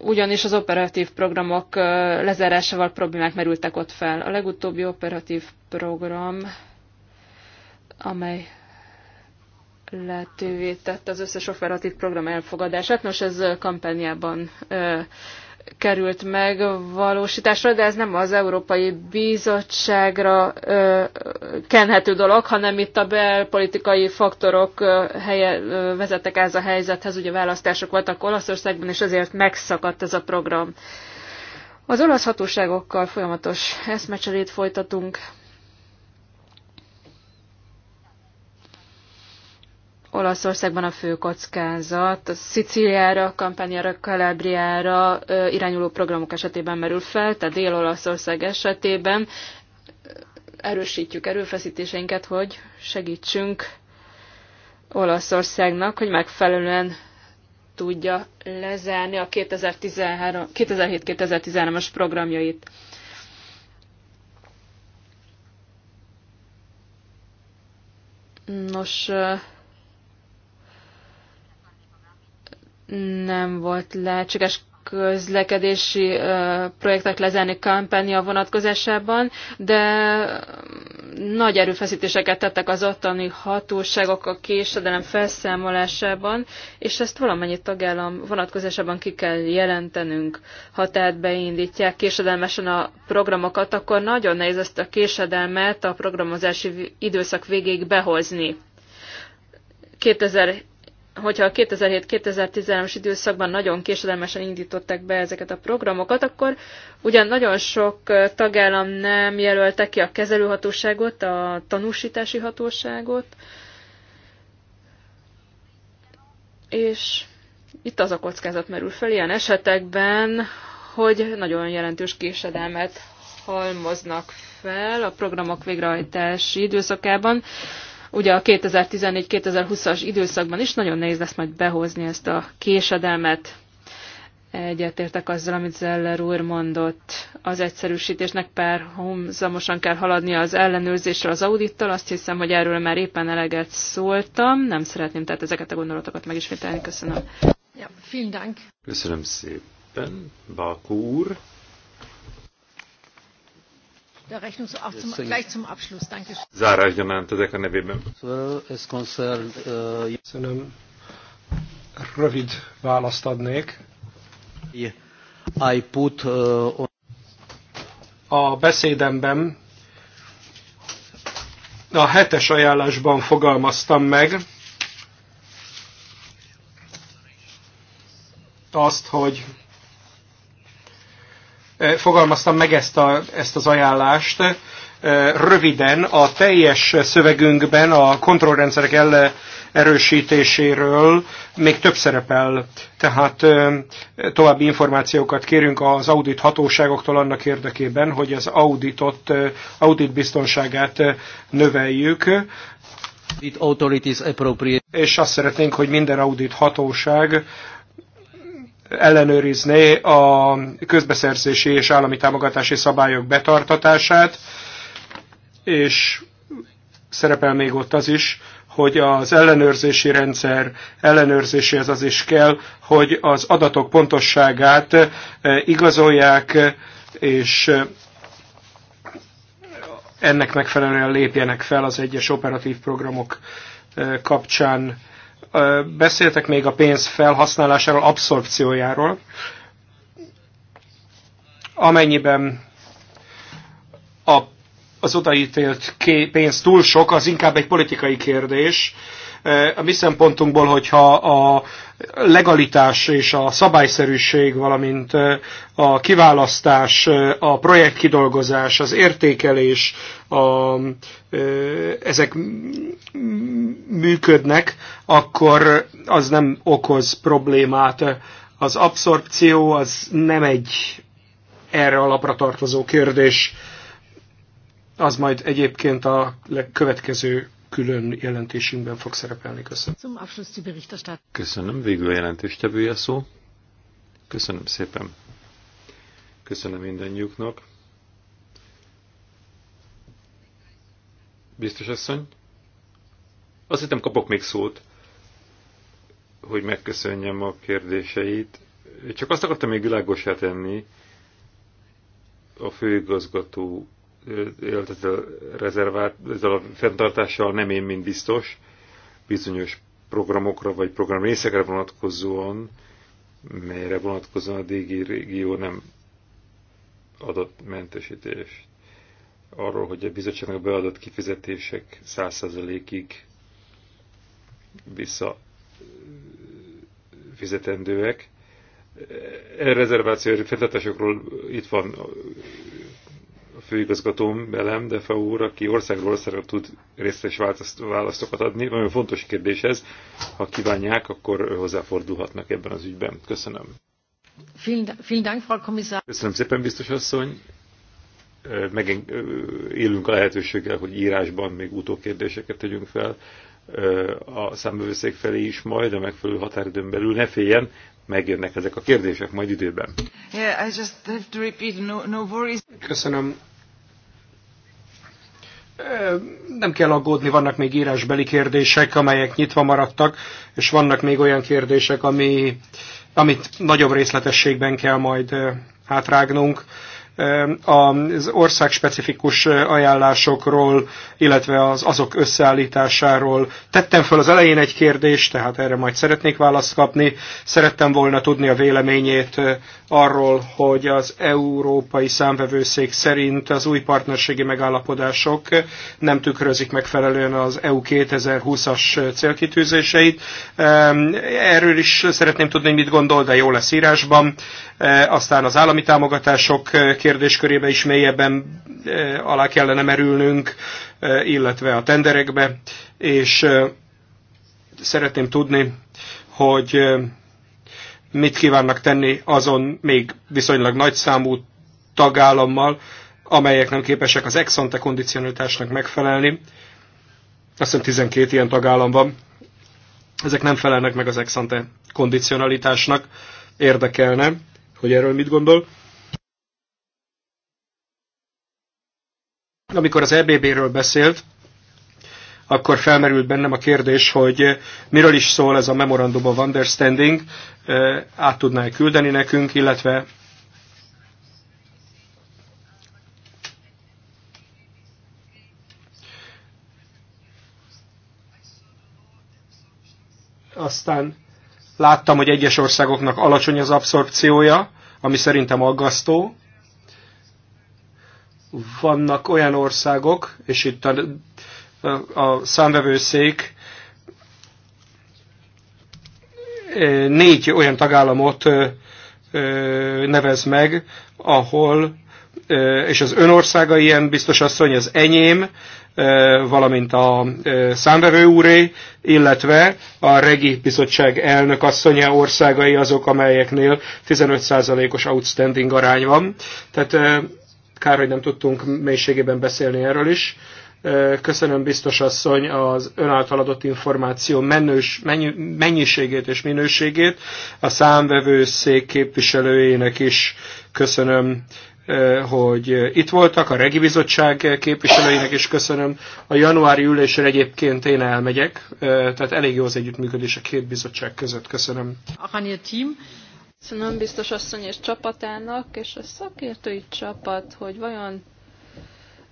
ugyanis az operatív programok lezárásával problémák merültek ott fel. A legutóbbi operatív program, amely lehetővé tette az összes operatív program elfogadását. Nos, ez kampányában került valósításra, de ez nem az Európai Bizottságra ö, kenhető dolog, hanem itt a belpolitikai faktorok ö, helye, ö, vezettek ez a helyzethez. Ugye választások voltak Olaszországban, és ezért megszakadt ez a program. Az olasz hatóságokkal folyamatos eszmecserét folytatunk, Olaszországban a fő kockázat. A Szicíliára, Kampányára, Kalábriára irányuló programok esetében merül fel, tehát Dél-Olaszország esetében erősítjük erőfeszítéseinket, hogy segítsünk Olaszországnak, hogy megfelelően tudja lezárni a 2007-2013-as programjait. Nos, nem volt lehetséges közlekedési projektek lezárni kampánya vonatkozásában, de mm, nagy erőfeszítéseket tettek az ottani hatóságok a késedelem felszámolásában, és ezt valamennyi tagállam vonatkozásában ki kell jelentenünk. Ha tehát beindítják késedelmesen a programokat, akkor nagyon nehéz ezt a késedelmet a programozási időszak végéig behozni. 2000 hogyha a 2007-2013-as időszakban nagyon késedelmesen indították be ezeket a programokat, akkor ugyan nagyon sok tagállam nem jelölte ki a kezelőhatóságot, a tanúsítási hatóságot, és itt az a kockázat merül fel ilyen esetekben, hogy nagyon jelentős késedelmet halmoznak fel a programok végrehajtási időszakában, ugye a 2014-2020-as időszakban is nagyon nehéz lesz majd behozni ezt a késedelmet. Egyetértek azzal, amit Zeller úr mondott. Az egyszerűsítésnek homzamosan kell haladnia az ellenőrzésre az audittal. Azt hiszem, hogy erről már éppen eleget szóltam. Nem szeretném tehát ezeket a gondolatokat megismételni. Köszönöm. Ja, vielen Dank. Köszönöm szépen, Balkó úr der Rechnung zum, gleich zum Abschluss. Danke. Uh, Rövid választ adnék. I uh, A beszédemben a hetes ajánlásban fogalmaztam meg azt, hogy Eh, fogalmaztam meg ezt, a, ezt az ajánlást. Eh, röviden a teljes szövegünkben a kontrollrendszerek ellen erősítéséről még több szerepel. Tehát eh, további információkat kérünk az audit hatóságoktól annak érdekében, hogy az auditot, audit biztonságát növeljük. És azt szeretnénk, hogy minden audit hatóság ellenőrizné a közbeszerzési és állami támogatási szabályok betartatását, és szerepel még ott az is, hogy az ellenőrzési rendszer ellenőrzéséhez az is kell, hogy az adatok pontosságát eh, igazolják, és eh, ennek megfelelően lépjenek fel az egyes operatív programok eh, kapcsán Beszéltek még a pénz felhasználásáról, abszorpciójáról. Amennyiben a, az odaítélt pénz túl sok, az inkább egy politikai kérdés, a mi szempontunkból, hogyha a legalitás és a szabályszerűség, valamint a kiválasztás, a projekt az értékelés, a, ezek működnek, akkor az nem okoz problémát. Az abszorpció az nem egy erre alapra tartozó kérdés. Az majd egyébként a következő külön jelentésünkben fog szerepelni. Köszönöm. Köszönöm. Végül a jelentéstevője szó. Köszönöm szépen. Köszönöm mindannyiuknak. Biztos asszony? Azt hittem kapok még szót, hogy megköszönjem a kérdéseit. Csak azt akartam még világosá tenni a főigazgató élt ezzel a rezervát, ezzel a fenntartással nem én, mint biztos, bizonyos programokra vagy programrészekre vonatkozóan, melyre vonatkozóan a DG régió nem adott mentesítést. Arról, hogy a bizottságnak beadott kifizetések 100%-ig vissza fizetendőek. E, e rezervációs fenntartásokról itt van főigazgatóm velem, de úr, aki országról országra tud részes választokat adni. Nagyon fontos kérdés ez. Ha kívánják, akkor hozzáfordulhatnak ebben az ügyben. Köszönöm. Köszönöm szépen, biztos asszony. Megint élünk a lehetőséggel, hogy írásban még utókérdéseket tegyünk fel a számbevőszék felé is majd, a megfelelő határidőn belül. Ne féljen, megjönnek ezek a kérdések majd időben. Yeah, I just have to repeat, no, no worries. Köszönöm, nem kell aggódni, vannak még írásbeli kérdések, amelyek nyitva maradtak, és vannak még olyan kérdések, ami, amit nagyobb részletességben kell majd átrágnunk az specifikus ajánlásokról, illetve az azok összeállításáról. Tettem fel az elején egy kérdést, tehát erre majd szeretnék választ kapni. Szerettem volna tudni a véleményét arról, hogy az európai számvevőszék szerint az új partnerségi megállapodások nem tükrözik megfelelően az EU 2020-as célkitűzéseit. Erről is szeretném tudni, mit gondol, de jó lesz írásban. Aztán az állami támogatások kérdéskörébe is mélyebben e, alá kellene merülnünk, e, illetve a tenderekbe, és e, szeretném tudni, hogy mit kívánnak tenni azon még viszonylag nagy számú tagállammal, amelyek nem képesek az ex-ante kondicionalitásnak megfelelni. Azt hiszem 12 ilyen tagállam van. Ezek nem felelnek meg az ex-ante kondicionalitásnak. Érdekelne, hogy erről mit gondol. Amikor az EBB-ről beszélt, akkor felmerült bennem a kérdés, hogy miről is szól ez a Memorandum of Understanding, eh, át tudná-e küldeni nekünk, illetve aztán láttam, hogy egyes országoknak alacsony az abszorpciója, ami szerintem aggasztó, vannak olyan országok, és itt a, a számvevőszék eh, négy olyan tagállamot eh, eh, nevez meg, ahol, és az önországa ilyen biztos asszony, az enyém, valamint a számvevő úré, illetve a Regi Bizottság elnök asszonya országai azok, amelyeknél 15%-os outstanding arány van. Tehát Kár, hogy nem tudtunk mélységében beszélni erről is. Köszönöm biztos asszony az ön által adott információ menős, mennyiségét és minőségét. A számvevőszék képviselőjének is köszönöm hogy itt voltak, a Regi Bizottság képviselőinek is köszönöm. A januári ülésre egyébként én elmegyek, tehát elég jó az együttműködés a két bizottság között. Köszönöm. A team. Köszönöm biztos asszony és csapatának, és a szakértői csapat, hogy vajon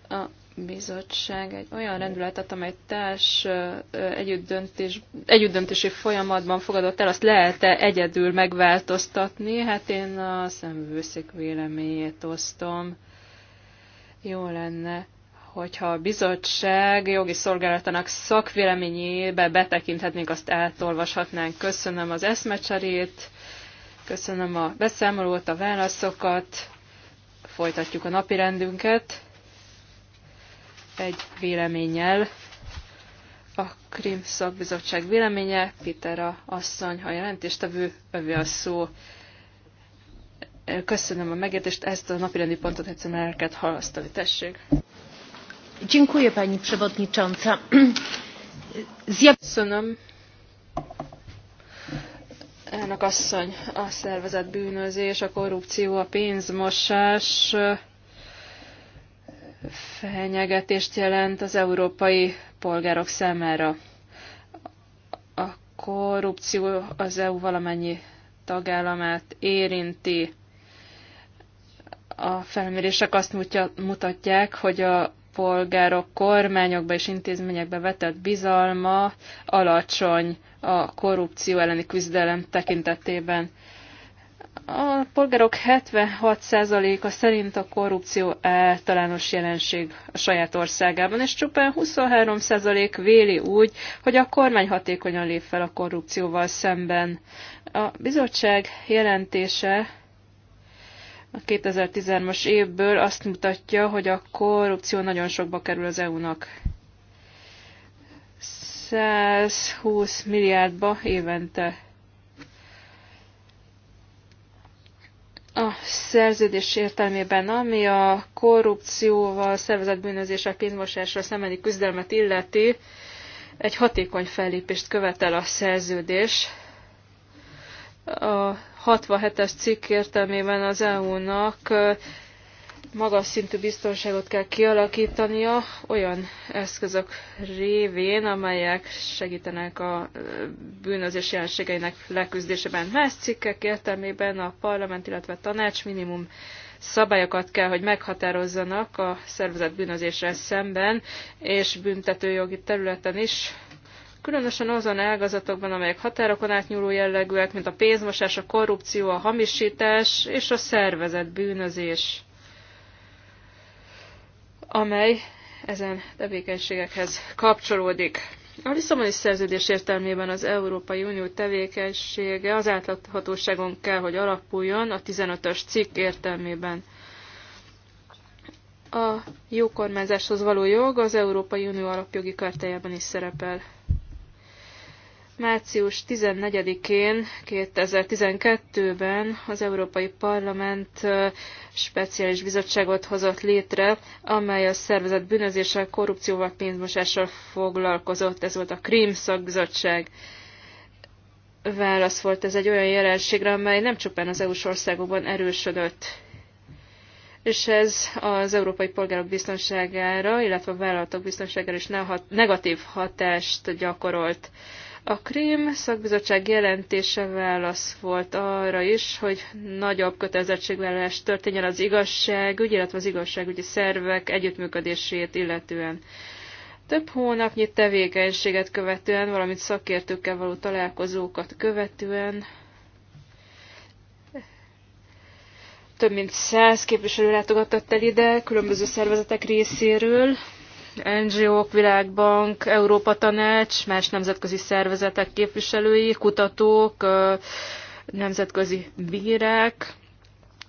a bizottság egy olyan rendületet, amely társ együttdöntés, együttdöntési folyamatban fogadott el, azt lehet-e egyedül megváltoztatni? Hát én a szemvőszik véleményét osztom. Jó lenne, hogyha a bizottság jogi szolgálatának szakvéleményébe betekinthetnénk, azt átolvashatnánk. Köszönöm az eszmecserét Köszönöm a beszámolót, a válaszokat. Folytatjuk a napi rendünket egy véleménnyel. A Krim szakbizottság véleménye, a asszony, ha jelentéstevő, övé a szó. Köszönöm a megértést, ezt a napirendi pontot egyszerűen el kellett halasztani. Tessék! Dziękuję, pani przewodnicząca. Köszönöm, Elnök asszony, a szervezet bűnözés, a korrupció, a pénzmosás fenyegetést jelent az európai polgárok számára. A korrupció az EU valamennyi tagállamát érinti. A felmérések azt mutatják, hogy a polgárok kormányokba és intézményekbe vetett bizalma alacsony a korrupció elleni küzdelem tekintetében. A polgárok 76%-a szerint a korrupció általános jelenség a saját országában, és csupán 23% véli úgy, hogy a kormány hatékonyan lép fel a korrupcióval szemben. A bizottság jelentése a 2010 as évből azt mutatja, hogy a korrupció nagyon sokba kerül az EU-nak. 120 milliárdba évente. A szerződés értelmében, ami a korrupcióval, szervezetbűnözéssel, pénzmosással szemeni küzdelmet illeti, egy hatékony fellépést követel a szerződés a 67-es cikk értelmében az EU-nak magas szintű biztonságot kell kialakítania olyan eszközök révén, amelyek segítenek a bűnözés jelenségeinek leküzdésében. Más cikkek értelmében a parlament, illetve a tanács minimum szabályokat kell, hogy meghatározzanak a szervezet bűnözésre szemben, és büntetőjogi területen is Különösen azon ágazatokban, amelyek határokon átnyúló jellegűek, mint a pénzmosás, a korrupció, a hamisítás és a szervezett bűnözés, amely ezen tevékenységekhez kapcsolódik. A Lisszaboni szerződés értelmében az Európai Unió tevékenysége az átláthatóságon kell, hogy alapuljon a 15-ös cikk értelmében. A jó kormányzáshoz való jog az Európai Unió alapjogi kartájában is szerepel. Március 14-én 2012-ben az Európai Parlament speciális bizottságot hozott létre, amely a szervezet bűnözéssel, korrupcióval, pénzmosással foglalkozott. Ez volt a Krím szakbizottság válasz volt ez egy olyan jelenségre, amely nem csupán az EU-s országokban erősödött. És ez az európai polgárok biztonságára, illetve a vállalatok biztonságára is negatív hatást gyakorolt. A Krím szakbizottság jelentése válasz volt arra is, hogy nagyobb kötelezettségvállalás történjen az igazságügy, illetve az igazságügyi szervek együttműködését illetően. Több hónapnyi tevékenységet követően, valamint szakértőkkel való találkozókat követően több mint száz képviselő látogatott el ide különböző szervezetek részéről, NGO-k, Világbank, Európa Tanács, más nemzetközi szervezetek képviselői, kutatók, nemzetközi bírák.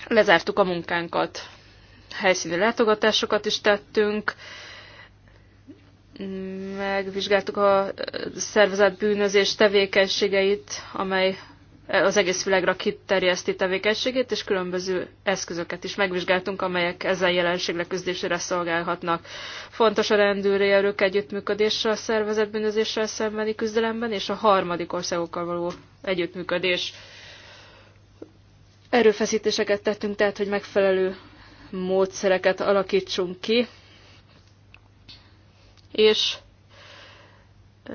Lezártuk a munkánkat. Helyszíni látogatásokat is tettünk, megvizsgáltuk a szervezet bűnözés tevékenységeit, amely az egész világra kiterjeszti tevékenységét, és különböző eszközöket is megvizsgáltunk, amelyek ezen jelenség leküzdésére szolgálhatnak. Fontos a rendőri erők együttműködése a szervezetbűnözéssel szembeni küzdelemben, és a harmadik országokkal való együttműködés. Erőfeszítéseket tettünk tehát, hogy megfelelő módszereket alakítsunk ki, és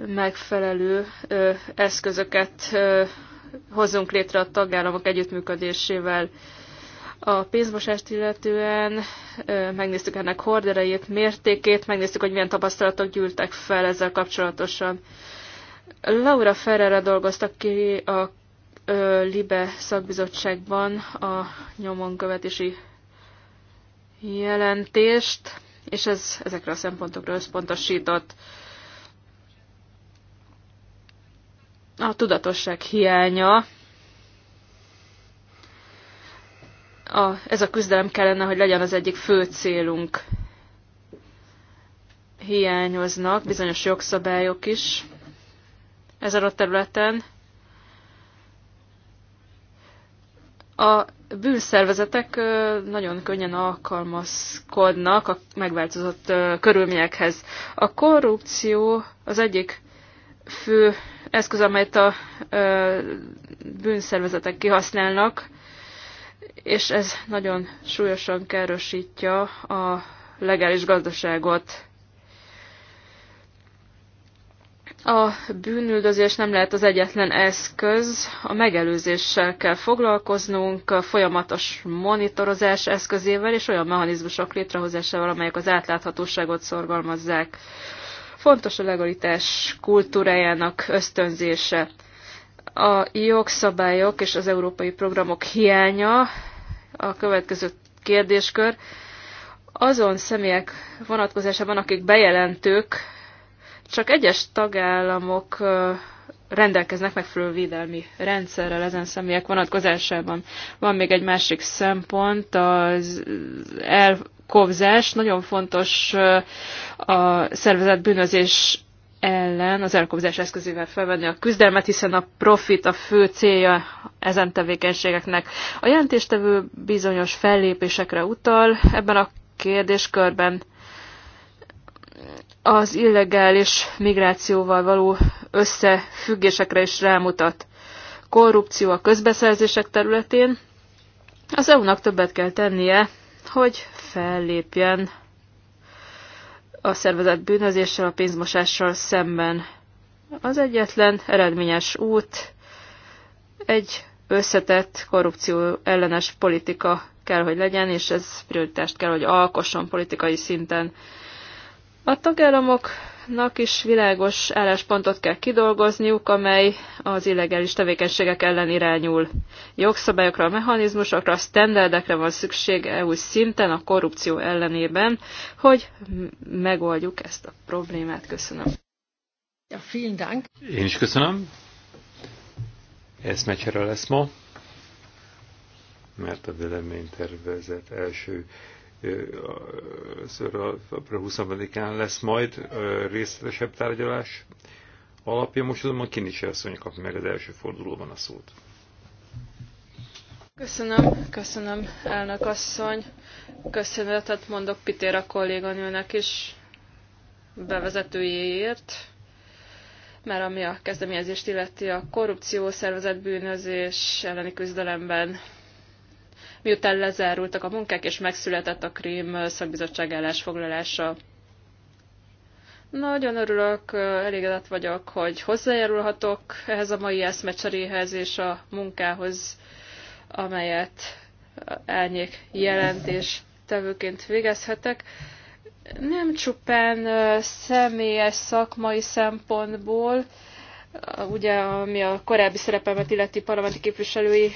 megfelelő ö, eszközöket ö, hozzunk létre a tagállamok együttműködésével. A pénzmosást illetően megnéztük ennek horderejét, mértékét, megnéztük, hogy milyen tapasztalatok gyűltek fel ezzel kapcsolatosan. Laura Ferrerre dolgoztak ki a LIBE szakbizottságban a követési jelentést, és ez ezekre a szempontokra összpontosított. a tudatosság hiánya. A, ez a küzdelem kellene, hogy legyen az egyik fő célunk. Hiányoznak bizonyos jogszabályok is ezen a területen. A bűnszervezetek nagyon könnyen alkalmazkodnak a megváltozott körülményekhez. A korrupció az egyik fő eszköz, amelyet a bűnszervezetek kihasználnak, és ez nagyon súlyosan károsítja a legális gazdaságot. A bűnüldözés nem lehet az egyetlen eszköz, a megelőzéssel kell foglalkoznunk, a folyamatos monitorozás eszközével és olyan mechanizmusok létrehozásával, amelyek az átláthatóságot szorgalmazzák. Fontos a legalitás kultúrájának ösztönzése. A jogszabályok és az európai programok hiánya a következő kérdéskör. Azon személyek vonatkozásában, akik bejelentők, csak egyes tagállamok rendelkeznek megfelelő védelmi rendszerrel ezen személyek vonatkozásában. Van még egy másik szempont, az el, kovzás, Nagyon fontos a szervezet bűnözés ellen az elkobzás eszközével felvenni a küzdelmet, hiszen a profit a fő célja ezen tevékenységeknek. A jelentéstevő bizonyos fellépésekre utal ebben a kérdéskörben az illegális migrációval való összefüggésekre is rámutat. Korrupció a közbeszerzések területén. Az EU-nak többet kell tennie, hogy fellépjen a szervezet bűnözéssel, a pénzmosással szemben. Az egyetlen eredményes út egy összetett korrupció ellenes politika kell, hogy legyen, és ez prioritást kell, hogy alkosson politikai szinten. A tagállamok Nak is világos álláspontot kell kidolgozniuk, amely az illegális tevékenységek ellen irányul. Jogszabályokra, mechanizmusokra, sztenderdekre van szükség EU szinten a korrupció ellenében, hogy megoldjuk ezt a problémát. Köszönöm. Ja, vielen Dank. Én is köszönöm. Ez meccsere lesz ma, mert a véleménytervezet első február 20-án lesz majd részletesebb tárgyalás alapja. Most azonban Kinicsi asszony kapja meg az első fordulóban a szót. Köszönöm, köszönöm elnök asszony. Köszönetet mondok Pitéra kolléganőnek is bevezetőjéért, mert ami a kezdeményezést illeti a korrupció, szervezetbűnözés elleni küzdelemben miután lezárultak a munkák, és megszületett a Krím szakbizottság állásfoglalása. Nagyon örülök, elégedett vagyok, hogy hozzájárulhatok ehhez a mai eszmecseréhez és a munkához, amelyet elnyék jelentés tevőként végezhetek. Nem csupán személyes szakmai szempontból, ugye ami a korábbi szerepemet illeti parlamenti képviselői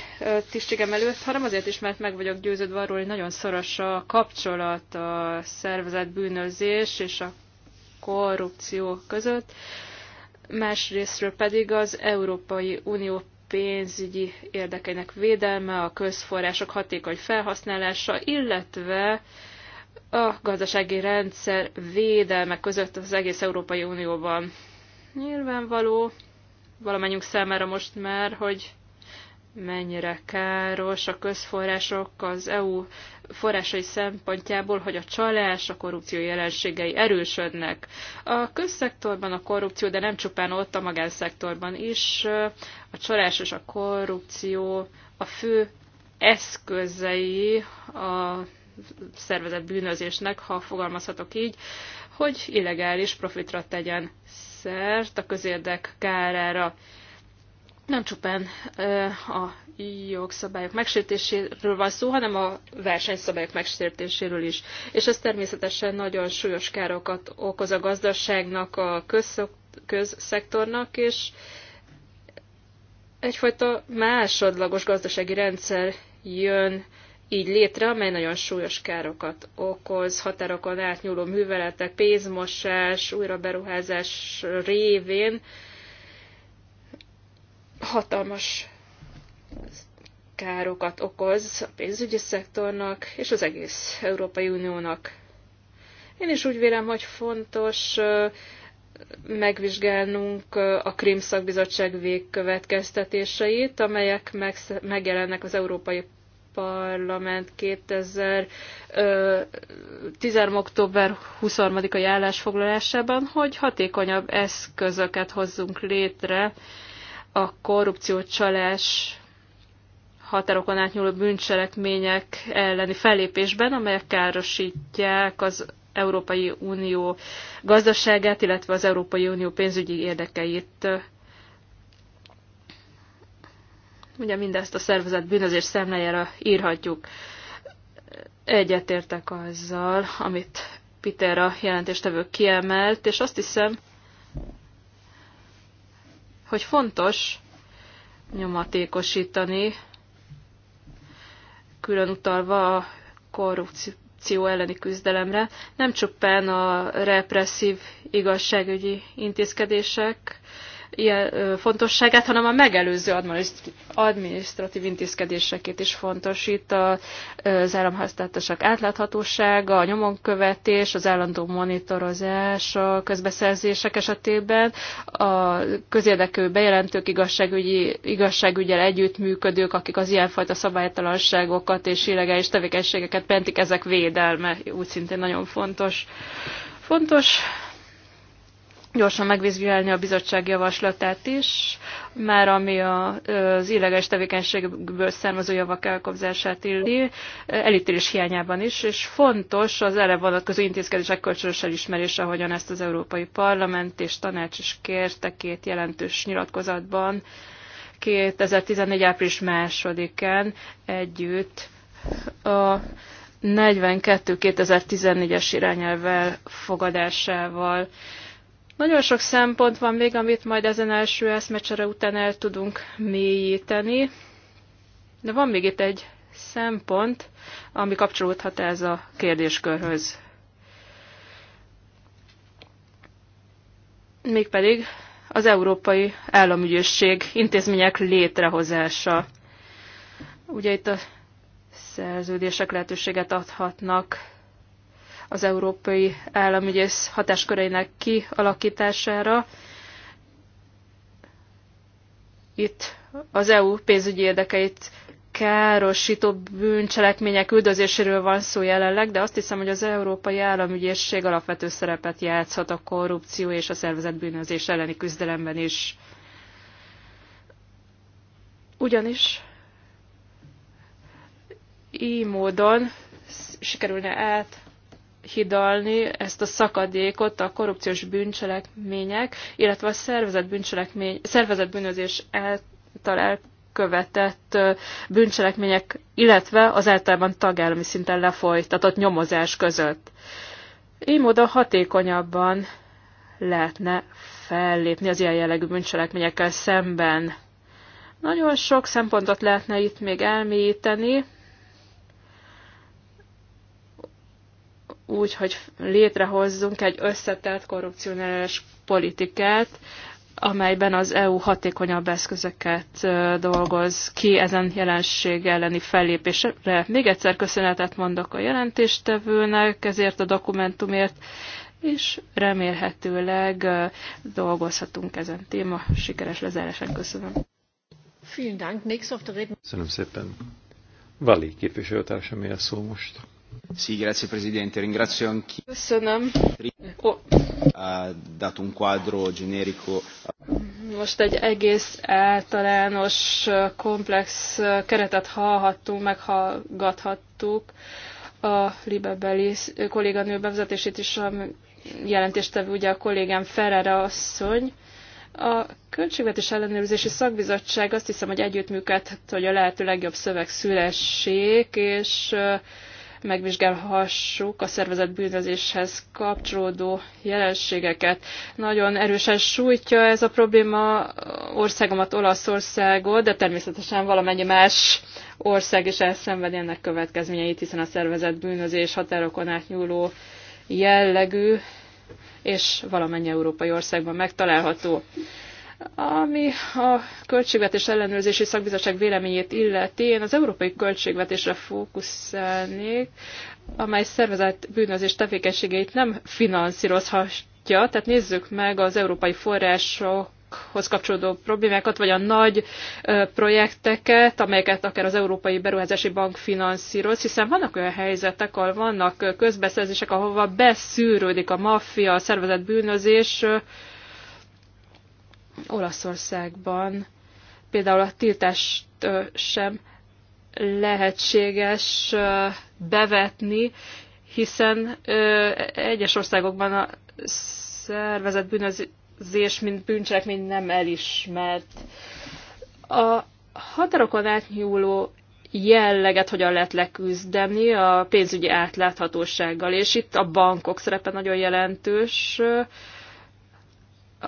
tisztségem előtt, hanem azért is, mert meg vagyok győződve arról, hogy nagyon szoros a kapcsolat a szervezett bűnözés és a korrupció között. Másrésztről pedig az Európai Unió pénzügyi érdekeinek védelme, a közforrások hatékony felhasználása, illetve a gazdasági rendszer védelme között az egész Európai Unióban. Nyilvánvaló valamennyünk számára most már, hogy mennyire káros a közforrások az EU forrásai szempontjából, hogy a csalás, a korrupció jelenségei erősödnek. A közszektorban a korrupció, de nem csupán ott, a magánszektorban is a csalás és a korrupció a fő eszközei a szervezet bűnözésnek, ha fogalmazhatok így, hogy illegális profitra tegyen szert a közérdek kárára. Nem csupán a jogszabályok megsértéséről van szó, hanem a versenyszabályok megsértéséről is. És ez természetesen nagyon súlyos károkat okoz a gazdaságnak, a közszektornak, és egyfajta másodlagos gazdasági rendszer jön így létre, amely nagyon súlyos károkat okoz, határokon átnyúló műveletek, pénzmosás, újraberuházás révén hatalmas károkat okoz a pénzügyi szektornak és az egész Európai Uniónak. Én is úgy vélem, hogy fontos megvizsgálnunk a Krim szakbizottság végkövetkeztetéseit, amelyek megjelennek az Európai Parlament 2010. október 23-ai állásfoglalásában, hogy hatékonyabb eszközöket hozzunk létre a korrupció csalás határokon átnyúló bűncselekmények elleni fellépésben, amelyek károsítják az Európai Unió gazdaságát, illetve az Európai Unió pénzügyi érdekeit. Ugye mindezt a szervezet bűnözés szemlejére írhatjuk. Egyetértek azzal, amit Peter a jelentéstevő kiemelt, és azt hiszem, hogy fontos nyomatékosítani, külön utalva a korrupció elleni küzdelemre, nem csupán a represszív igazságügyi intézkedések, ilyen fontosságát, hanem a megelőző adminisztratív intézkedéseket is fontos. Itt az államháztartások átláthatósága, a nyomonkövetés, az állandó monitorozás a közbeszerzések esetében, a közérdekű bejelentők, igazságügyi, igazságügyel együttműködők, akik az ilyenfajta szabálytalanságokat és illegális tevékenységeket pentik, ezek védelme úgy szintén nagyon fontos. Fontos gyorsan megvizsgálni a bizottság javaslatát is, már ami az illegális tevékenységből származó javak elkobzását illeti, elítélés hiányában is, és fontos az erre vonatkozó intézkedések kölcsönös elismerése, ahogyan ezt az Európai Parlament és Tanács is kérte két jelentős nyilatkozatban 2014. április másodikán együtt a 42 2014-es irányelvvel fogadásával. Nagyon sok szempont van még, amit majd ezen első eszmecsere után el tudunk mélyíteni, de van még itt egy szempont, ami kapcsolódhat ez a kérdéskörhöz. Mégpedig az Európai Államügyészség intézmények létrehozása. Ugye itt a szerződések lehetőséget adhatnak az európai államügyész hatásköreinek kialakítására. Itt az EU pénzügyi érdekeit károsító bűncselekmények üldözéséről van szó jelenleg, de azt hiszem, hogy az Európai Államügyészség alapvető szerepet játszhat a korrupció és a szervezett bűnözés elleni küzdelemben is. Ugyanis így módon sikerülne át áthidalni ezt a szakadékot a korrupciós bűncselekmények, illetve a szervezett, bűncselekmény, szervezett bűnözés által elkövetett bűncselekmények, illetve az általában tagállami szinten lefolytatott nyomozás között. Így módon hatékonyabban lehetne fellépni az ilyen jellegű bűncselekményekkel szemben. Nagyon sok szempontot lehetne itt még elmélyíteni, úgy, hogy létrehozzunk egy összetett korrupcionális politikát, amelyben az EU hatékonyabb eszközöket dolgoz ki ezen jelenség elleni fellépésre. Még egyszer köszönetet mondok a jelentéstevőnek ezért a dokumentumért, és remélhetőleg dolgozhatunk ezen téma sikeres lezárásán. Köszönöm. Köszönöm szépen. Vali képviselőtársam, a szó most? Sì, grazie Presidente, ringrazio Köszönöm. Oh. Ha dato un quadro generico. Most egy egész általános, komplex keretet hallhattunk, meghallgathattuk a libebeli kolléganő bevezetését is, a jelentéstevő ugye a kollégám Ferrara asszony. A Költségvetés Ellenőrzési Szakbizottság azt hiszem, hogy együttműködhet, hogy a lehető legjobb szöveg szülessék, és uh, megvizsgálhassuk a szervezet bűnözéshez kapcsolódó jelenségeket. Nagyon erősen sújtja ez a probléma országomat, Olaszországot, de természetesen valamennyi más ország is elszenvedi ennek következményeit, hiszen a szervezet bűnözés határokon átnyúló jellegű, és valamennyi európai országban megtalálható. Ami a Költségvetés Ellenőrzési Szakbizottság véleményét illeti, én az európai költségvetésre fókuszálnék, amely szervezett bűnözés tevékenységeit nem finanszírozhatja. Tehát nézzük meg az európai források hoz kapcsolódó problémákat, vagy a nagy projekteket, amelyeket akár az Európai Beruházási Bank finanszíroz, hiszen vannak olyan helyzetek, ahol vannak közbeszerzések, ahova beszűrődik a maffia, a szervezett bűnözés, Olaszországban például a tiltást sem lehetséges bevetni, hiszen egyes országokban a szervezet bűnözés, mint bűncselekmény nem elismert. A határokon átnyúló jelleget hogyan lehet leküzdeni a pénzügyi átláthatósággal, és itt a bankok szerepe nagyon jelentős,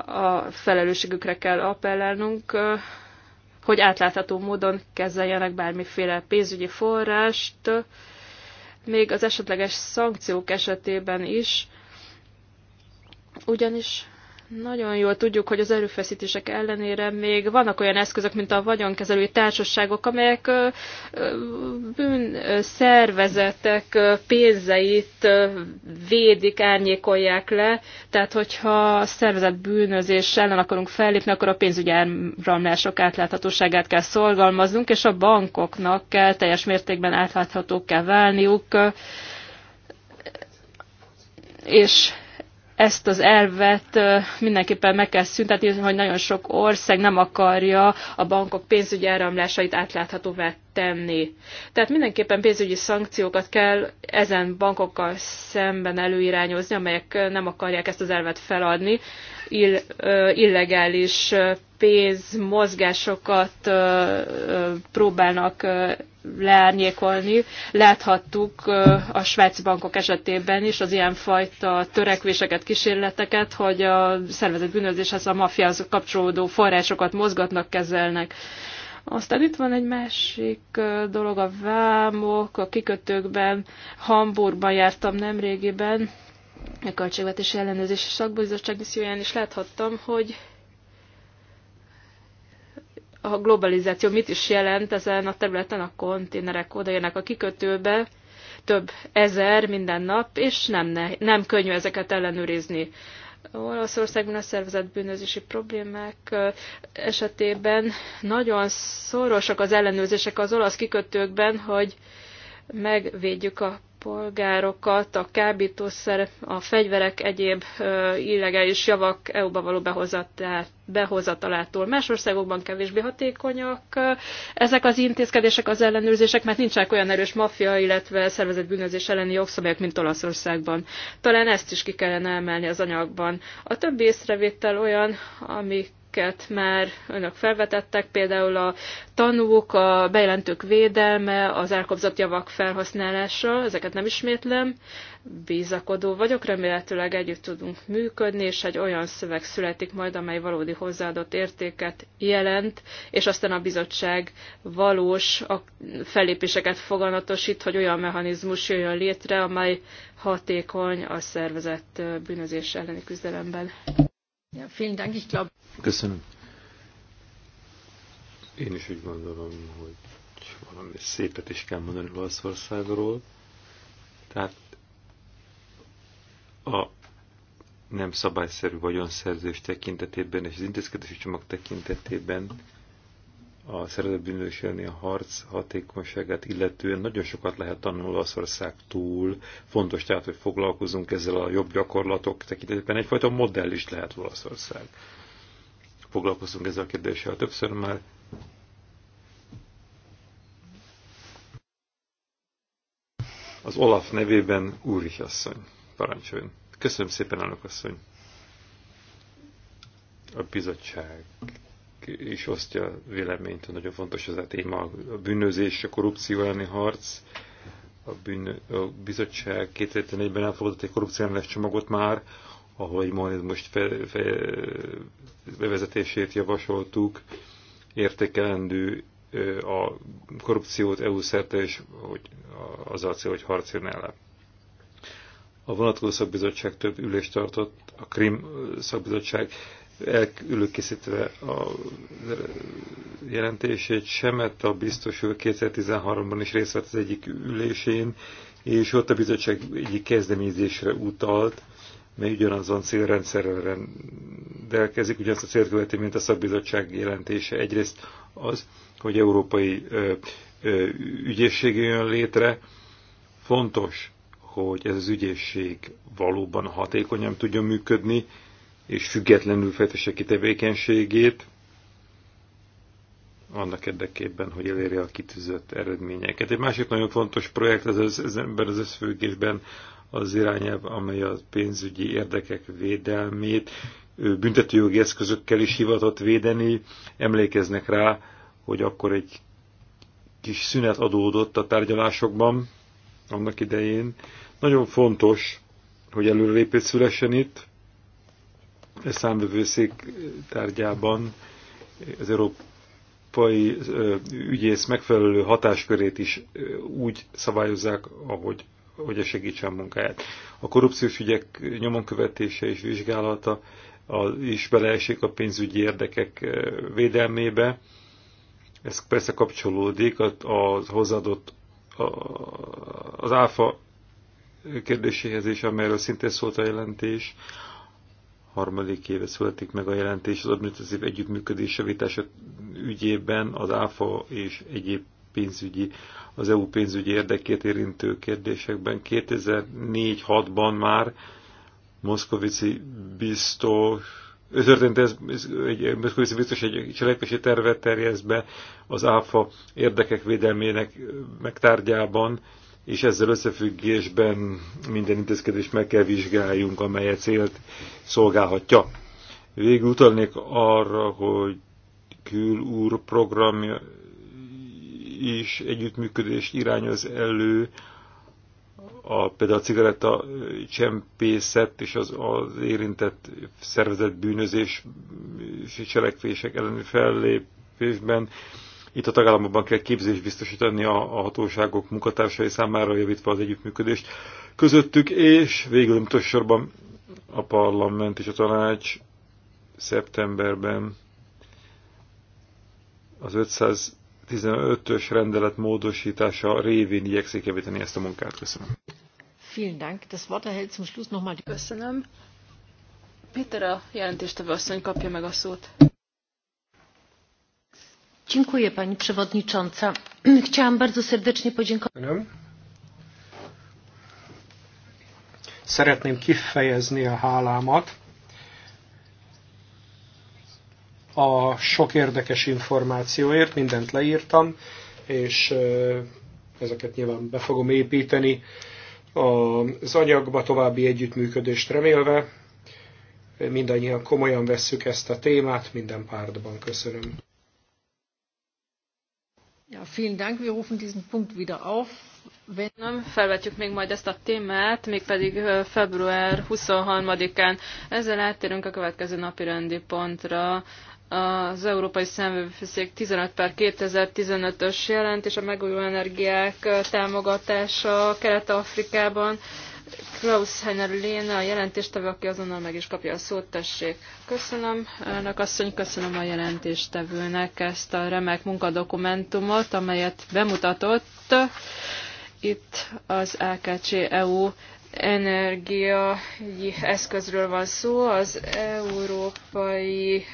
a felelősségükre kell appellálnunk, hogy átlátható módon kezeljenek bármiféle pénzügyi forrást, még az esetleges szankciók esetében is, ugyanis nagyon jól tudjuk, hogy az erőfeszítések ellenére még vannak olyan eszközök, mint a vagyonkezelői társaságok, amelyek bűnszervezetek pénzeit védik, árnyékolják le. Tehát, hogyha a szervezet bűnözés ellen akarunk fellépni, akkor a pénzügyi áramlások átláthatóságát kell szolgalmaznunk, és a bankoknak kell teljes mértékben átláthatók kell válniuk és ezt az elvet mindenképpen meg kell szüntetni, hogy nagyon sok ország nem akarja a bankok pénzügyi áramlásait átláthatóvá tenni. Tehát mindenképpen pénzügyi szankciókat kell ezen bankokkal szemben előirányozni, amelyek nem akarják ezt az elvet feladni, ill, illegális pénzmozgásokat próbálnak leárnyékolni. Láthattuk a svájci bankok esetében is az ilyenfajta törekvéseket, kísérleteket, hogy a szervezet bűnözéshez a mafiához kapcsolódó forrásokat mozgatnak, kezelnek. Aztán itt van egy másik dolog, a vámok, a kikötőkben, Hamburgban jártam nemrégiben, a Költségvetési Ellenőrzési Szakbizottság misszióján is láthattam, hogy a globalizáció mit is jelent ezen a területen, a konténerek odajönnek a kikötőbe, több ezer minden nap, és nem, ne, nem könnyű ezeket ellenőrizni. Olaszországban a szervezett bűnözési problémák esetében nagyon szorosak az ellenőrzések az olasz kikötőkben, hogy megvédjük a polgárokat a kábítószer, a fegyverek, egyéb illegális javak EU-ba való behozatalától. Más országokban kevésbé hatékonyak ezek az intézkedések, az ellenőrzések, mert nincsenek olyan erős maffia, illetve szervezett bűnözés elleni jogszabályok, mint Olaszországban. Talán ezt is ki kellene emelni az anyagban. A többi észrevétel olyan, ami amiket már önök felvetettek, például a tanúk, a bejelentők védelme, az elkobzott javak felhasználása, ezeket nem ismétlem. Bízakodó vagyok, remélhetőleg együtt tudunk működni, és egy olyan szöveg születik majd, amely valódi hozzáadott értéket jelent, és aztán a bizottság valós fellépéseket foganatosít, hogy olyan mechanizmus jöjjön létre, amely hatékony a szervezett bűnözés elleni küzdelemben. Ja, vielen Dank, ich Köszönöm. Én is úgy gondolom, hogy valami szépet is kell mondani Olaszországról. Tehát a nem szabályszerű vagyonszerzés tekintetében és az intézkedési csomag tekintetében a szervezett bűnözés a harc hatékonyságát illetően nagyon sokat lehet tanulni Olaszország túl. Fontos tehát, hogy foglalkozunk ezzel a jobb gyakorlatok tekintetében. Egyfajta modell is lehet Olaszország. Foglalkozunk ezzel a kérdéssel többször már. Az Olaf nevében Úrich asszony. Parancsoljon. Köszönöm szépen, elnök asszony. A bizottság is osztja véleményt, hogy nagyon fontos ez a téma, a bűnözés, a korrupció elleni harc. A, bűn, a bizottság 2004-ben elfogadott egy korrupció ellenes csomagot már, ahol egy most fe, fe, bevezetését javasoltuk, értékelendő a korrupciót EU szerte, és hogy az a cél, hogy harcjon ellen. A vonatkozó szakbizottság több ülést tartott, a Krim szakbizottság elülőkészítve a jelentését, Semet a biztos ő 2013-ban is részt vett az egyik ülésén, és ott a bizottság egyik kezdeményezésre utalt, mely ugyanazon célrendszerrel rendelkezik, ugyanazt a célt követi, mint a szakbizottság jelentése. Egyrészt az, hogy európai ö, ö, ügyészség jön létre, fontos, hogy ez az ügyészség valóban hatékonyan tudjon működni, és függetlenül fejtesse ki tevékenységét, annak érdekében, hogy elérje a kitűzött eredményeket. Egy másik nagyon fontos projekt az ember az összefüggésben az irányelv, amely a pénzügyi érdekek védelmét büntetőjogi eszközökkel is hivatott védeni. Emlékeznek rá, hogy akkor egy kis szünet adódott a tárgyalásokban annak idején. Nagyon fontos, hogy előrelépés szülessen itt, E számvevőszék tárgyában az európai ügyész megfelelő hatáskörét is úgy szabályozzák, ahogy hogy segítsen a munkáját. A korrupciós ügyek nyomon követése és vizsgálata is beleesik a pénzügyi érdekek védelmébe. Ez persze kapcsolódik az hozzáadott az áfa kérdéséhez is, amelyről szintén szólt a jelentés harmadik éve születik meg a jelentés az administratív együttműködés javítása ügyében az ÁFA és egyéb pénzügyi, az EU pénzügyi érdekét érintő kérdésekben. 2004-6-ban már Moszkovici biztos történt ez, egy, Moszkvai biztos egy cselekvési tervet terjesz be az ÁFA érdekek védelmének megtárgyában, és ezzel összefüggésben minden intézkedést meg kell vizsgáljunk, amely e célt szolgálhatja. Végül utalnék arra, hogy külúr programja is együttműködést irányoz elő, a, például a cigaretta csempészet és az, az érintett szervezet bűnözés és cselekvések elleni fellépésben itt a tagállamokban kell képzést biztosítani a, a hatóságok munkatársai számára, javítva az együttműködést közöttük, és végül sorban a parlament és a tanács szeptemberben az 515-ös rendelet módosítása révén igyekszik javítani ezt a munkát. Köszönöm. Vielen Dank. Das Wort erhält zum Schluss nochmal. Köszönöm. Péter a jelentéstevő asszony kapja meg a szót pani przewodnicząca. Chciałam bardzo serdecznie podziękować. Szeretném kifejezni a hálámat a sok érdekes információért, mindent leírtam, és ezeket nyilván be fogom építeni az anyagba további együttműködést remélve. Mindannyian komolyan vesszük ezt a témát minden pártban. Köszönöm. Ja, vielen Dank. Wir rufen diesen Punkt wieder auf. Nem felvetjük még majd ezt a témát, mégpedig február 23-án. Ezzel áttérünk a következő napi rendi pontra. Az Európai Szemvőfőszék 15 per 2015-ös jelentés a megújuló energiák támogatása Kelet-Afrikában. Klaus Heiner a jelentéstevő, aki azonnal meg is kapja a szót, tessék. Köszönöm, elnök asszony, köszönöm a jelentéstevőnek ezt a remek munkadokumentumot, amelyet bemutatott. Itt az AKC EU energiai eszközről van szó. Az európai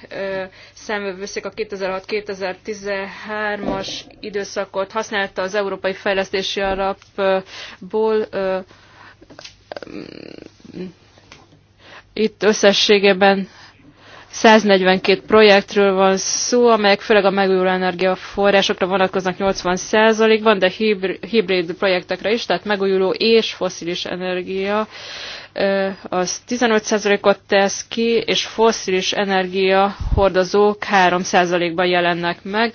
szemvevőszék a 2006-2013-as időszakot használta az Európai Fejlesztési Alapból ö, itt összességében 142 projektről van szó, amelyek főleg a megújuló energiaforrásokra vonatkoznak 80%-ban, de hibrid projektekre is, tehát megújuló és foszilis energia az 15%-ot tesz ki, és foszilis energia hordozók 3%-ban jelennek meg.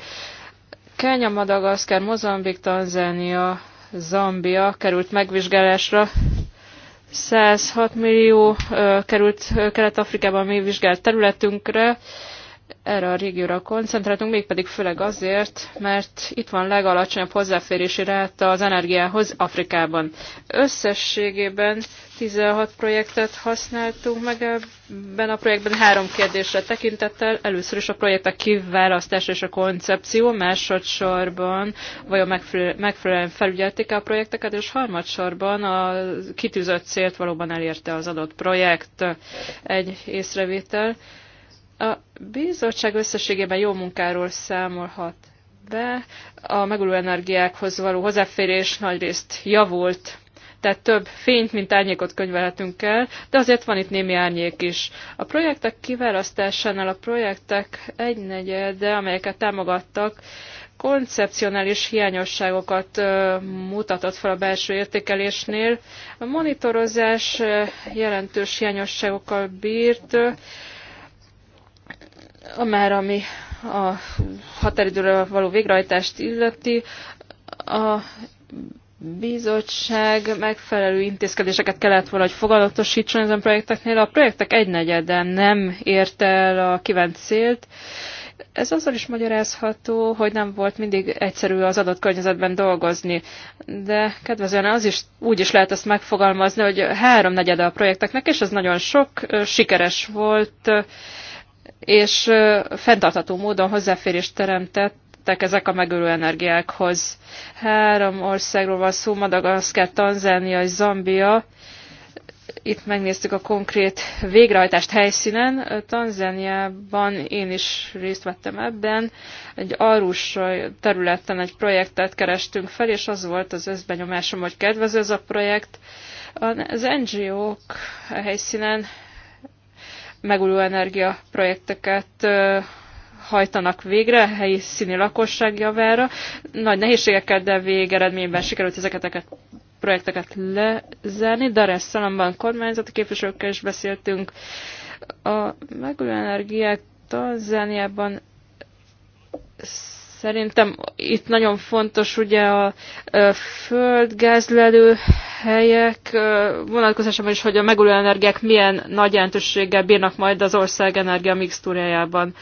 Kenya, Madagaszkár, Mozambik, Tanzánia, Zambia került megvizsgálásra, 106 millió került Kelet-Afrikában mi vizsgált területünkre, erre a régióra koncentráltunk, mégpedig főleg azért, mert itt van legalacsonyabb hozzáférési ráta az energiához Afrikában. Összességében 16 projektet használtunk meg ebben a projektben. Három kérdésre tekintettel. Először is a projektek kiválasztása és a koncepció, másodszorban vajon megfelelően felügyelték a projekteket, és harmadsorban a kitűzött célt valóban elérte az adott projekt egy észrevétel. A bizottság összességében jó munkáról számolhat be. A megújuló energiákhoz való hozzáférés nagyrészt javult tehát több fényt, mint árnyékot könyvelhetünk el, de azért van itt némi árnyék is. A projektek kiválasztásánál a projektek egynegyede, amelyeket támogattak, koncepcionális hiányosságokat mutatott fel a belső értékelésnél. A monitorozás jelentős hiányosságokkal bírt, már ami a határidőre való végrehajtást illeti. A bizottság megfelelő intézkedéseket kellett volna, hogy fogalatosítson ezen projekteknél. A projektek egynegyede nem ért el a kívánt célt. Ez azzal is magyarázható, hogy nem volt mindig egyszerű az adott környezetben dolgozni, de kedvezően az is úgy is lehet ezt megfogalmazni, hogy háromnegyede a projekteknek, és ez nagyon sok, sikeres volt, és fenntartható módon hozzáférést teremtett kötöttek ezek a megölő energiákhoz. Három országról van szó, Madagaszkár, Tanzánia és Zambia. Itt megnéztük a konkrét végrehajtást helyszínen. Tanzániában én is részt vettem ebben. Egy arus területen egy projektet kerestünk fel, és az volt az összbenyomásom, hogy kedvező ez a projekt. Az NGO-k helyszínen megújuló energiaprojekteket hajtanak végre a helyi lakosság javára. Nagy nehézségekkel, de végeredményben sikerült ezeket a projekteket lezárni. Darás es kormányzati képviselőkkel is beszéltünk. A megújuló energiák Tanzániában szerintem itt nagyon fontos ugye a földgázlelő helyek vonatkozásában is, hogy a megújuló energiák milyen nagy jelentőséggel bírnak majd az ország energia mixtúrájában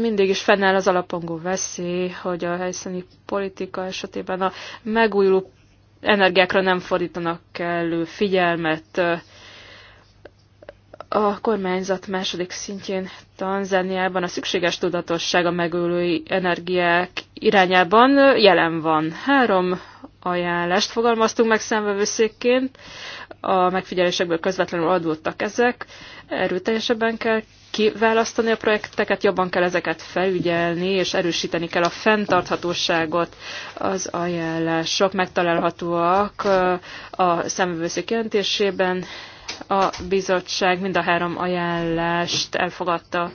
mindig is fennáll az alapongó veszély, hogy a helyszíni politika esetében a megújuló energiákra nem fordítanak kellő figyelmet. A kormányzat második szintjén Tanzániában a szükséges tudatosság a megújuló energiák irányában jelen van. Három ajánlást fogalmaztunk meg szemvevőszékként a megfigyelésekből közvetlenül adódtak ezek, erőteljesebben kell kiválasztani a projekteket, jobban kell ezeket felügyelni, és erősíteni kell a fenntarthatóságot. Az ajánlások megtalálhatóak a szemvőszék jelentésében. A bizottság mind a három ajánlást elfogadta.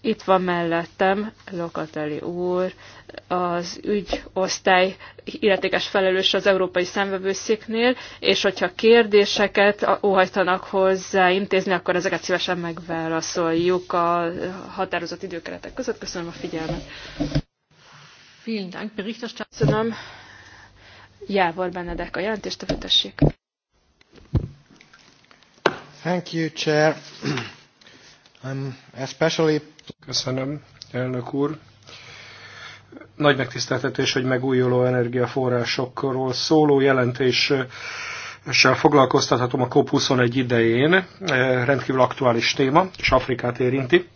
Itt van mellettem Lokateli úr, az ügyosztály illetékes felelős az Európai Szemvevőszéknél, és hogyha kérdéseket óhajtanak hozzá intézni, akkor ezeket szívesen megválaszoljuk a határozott időkeretek között. Köszönöm a figyelmet. Köszönöm. Jávor Benedek a jelentést, tessék. Thank you, Chair. I'm um, especially... Köszönöm, elnök úr nagy megtiszteltetés, hogy megújuló energiaforrásokról szóló jelentés és foglalkoztathatom a COP21 idején, eh, rendkívül aktuális téma, és Afrikát érinti.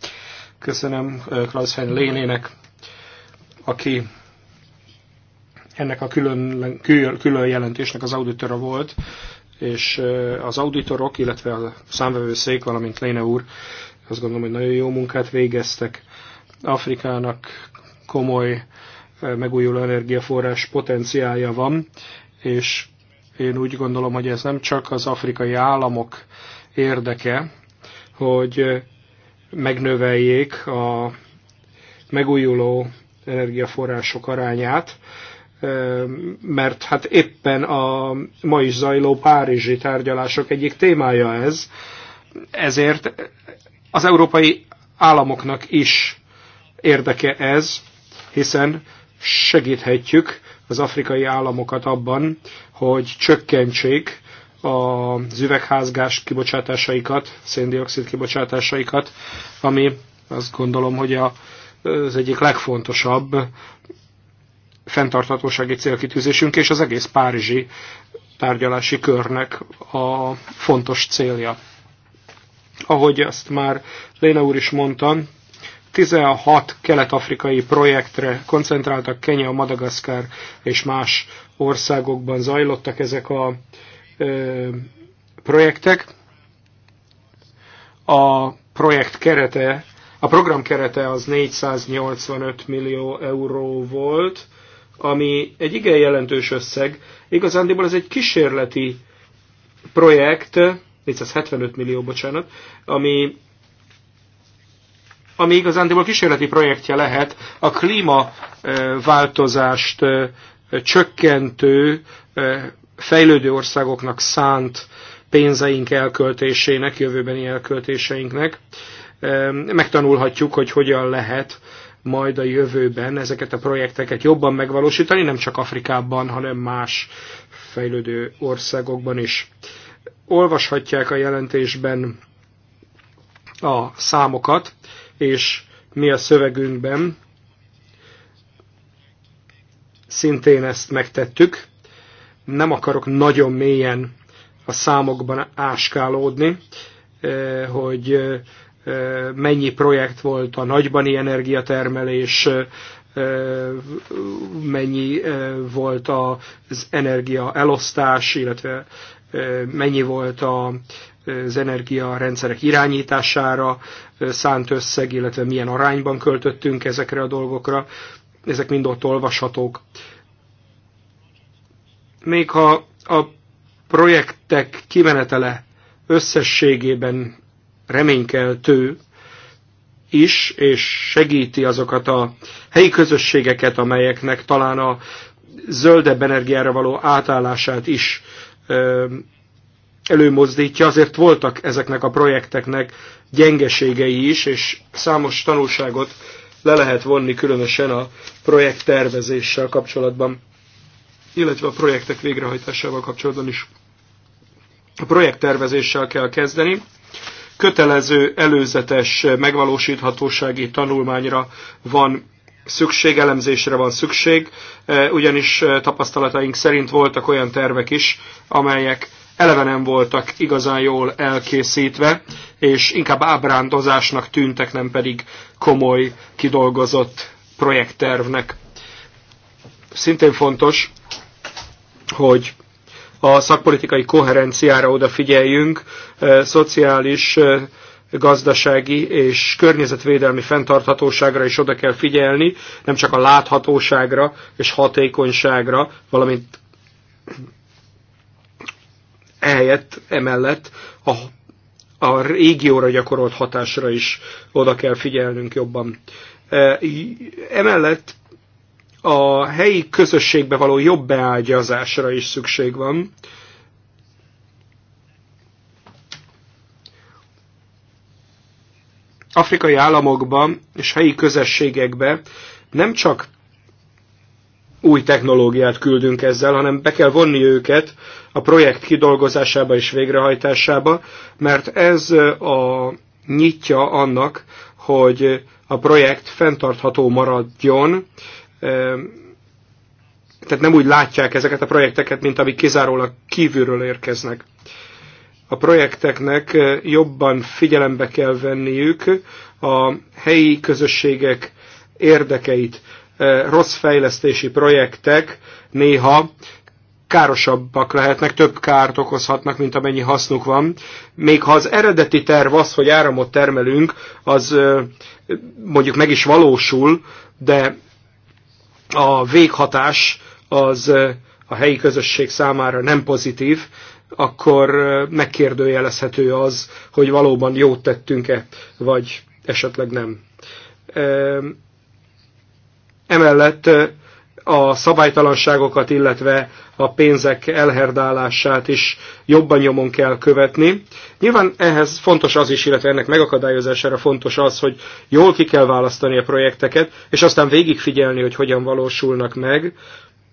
Köszönöm eh, Klaus Fein Lénének, aki ennek a külön, külön jelentésnek az auditora volt, és eh, az auditorok, illetve a számvevőszék, valamint Léne úr, azt gondolom, hogy nagyon jó munkát végeztek. Afrikának komoly megújuló energiaforrás potenciálja van, és én úgy gondolom, hogy ez nem csak az afrikai államok érdeke, hogy megnöveljék a megújuló energiaforrások arányát, mert hát éppen a ma is zajló párizsi tárgyalások egyik témája ez, ezért az európai államoknak is érdeke ez, hiszen segíthetjük az afrikai államokat abban, hogy csökkentsék az üvegházgás kibocsátásaikat, széndiokszid kibocsátásaikat, ami azt gondolom, hogy a, az egyik legfontosabb fenntarthatósági célkitűzésünk, és az egész párizsi tárgyalási körnek a fontos célja. Ahogy azt már Léna úr is mondta, 16 kelet-afrikai projektre koncentráltak, Kenya, Madagaszkár és más országokban zajlottak ezek a ö, projektek. A projekt kerete, a program kerete az 485 millió euró volt, ami egy igen jelentős összeg. Igazándiból ez egy kísérleti projekt, 475 millió, bocsánat, ami ami igazándiból kísérleti projektje lehet a klímaváltozást csökkentő fejlődő országoknak szánt pénzeink elköltésének, jövőbeni elköltéseinknek. Megtanulhatjuk, hogy hogyan lehet majd a jövőben ezeket a projekteket jobban megvalósítani, nem csak Afrikában, hanem más fejlődő országokban is. Olvashatják a jelentésben a számokat, és mi a szövegünkben szintén ezt megtettük. Nem akarok nagyon mélyen a számokban áskálódni, eh, hogy eh, eh, mennyi projekt volt a nagybani energiatermelés, mennyi volt az energia elosztás, illetve mennyi volt a az energiarendszerek irányítására szánt összeg, illetve milyen arányban költöttünk ezekre a dolgokra. Ezek mind ott olvashatók. Még ha a projektek kimenetele összességében reménykeltő is, és segíti azokat a helyi közösségeket, amelyeknek talán a zöldebb energiára való átállását is előmozdítja, azért voltak ezeknek a projekteknek gyengeségei is, és számos tanulságot le lehet vonni különösen a projekttervezéssel kapcsolatban, illetve a projektek végrehajtásával kapcsolatban is. A projekttervezéssel kell kezdeni, kötelező előzetes megvalósíthatósági tanulmányra van szükség, elemzésre van szükség, eh, ugyanis eh, tapasztalataink szerint voltak olyan tervek is, amelyek eleve nem voltak igazán jól elkészítve, és inkább ábrándozásnak tűntek, nem pedig komoly, kidolgozott projekttervnek. Szintén fontos, hogy a szakpolitikai koherenciára odafigyeljünk, e, szociális, e, gazdasági és környezetvédelmi fenntarthatóságra is oda kell figyelni, nem csak a láthatóságra és hatékonyságra, valamint ehelyett emellett a, a régióra gyakorolt hatásra is oda kell figyelnünk jobban. E, emellett a helyi közösségbe való jobb beágyazásra is szükség van. Afrikai államokban és helyi közösségekbe nem csak új technológiát küldünk ezzel, hanem be kell vonni őket a projekt kidolgozásába és végrehajtásába, mert ez a nyitja annak, hogy a projekt fenntartható maradjon, tehát nem úgy látják ezeket a projekteket, mint amik kizárólag kívülről érkeznek. A projekteknek jobban figyelembe kell venniük a helyi közösségek érdekeit rossz fejlesztési projektek néha károsabbak lehetnek, több kárt okozhatnak, mint amennyi hasznuk van. Még ha az eredeti terv az, hogy áramot termelünk, az mondjuk meg is valósul, de a véghatás az a helyi közösség számára nem pozitív, akkor megkérdőjelezhető az, hogy valóban jót tettünk-e, vagy esetleg nem. Emellett a szabálytalanságokat, illetve a pénzek elherdálását is jobban nyomon kell követni. Nyilván ehhez fontos az is, illetve ennek megakadályozására fontos az, hogy jól ki kell választani a projekteket, és aztán végigfigyelni, hogy hogyan valósulnak meg,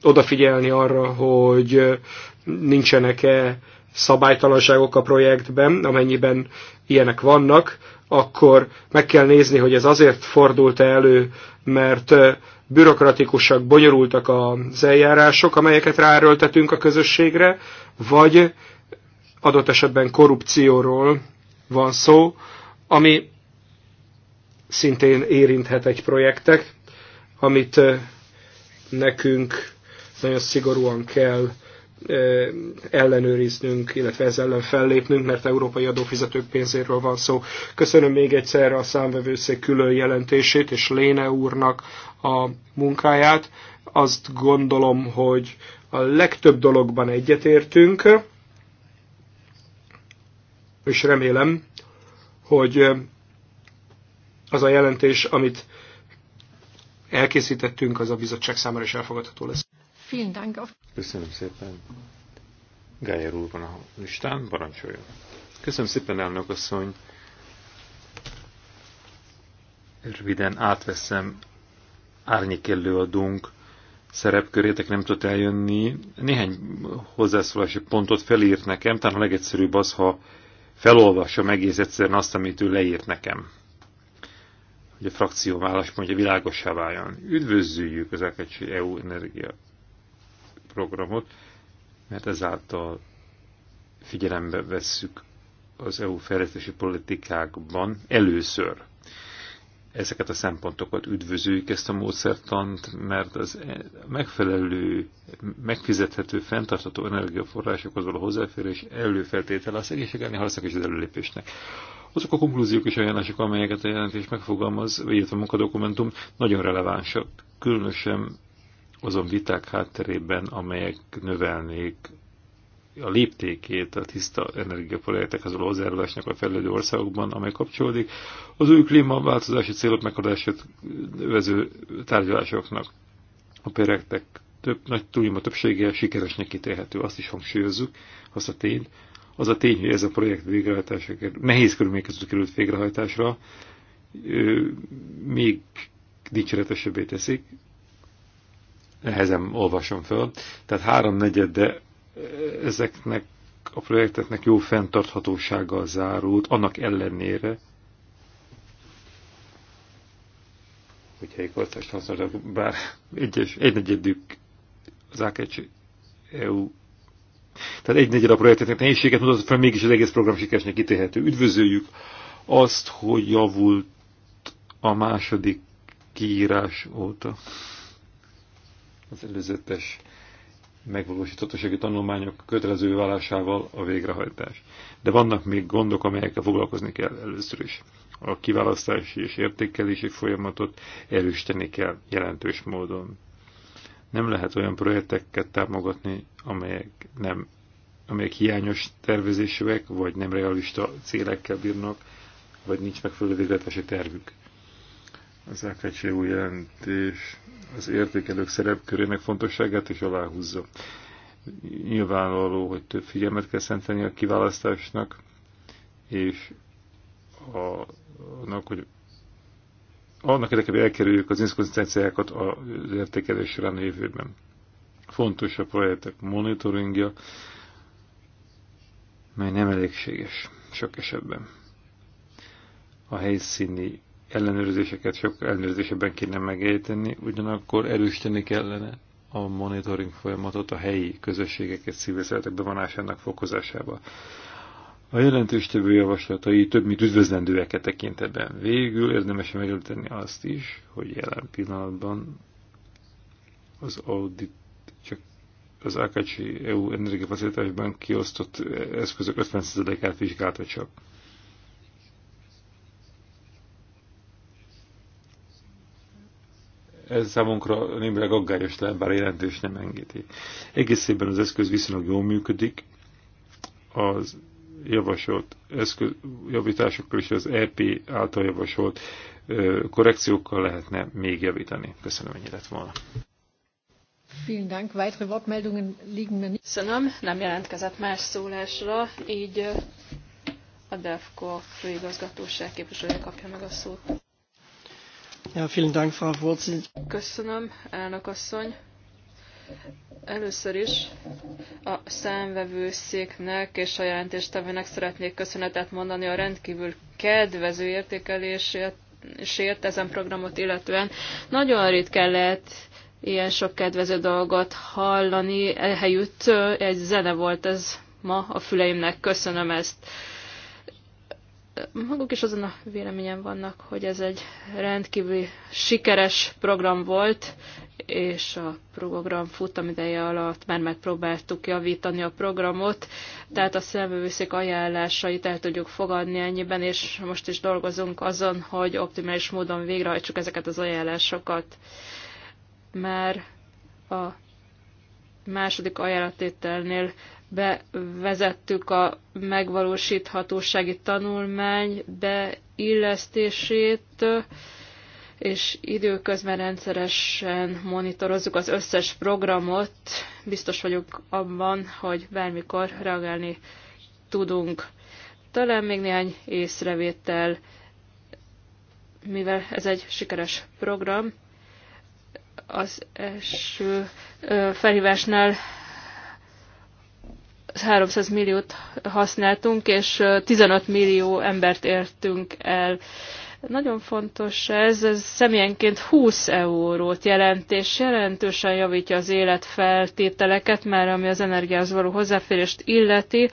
odafigyelni arra, hogy nincsenek-e szabálytalanságok a projektben, amennyiben ilyenek vannak, akkor meg kell nézni, hogy ez azért fordult -e elő, mert bürokratikusak, bonyolultak az eljárások, amelyeket ráerőltetünk a közösségre, vagy adott esetben korrupcióról van szó, ami szintén érinthet egy projektek, amit nekünk nagyon szigorúan kell ellenőriznünk, illetve ezzel ellen fellépnünk, mert európai adófizetők pénzéről van szó. Köszönöm még egyszer a számvevőszék külön jelentését és Léne úrnak a munkáját. Azt gondolom, hogy a legtöbb dologban egyetértünk, és remélem, hogy az a jelentés, amit elkészítettünk, az a bizottság számára is elfogadható lesz. Vielen Dank. Köszönöm szépen. Gájer úr van a listán, parancsoljon. Köszönöm szépen, elnök asszony. Röviden átveszem árnyék előadónk szerepkörétek nem tudott eljönni. Néhány hozzászólási pontot felírt nekem, talán a legegyszerűbb az, ha felolvasom egész egyszerűen azt, amit ő leírt nekem. Hogy a frakció válaszpontja világosá váljon. Üdvözöljük az EU e energia programot, mert ezáltal figyelembe vesszük az EU fejlesztési politikákban először ezeket a szempontokat üdvözöljük ezt a módszertant, mert az e- megfelelő, megfizethető, fenntartható energiaforrásokhoz való hozzáférés előfeltétele a szegénység elleni harcnak és az előlépésnek. Azok a konklúziók és ajánlások, amelyeket a jelentés megfogalmaz, illetve a munkadokumentum, nagyon relevánsak, különösen azon viták hátterében, amelyek növelnék a léptékét a tiszta energiaprojektekhez való hozzájárulásnak a fejlődő országokban, amely kapcsolódik az új klímaváltozási célok meghaladását vező tárgyalásoknak. A projektek több, nagy túlnyomó többsége sikeresnek kitérhető. azt is hangsúlyozzuk, azt a tény, Az a tény, hogy ez a projekt végrehajtása nehéz körülmények között került végrehajtásra, még dicséretesebbé teszik, nehezen olvasom föl. Tehát háromnegyede e, ezeknek a projekteknek jó fenntarthatósággal zárult, annak ellenére, hogyha kortást használok, bár egyes, egynegyedük az AKC EU tehát egy negyed a projekteknek nehézséget mutatott fel, mégis az egész program sikeresnek ítélhető. Üdvözöljük azt, hogy javult a második kiírás óta az előzetes megvalósítottasági tanulmányok kötelező válásával a végrehajtás. De vannak még gondok, amelyekkel foglalkozni kell először is. A kiválasztási és értékelési folyamatot erősíteni kell jelentős módon. Nem lehet olyan projekteket támogatni, amelyek, nem, amelyek hiányos tervezésűek, vagy nem realista célekkel bírnak, vagy nincs megfelelő végletesi tervük az elkecsérú jelentés az értékelők szerepkörének fontosságát is aláhúzza. Nyilvánvaló, hogy több figyelmet kell szentelni a kiválasztásnak, és a, annak, hogy annak érdekében elkerüljük az inszkonzisztenciákat az értékelés során a jövőben. Fontos a projektek monitoringja, mely nem elégséges sok esetben. A helyszíni ellenőrzéseket sok ellenőrzésében kéne megejteni, ugyanakkor erősíteni kellene a monitoring folyamatot a helyi közösségeket, civil bevonásának fokozásába. A jelentős többő javaslatai több mint üdvözlendőeket tekintetben. Végül érdemes megemlíteni azt is, hogy jelen pillanatban az audit csak az AKC EU energiafacilitásban kiosztott eszközök 50%-át vizsgálta csak. ez számunkra némileg aggályos lehet, bár a jelentés nem engedi. Egészében az eszköz viszonylag jól működik, az javasolt eszköz, javításokkal és az EP által javasolt korrekciókkal lehetne még javítani. Köszönöm, ennyi lett volna. Köszönöm, nem jelentkezett más szólásra, így a DEFCO főigazgatóság képviselője kapja meg a szót. Köszönöm, elnök asszony. Először is a számvevőszéknek és a jelentéstevőnek szeretnék köszönetet mondani a rendkívül kedvező értékelésért ezen programot illetően. Nagyon ritkán lehet ilyen sok kedvező dolgot hallani, Ehelyütt egy zene volt ez ma a füleimnek, köszönöm ezt maguk is azon a véleményen vannak, hogy ez egy rendkívül sikeres program volt, és a program ideje alatt már megpróbáltuk javítani a programot, tehát a szemövőszék ajánlásait el tudjuk fogadni ennyiben, és most is dolgozunk azon, hogy optimális módon végrehajtsuk ezeket az ajánlásokat. Már a második ajánlatételnél bevezettük a megvalósíthatósági tanulmány beillesztését, és időközben rendszeresen monitorozzuk az összes programot. Biztos vagyok abban, hogy bármikor reagálni tudunk. Talán még néhány észrevétel, mivel ez egy sikeres program, az első felhívásnál 300 milliót használtunk, és 15 millió embert értünk el. Nagyon fontos ez, ez személyenként 20 eurót jelent, és jelentősen javítja az életfeltételeket, már ami az energiához való hozzáférést illeti.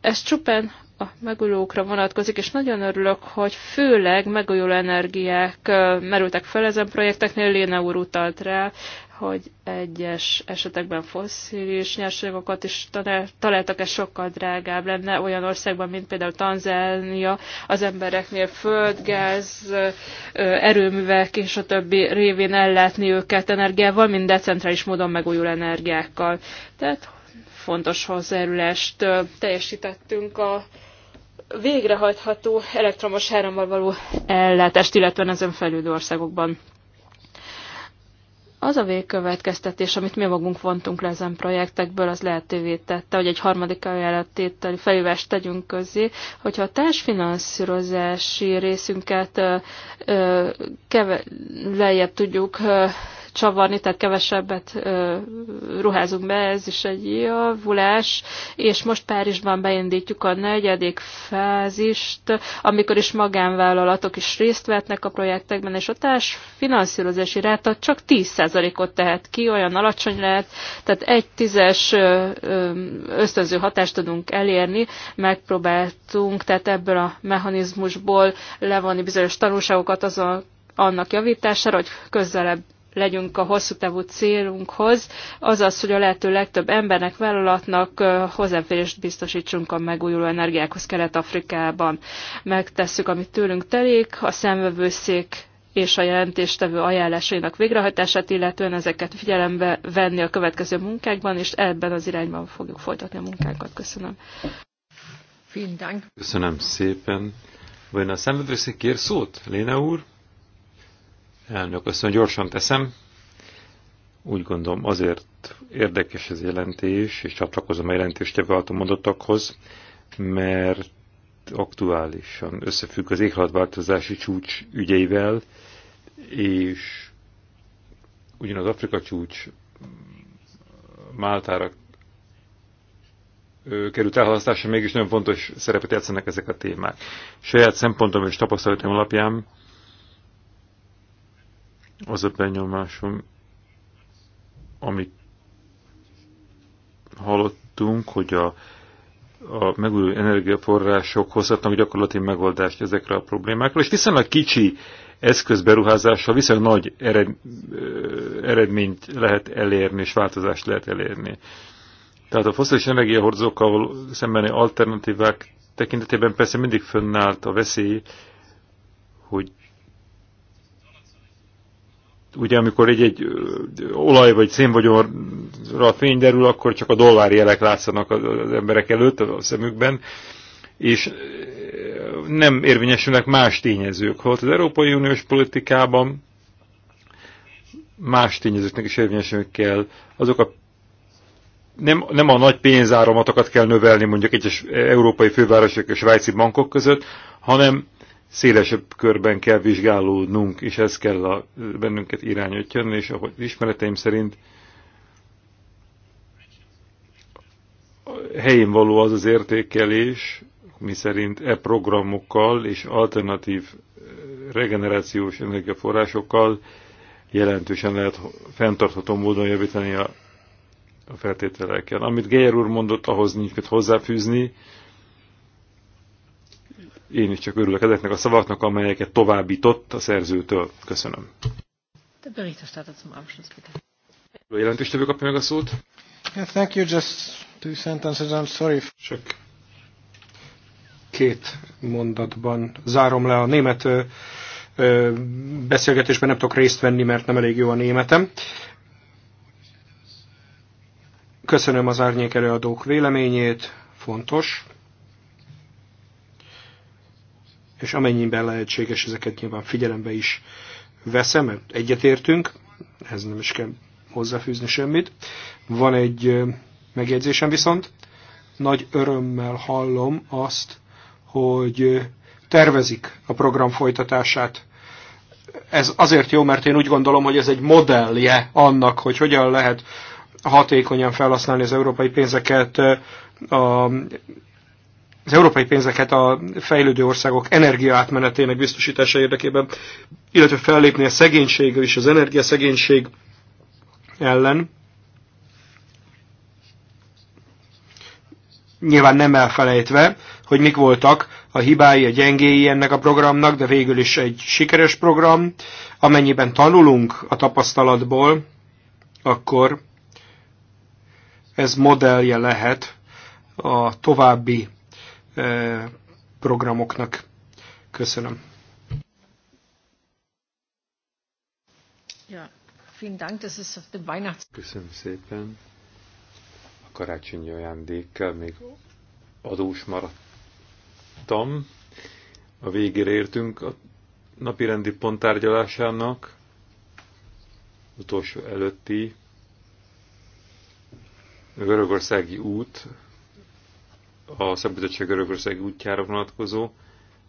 Ez csupán a megújulókra vonatkozik, és nagyon örülök, hogy főleg megújuló energiák merültek fel ezen projekteknél, Léna úr utalt rá, hogy egyes esetekben fosszilis nyersanyagokat is találtak-e sokkal drágább lenne olyan országban, mint például Tanzánia, az embereknél földgáz, erőművek és a többi révén ellátni őket energiával, mint decentrális módon megújul energiákkal. Tehát fontos hozzájárulást teljesítettünk a végrehajtható elektromos árammal való ellátást, illetve ezen felüldő országokban. Az a végkövetkeztetés, amit mi magunk vontunk le ezen projektekből, az lehetővé tette, hogy egy harmadik ajánlattételi felhívást tegyünk közzé, hogyha a társfinanszírozási részünket ö, keve, lejjebb tudjuk ö, csavarni, tehát kevesebbet ruházunk be, ez is egy javulás, és most Párizsban beindítjuk a negyedik fázist, amikor is magánvállalatok is részt vetnek a projektekben, és a társ finanszírozási ráta csak 10%-ot tehet ki, olyan alacsony lehet, tehát egy tízes ösztönző hatást tudunk elérni, megpróbáltunk, tehát ebből a mechanizmusból levonni bizonyos tanulságokat azon annak javítására, hogy közelebb legyünk a hosszú távú célunkhoz, azaz, hogy a lehető legtöbb embernek, vállalatnak hozzáférést biztosítsunk a megújuló energiákhoz Kelet-Afrikában. Megtesszük, amit tőlünk telik, a szemvevőszék és a jelentéstevő ajánlásainak végrehajtását, illetően ezeket figyelembe venni a következő munkákban, és ebben az irányban fogjuk folytatni a munkánkat. Köszönöm. Köszönöm szépen. Vajon a szemvevőszék kér szót, Léna úr? Elnök, azt gyorsan teszem. Úgy gondolom, azért érdekes ez jelentés, és csatlakozom a jelentéstevő a mondatokhoz, mert aktuálisan összefügg az éghajlatváltozási csúcs ügyeivel, és ugyanaz Afrika csúcs Máltára került elhalasztásra, mégis nagyon fontos szerepet játszanak ezek a témák. Saját szempontom és tapasztalatom alapján az a benyomásom, amit hallottunk, hogy a, a megújuló energiaforrások hozhatnak gyakorlati megoldást ezekre a problémákra, és viszonylag kicsi eszközberuházással viszonylag nagy ered, eredményt lehet elérni, és változást lehet elérni. Tehát a foszilis energiahordozókkal szembeni alternatívák tekintetében persze mindig fönnállt a veszély, hogy ugye amikor egy, egy olaj vagy szén a fény derül, akkor csak a jelek látszanak az emberek előtt, a szemükben, és nem érvényesülnek más tényezők. Holott az Európai Uniós politikában más tényezőknek is érvényesülnek kell. Azok a nem, nem a nagy pénzáramatokat kell növelni mondjuk egyes európai fővárosok és svájci bankok között, hanem szélesebb körben kell vizsgálódnunk, és ez kell a, bennünket irányítani, és ahogy ismereteim szerint helyén való az az értékelés, mi szerint e programokkal és alternatív eh, regenerációs energiaforrásokkal jelentősen lehet fenntartható módon javítani a, a feltételeket. Amit Geyer úr mondott, ahhoz nincs mit hozzáfűzni, én is csak örülök ezeknek a szavaknak, amelyeket továbbított a szerzőtől. Köszönöm. Der Berichterstatter zum Abschluss, bitte. kapja meg a szót. Yeah, thank you, just two sentences, I'm sorry. Csak két mondatban zárom le a német ö, ö, beszélgetésben, nem tudok részt venni, mert nem elég jó a németem. Köszönöm az árnyék előadók véleményét, fontos és amennyiben lehetséges, ezeket nyilván figyelembe is veszem, mert egyetértünk, ez nem is kell hozzáfűzni semmit. Van egy megjegyzésem viszont, nagy örömmel hallom azt, hogy tervezik a program folytatását. Ez azért jó, mert én úgy gondolom, hogy ez egy modellje annak, hogy hogyan lehet hatékonyan felhasználni az európai pénzeket a az európai pénzeket a fejlődő országok energiaátmenetének biztosítása érdekében, illetve fellépni a szegénység és az energiaszegénység ellen. Nyilván nem elfelejtve, hogy mik voltak a hibái, a gyengéi ennek a programnak, de végül is egy sikeres program. Amennyiben tanulunk a tapasztalatból, akkor ez modellje lehet a további programoknak. Köszönöm. Ja, vielen Dank, das ist auf dem Weihnachts Köszönöm szépen. A karácsonyi ajándékkal még adós maradtam. A végére értünk a napirendi pont tárgyalásának, utolsó előtti Görögországi út, a Szentbizottság Örökország útjára vonatkozó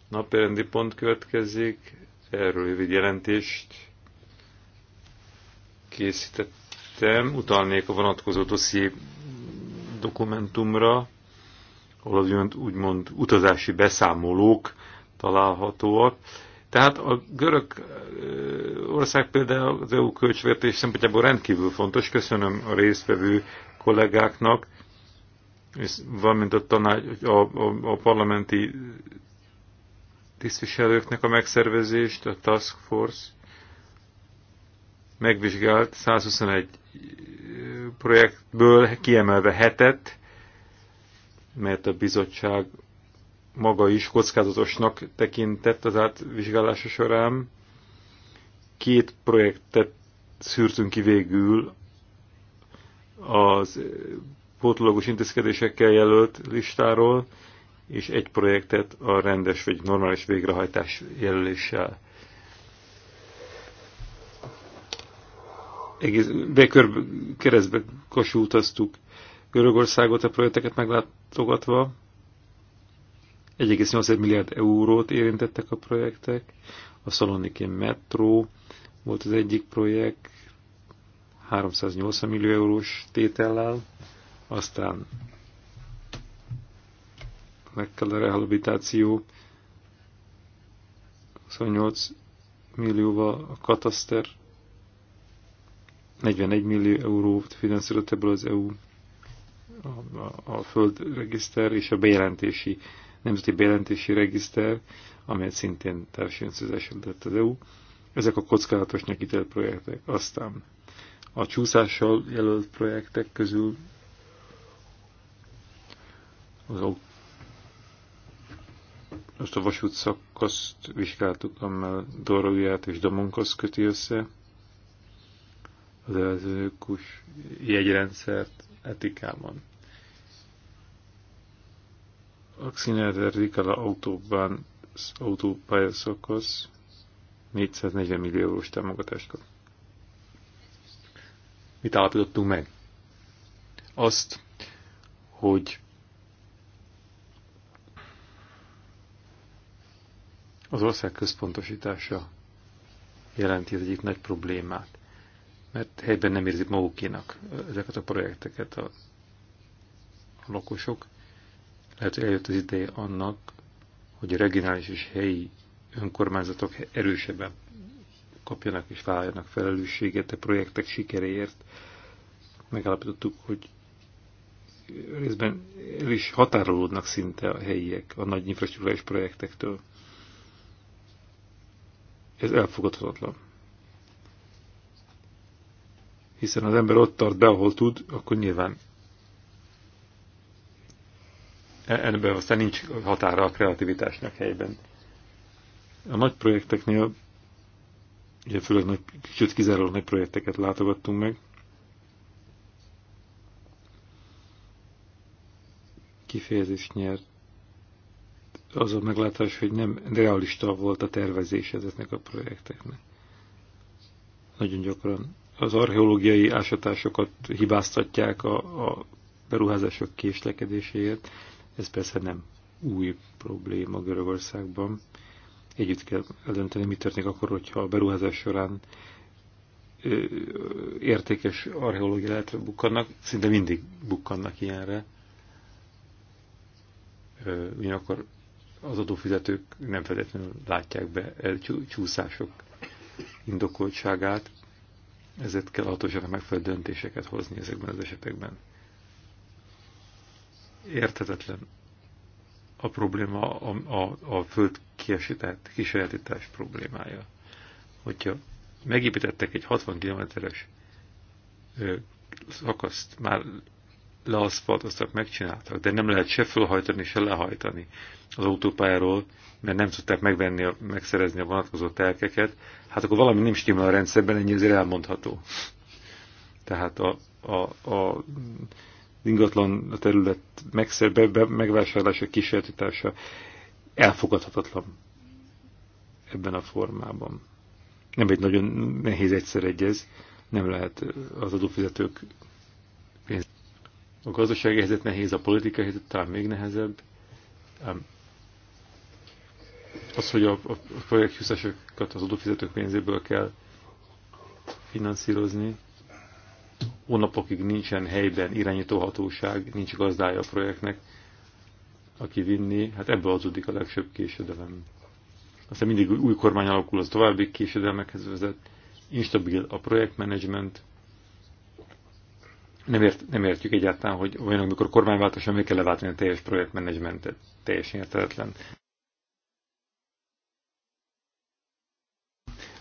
napirendi pont következik. Erről jövő jelentést készítettem. Utalnék a vonatkozó dosszié dokumentumra, ahol az úgymond utazási beszámolók találhatóak. Tehát a görög ország például az EU költségvetés szempontjából rendkívül fontos. Köszönöm a résztvevő kollégáknak és valamint a, tanágy, a, a, a parlamenti tisztviselőknek a megszervezést, a Task Force megvizsgált 121 projektből kiemelve hetet, mert a bizottság maga is kockázatosnak tekintett az átvizsgálása során. Két projektet szűrtünk ki végül az pótlagos intézkedésekkel jelölt listáról, és egy projektet a rendes vagy normális végrehajtás jelöléssel. Egész bekörbe, keresztbe kosultaztuk Görögországot a projekteket meglátogatva. 1,8 milliárd eurót érintettek a projektek. A Szaloniki metró volt az egyik projekt, 380 millió eurós tétellel aztán meg kell a rehabilitáció 28 millióval a kataszter 41 millió eurót finanszírozott ebből az EU a, a, a földregiszter és a bejelentési, nemzeti bejelentési regiszter, amelyet szintén társadalmi lett az EU. Ezek a kockázatos nyakítelt projektek. Aztán a csúszással jelölt projektek közül az most a vasút szakaszt vizsgáltuk, amely Dorogját és Damonkosz köti össze, az előzőkus jegyrendszert etikában. a Rikala autóban autópályaszakasz 440 millió eurós támogatást kap. Mit állapítottunk meg? Azt, hogy Az ország központosítása jelenti az egyik nagy problémát, mert helyben nem érzik magukénak ezeket a projekteket a, a lakosok. Lehet, hogy eljött az ideje annak, hogy a regionális és helyi önkormányzatok erősebben kapjanak és vállaljanak felelősséget a projektek sikeréért. Megállapítottuk, hogy részben el is határolódnak szinte a helyiek a nagy infrastruktúrális projektektől. Ez elfogadhatatlan. Hiszen ha az ember ott tart be, ahol tud, akkor nyilván e- ebben aztán nincs határa a kreativitásnak helyben. A nagy projekteknél, ugye főleg nagy, kicsit kizáról nagy projekteket látogattunk meg, kifejezést nyert az a meglátás, hogy nem realista volt a tervezés ezeknek a projekteknek. Nagyon gyakran az archeológiai ásatásokat hibáztatják a, a beruházások késlekedéséért. Ez persze nem új probléma Görögországban. Együtt kell eldönteni, mi történik akkor, hogyha a beruházás során értékes archeológiai lehetre bukkannak. Szinte mindig bukkannak ilyenre. ugyanakkor az adófizetők nem feltétlenül látják be elcsúszások indokoltságát, ezért kell hatóságnak megfelelő döntéseket hozni ezekben az esetekben. Érthetetlen a probléma a, a, a föld kisajátítás problémája. Hogyha megépítettek egy 60 kilométeres szakaszt, már leaszfaltoztak, megcsináltak, de nem lehet se fölhajtani, se lehajtani az autópályáról, mert nem tudták megvenni, a, megszerezni a vonatkozó telkeket, hát akkor valami nem stimmel a rendszerben, ennyi azért elmondható. Tehát a, a, a ingatlan terület megszerbe, be, megvásárlása, kísértítása elfogadhatatlan ebben a formában. Nem egy nagyon nehéz egyszer egyez, nem lehet az adófizetők a gazdasági helyzet nehéz, a politikai helyzet talán még nehezebb. Az, hogy a, a projektjúszásokat az adófizetők pénzéből kell finanszírozni, hónapokig nincsen helyben irányítóhatóság, nincs gazdája a projektnek, aki vinni, hát ebből adódik a legsőbb késedelem. Aztán mindig új kormány alakul, az további késedelmekhez vezet, instabil a projektmenedzsment, nem, ért, nem értjük egyáltalán, hogy olyan, amikor kormányváltás, mi kell leváltani a teljes projektmenedzsmentet. Teljesen értetlen.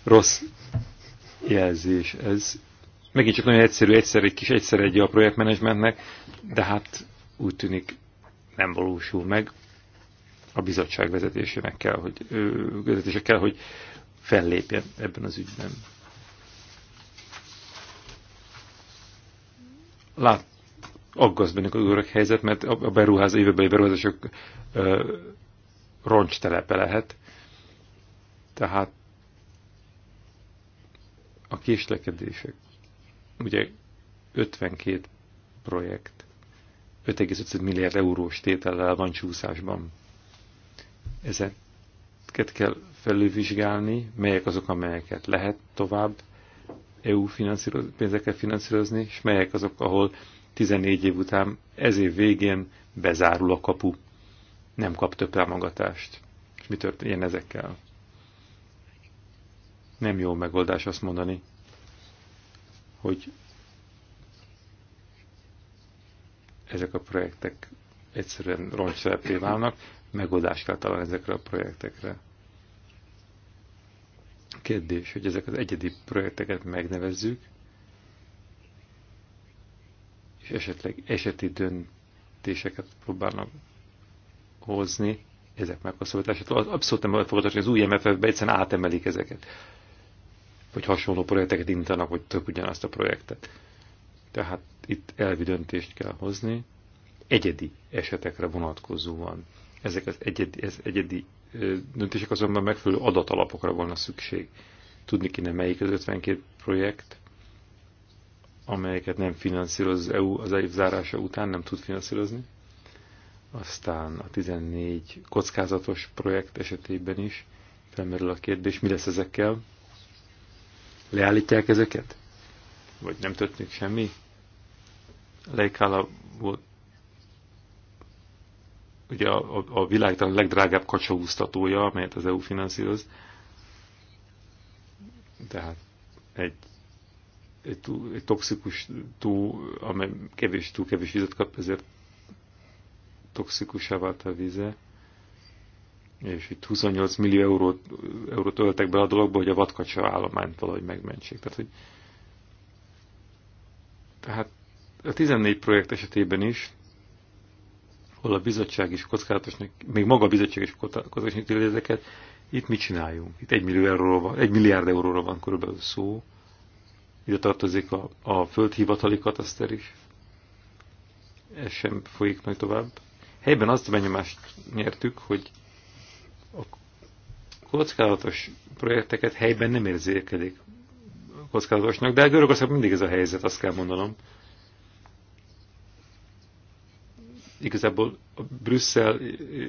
Rossz jelzés ez. Megint csak nagyon egyszerű, egyszer egy kis, egyszer egy a projektmenedzsmentnek, de hát úgy tűnik nem valósul meg. A bizottság vezetésének kell, hogy, vezetése kell, hogy fellépjen ebben az ügyben. lát, aggaszt bennük az örök helyzet, mert a beruház, évebeli beruházások roncs telepe lehet. Tehát a késlekedések, ugye 52 projekt, 5,5 milliárd eurós tétellel van csúszásban. Ezeket kell felülvizsgálni, melyek azok, amelyeket lehet tovább EU finanszíroz, pénzeket finanszírozni, és melyek azok, ahol 14 év után, ez év végén bezárul a kapu, nem kap több támogatást. És mi történjen ezekkel? Nem jó megoldás azt mondani, hogy ezek a projektek egyszerűen roncselepé válnak, megoldást kell találni ezekre a projektekre. Kérdés, hogy ezek az egyedi projekteket megnevezzük, és esetleg eseti döntéseket próbálnak hozni ezek meghosszabbításától. Az abszolút nem fogod, hogy az új MFF-be egyszerűen átemelik ezeket. Vagy hasonló projekteket indítanak, vagy több ugyanazt a projektet. Tehát itt elvi döntést kell hozni, egyedi esetekre vonatkozóan. Ezek az egyedi, ez egyedi döntések azonban megfelelő adatalapokra volna szükség. Tudni kéne, melyik az 52 projekt, amelyeket nem finanszíroz az EU az év zárása után, nem tud finanszírozni. Aztán a 14 kockázatos projekt esetében is felmerül a kérdés, mi lesz ezekkel? Leállítják ezeket? Vagy nem történik semmi? Leikála volt ugye a, a, a világ a legdrágább kacsaúztatója, amelyet az EU finanszíroz. Tehát egy, egy, túl, egy toxikus tú amely kevés, túl kevés vizet kap, ezért toxikusá vált a vize. És itt 28 millió eurót, eurót öltek bele a dologba, hogy a vadkacsa állományt valahogy megmentsék. Tehát, hogy, tehát a 14 projekt esetében is ahol a bizottság is kockázatosnak, még maga a bizottság is kockázatosnak ítéli ezeket, itt mit csináljunk? Itt egy, millió euróra van, egy milliárd euróra van körülbelül szó, ide tartozik a, a földhivatali kataszter is. Ez sem folyik majd tovább. Helyben azt a benyomást nyertük, hogy a kockázatos projekteket helyben nem érzékelik kockázatosnak, de Görögország mindig ez a helyzet, azt kell mondanom. igazából a Brüsszel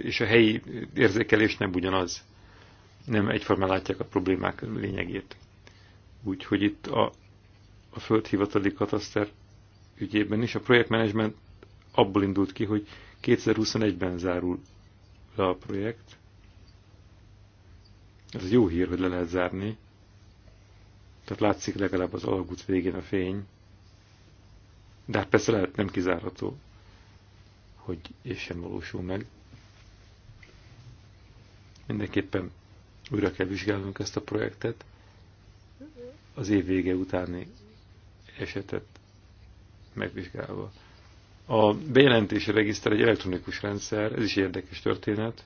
és a helyi érzékelés nem ugyanaz. Nem egyformán látják a problémák lényegét. Úgyhogy itt a, a földhivatali kataszter ügyében is a projektmenedzsment abból indult ki, hogy 2021-ben zárul le a projekt. Ez jó hír, hogy le lehet zárni. Tehát látszik legalább az alagút végén a fény. De hát persze lehet, nem kizárható hogy és sem valósul meg. Mindenképpen újra kell vizsgálnunk ezt a projektet. Az év vége utáni esetet megvizsgálva. A bejelentési regiszter egy elektronikus rendszer, ez is érdekes történet,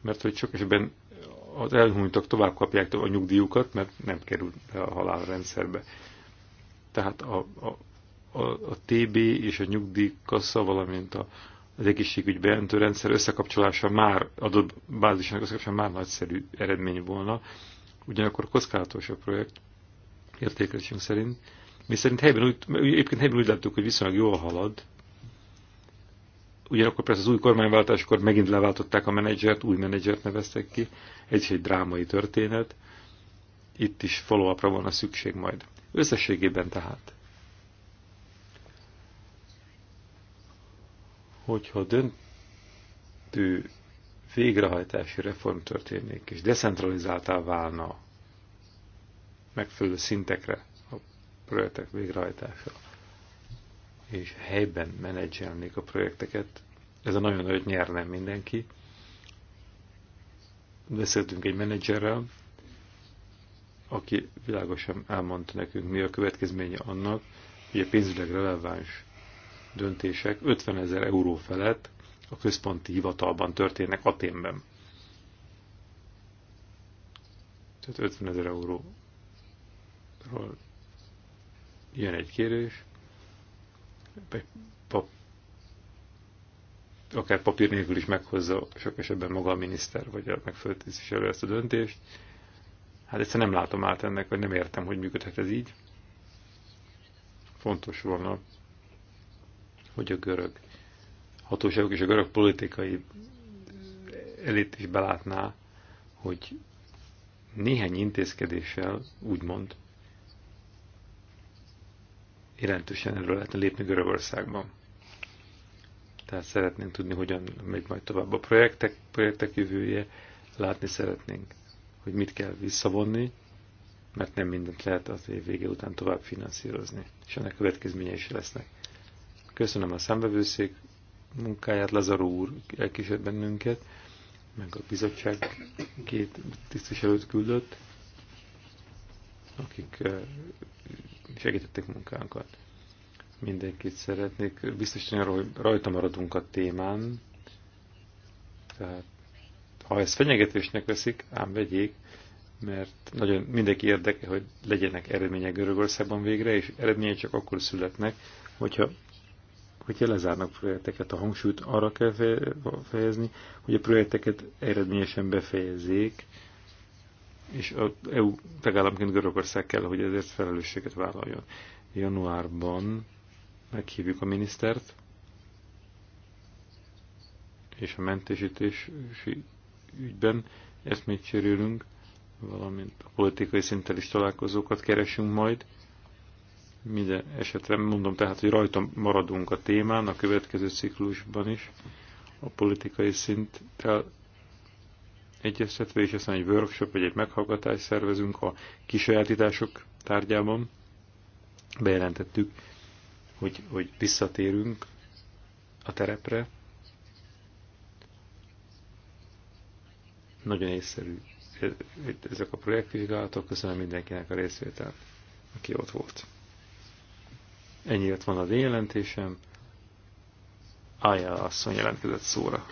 mert hogy sok esetben az elhunytak tovább kapják a nyugdíjukat, mert nem kerül be a halálrendszerbe. Tehát a, a, a, a TB és a nyugdíjkassa, valamint a, az egészségügy bejelentő rendszer összekapcsolása már adott bázisnak összekapcsolása már nagyszerű eredmény volna. Ugyanakkor kockázatos a projekt értékelésünk szerint. Mi szerint helyben úgy, egyébként helyben úgy láttuk, hogy viszonylag jól halad, ugyanakkor persze az új kormányváltáskor megint leváltották a menedzsert, új menedzsert neveztek ki, ez is egy drámai történet, itt is follow-upra van a szükség majd. Összességében tehát hogyha döntő végrehajtási reform történik, és decentralizáltá válna megfelelő szintekre a projektek végrehajtása, és helyben menedzselnék a projekteket, ez a nagyon nagy nyerne mindenki. Beszéltünk egy menedzserrel, aki világosan elmondta nekünk, mi a következménye annak, hogy a pénzügyleg releváns döntések 50 ezer euró felett a központi hivatalban történnek Aténben. Tehát 50 ezer euróról jön egy kérés, pap, akár papír nélkül is meghozza sok esetben maga a miniszter, vagy a megfelelő ezt a döntést. Hát egyszerűen nem látom át ennek, vagy nem értem, hogy működhet ez így. Fontos volna hogy a görög hatóságok és a görög politikai elit is belátná, hogy néhány intézkedéssel, úgymond, jelentősen erről lehetne lépni Görögországban. Tehát szeretnénk tudni, hogyan megy majd tovább a projektek, projektek jövője, látni szeretnénk, hogy mit kell visszavonni, mert nem mindent lehet az év vége után tovább finanszírozni, és ennek következményei is lesznek. Köszönöm a szembevőszék munkáját, Lazaró úr elkísért bennünket, meg a bizottság két tisztviselőt küldött, akik eh, segítették munkánkat. Mindenkit szeretnék biztosítani hogy rajta maradunk a témán, tehát ha ezt fenyegetésnek veszik, ám vegyék, mert nagyon mindenki érdeke, hogy legyenek eredmények Görögországban végre, és eredmények csak akkor születnek, hogyha hogyha lezárnak projekteket, a hangsúlyt arra kell fejezni, hogy a projekteket eredményesen befejezzék, és az EU tagállamként Görögország kell, hogy ezért felelősséget vállaljon. Januárban meghívjuk a minisztert, és a mentésítési ügyben ezt még cserélünk, valamint a politikai szinttel is találkozókat keresünk majd, minden esetre mondom tehát, hogy rajta maradunk a témán a következő ciklusban is, a politikai szinttel egyeztetve, és aztán egy workshop vagy egy meghallgatást szervezünk a kisajátítások tárgyában. Bejelentettük, hogy, hogy visszatérünk a terepre. Nagyon észszerű e, e, ezek a projektvizsgálatok. Köszönöm mindenkinek a részvételt, aki ott volt. Ennyi van az én jelentésem. Ája asszony jelentkezett szóra.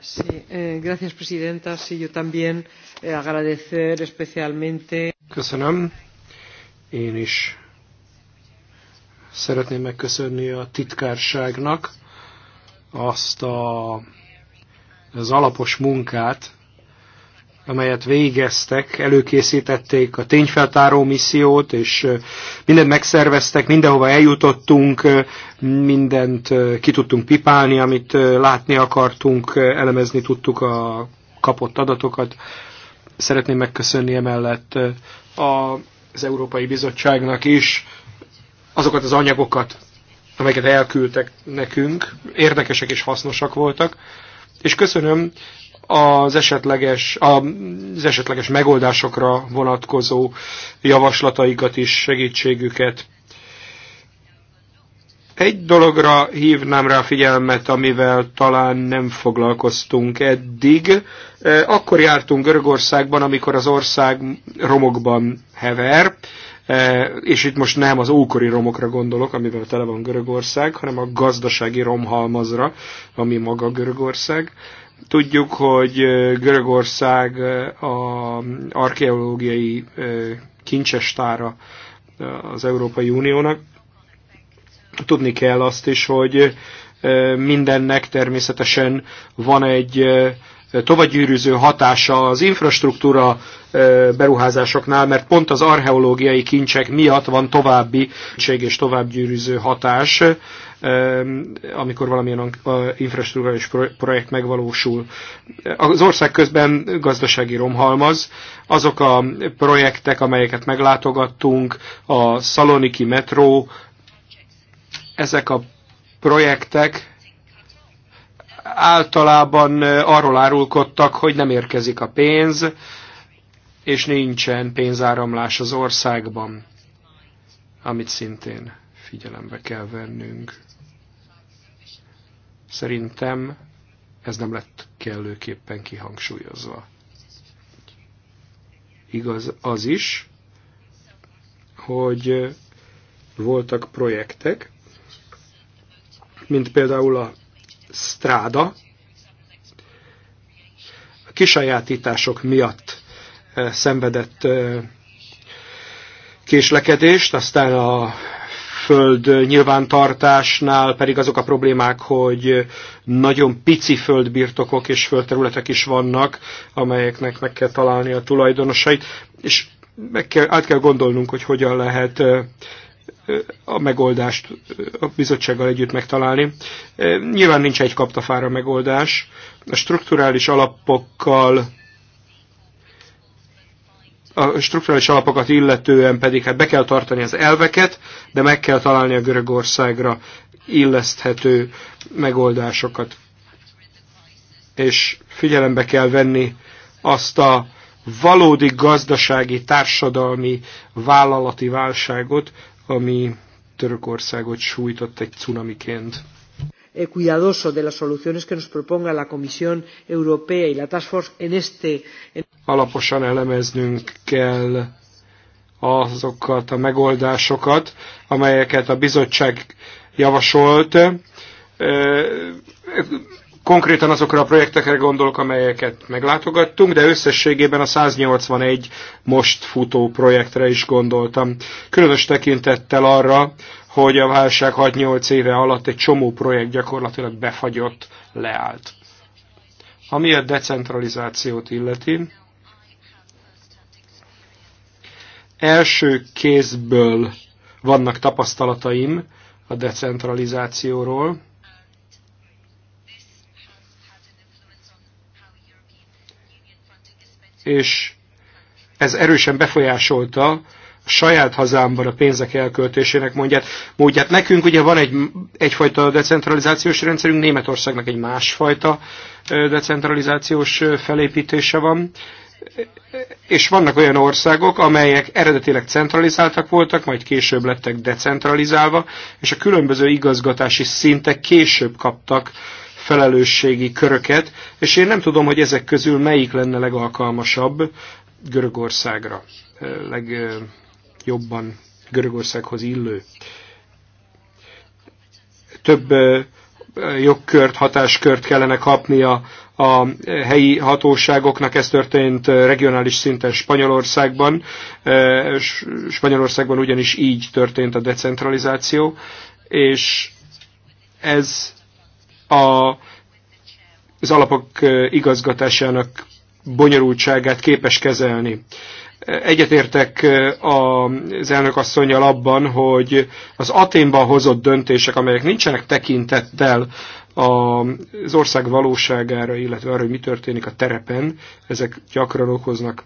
Sí, eh, gracias, presidenta. Sí, yo también eh, agradecer especialmente. Köszönöm. Én is szeretném megköszönni a titkárságnak azt a, az alapos munkát, amelyet végeztek, előkészítették a tényfeltáró missziót, és mindent megszerveztek, mindenhova eljutottunk, mindent ki tudtunk pipálni, amit látni akartunk, elemezni tudtuk a kapott adatokat. Szeretném megköszönni emellett az Európai Bizottságnak is azokat az anyagokat, amelyeket elküldtek nekünk, érdekesek és hasznosak voltak, és köszönöm az esetleges, az esetleges megoldásokra vonatkozó javaslataikat is, segítségüket. Egy dologra hívnám rá figyelmet, amivel talán nem foglalkoztunk eddig. E, akkor jártunk Görögországban, amikor az ország romokban hever, e, és itt most nem az ókori romokra gondolok, amivel tele van Görögország, hanem a gazdasági romhalmazra, ami maga Görögország. Tudjuk, hogy Görögország a archeológiai kincsestára az Európai Uniónak. Tudni kell azt is, hogy mindennek természetesen van egy tovagyűrűző hatása az infrastruktúra beruházásoknál, mert pont az archeológiai kincsek miatt van további és továbbgyűrűző hatás amikor valamilyen infrastruktúrális projekt megvalósul. Az ország közben gazdasági romhalmaz, azok a projektek, amelyeket meglátogattunk, a Szaloniki metró, ezek a projektek általában arról árulkodtak, hogy nem érkezik a pénz, és nincsen pénzáramlás az országban, amit szintén figyelembe kell vennünk. Szerintem ez nem lett kellőképpen kihangsúlyozva. Igaz az is, hogy voltak projektek, mint például a Stráda, a kisajátítások miatt eh, szenvedett eh, késlekedést, aztán a föld nyilvántartásnál pedig azok a problémák, hogy nagyon pici földbirtokok és földterületek is vannak, amelyeknek meg kell találni a tulajdonosait, és meg kell, át kell gondolnunk, hogy hogyan lehet a megoldást a bizottsággal együtt megtalálni. Nyilván nincs egy kaptafára megoldás. A strukturális alapokkal a strukturális alapokat illetően pedig hát be kell tartani az elveket, de meg kell találni a Görögországra illeszthető megoldásokat. És figyelembe kell venni azt a valódi gazdasági, társadalmi, vállalati válságot, ami Törökországot sújtott egy cunamiként. Eh, cuidadoso de las soluciones que nos proponga la Comisión Europea y la Task Force en este. En... Alaposan elemeznünk kell azokat a megoldásokat, amelyeket a bizottság javasolt. Eh, konkrétan azokra a projektekre gondolok, amelyeket meglátogattunk, de összességében a 181 most futó projektre is gondoltam. Különös tekintettel arra, hogy a válság 6-8 éve alatt egy csomó projekt gyakorlatilag befagyott, leállt. Ami a decentralizációt illeti, első kézből vannak tapasztalataim a decentralizációról, és ez erősen befolyásolta saját hazámban a pénzek elköltésének mondját, módját. Nekünk ugye van egy, egyfajta decentralizációs rendszerünk, Németországnak egy másfajta decentralizációs felépítése van, és vannak olyan országok, amelyek eredetileg centralizáltak voltak, majd később lettek decentralizálva, és a különböző igazgatási szintek később kaptak felelősségi köröket, és én nem tudom, hogy ezek közül melyik lenne legalkalmasabb Görögországra, leg, jobban Görögországhoz illő. Több jogkört, hatáskört kellene kapnia a helyi hatóságoknak. Ez történt regionális szinten Spanyolországban. Spanyolországban ugyanis így történt a decentralizáció, és ez a, az alapok igazgatásának bonyolultságát képes kezelni. Egyetértek az elnök asszonyjal abban, hogy az Aténban hozott döntések, amelyek nincsenek tekintettel az ország valóságára, illetve arra, hogy mi történik a terepen, ezek gyakran okoznak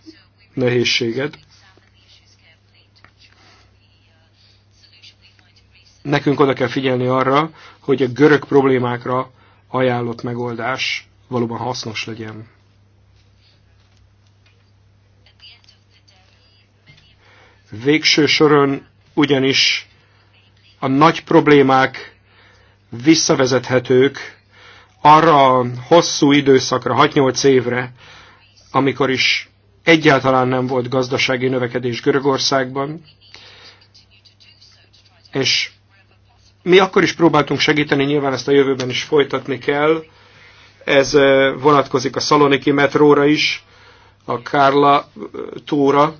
nehézséget. Nekünk oda kell figyelni arra, hogy a görög problémákra ajánlott megoldás valóban hasznos legyen. Végső soron ugyanis a nagy problémák visszavezethetők arra a hosszú időszakra, 6-8 évre, amikor is egyáltalán nem volt gazdasági növekedés Görögországban, és mi akkor is próbáltunk segíteni, nyilván ezt a jövőben is folytatni kell. Ez eh, vonatkozik a Szaloniki metróra is, a Kárla eh, túra.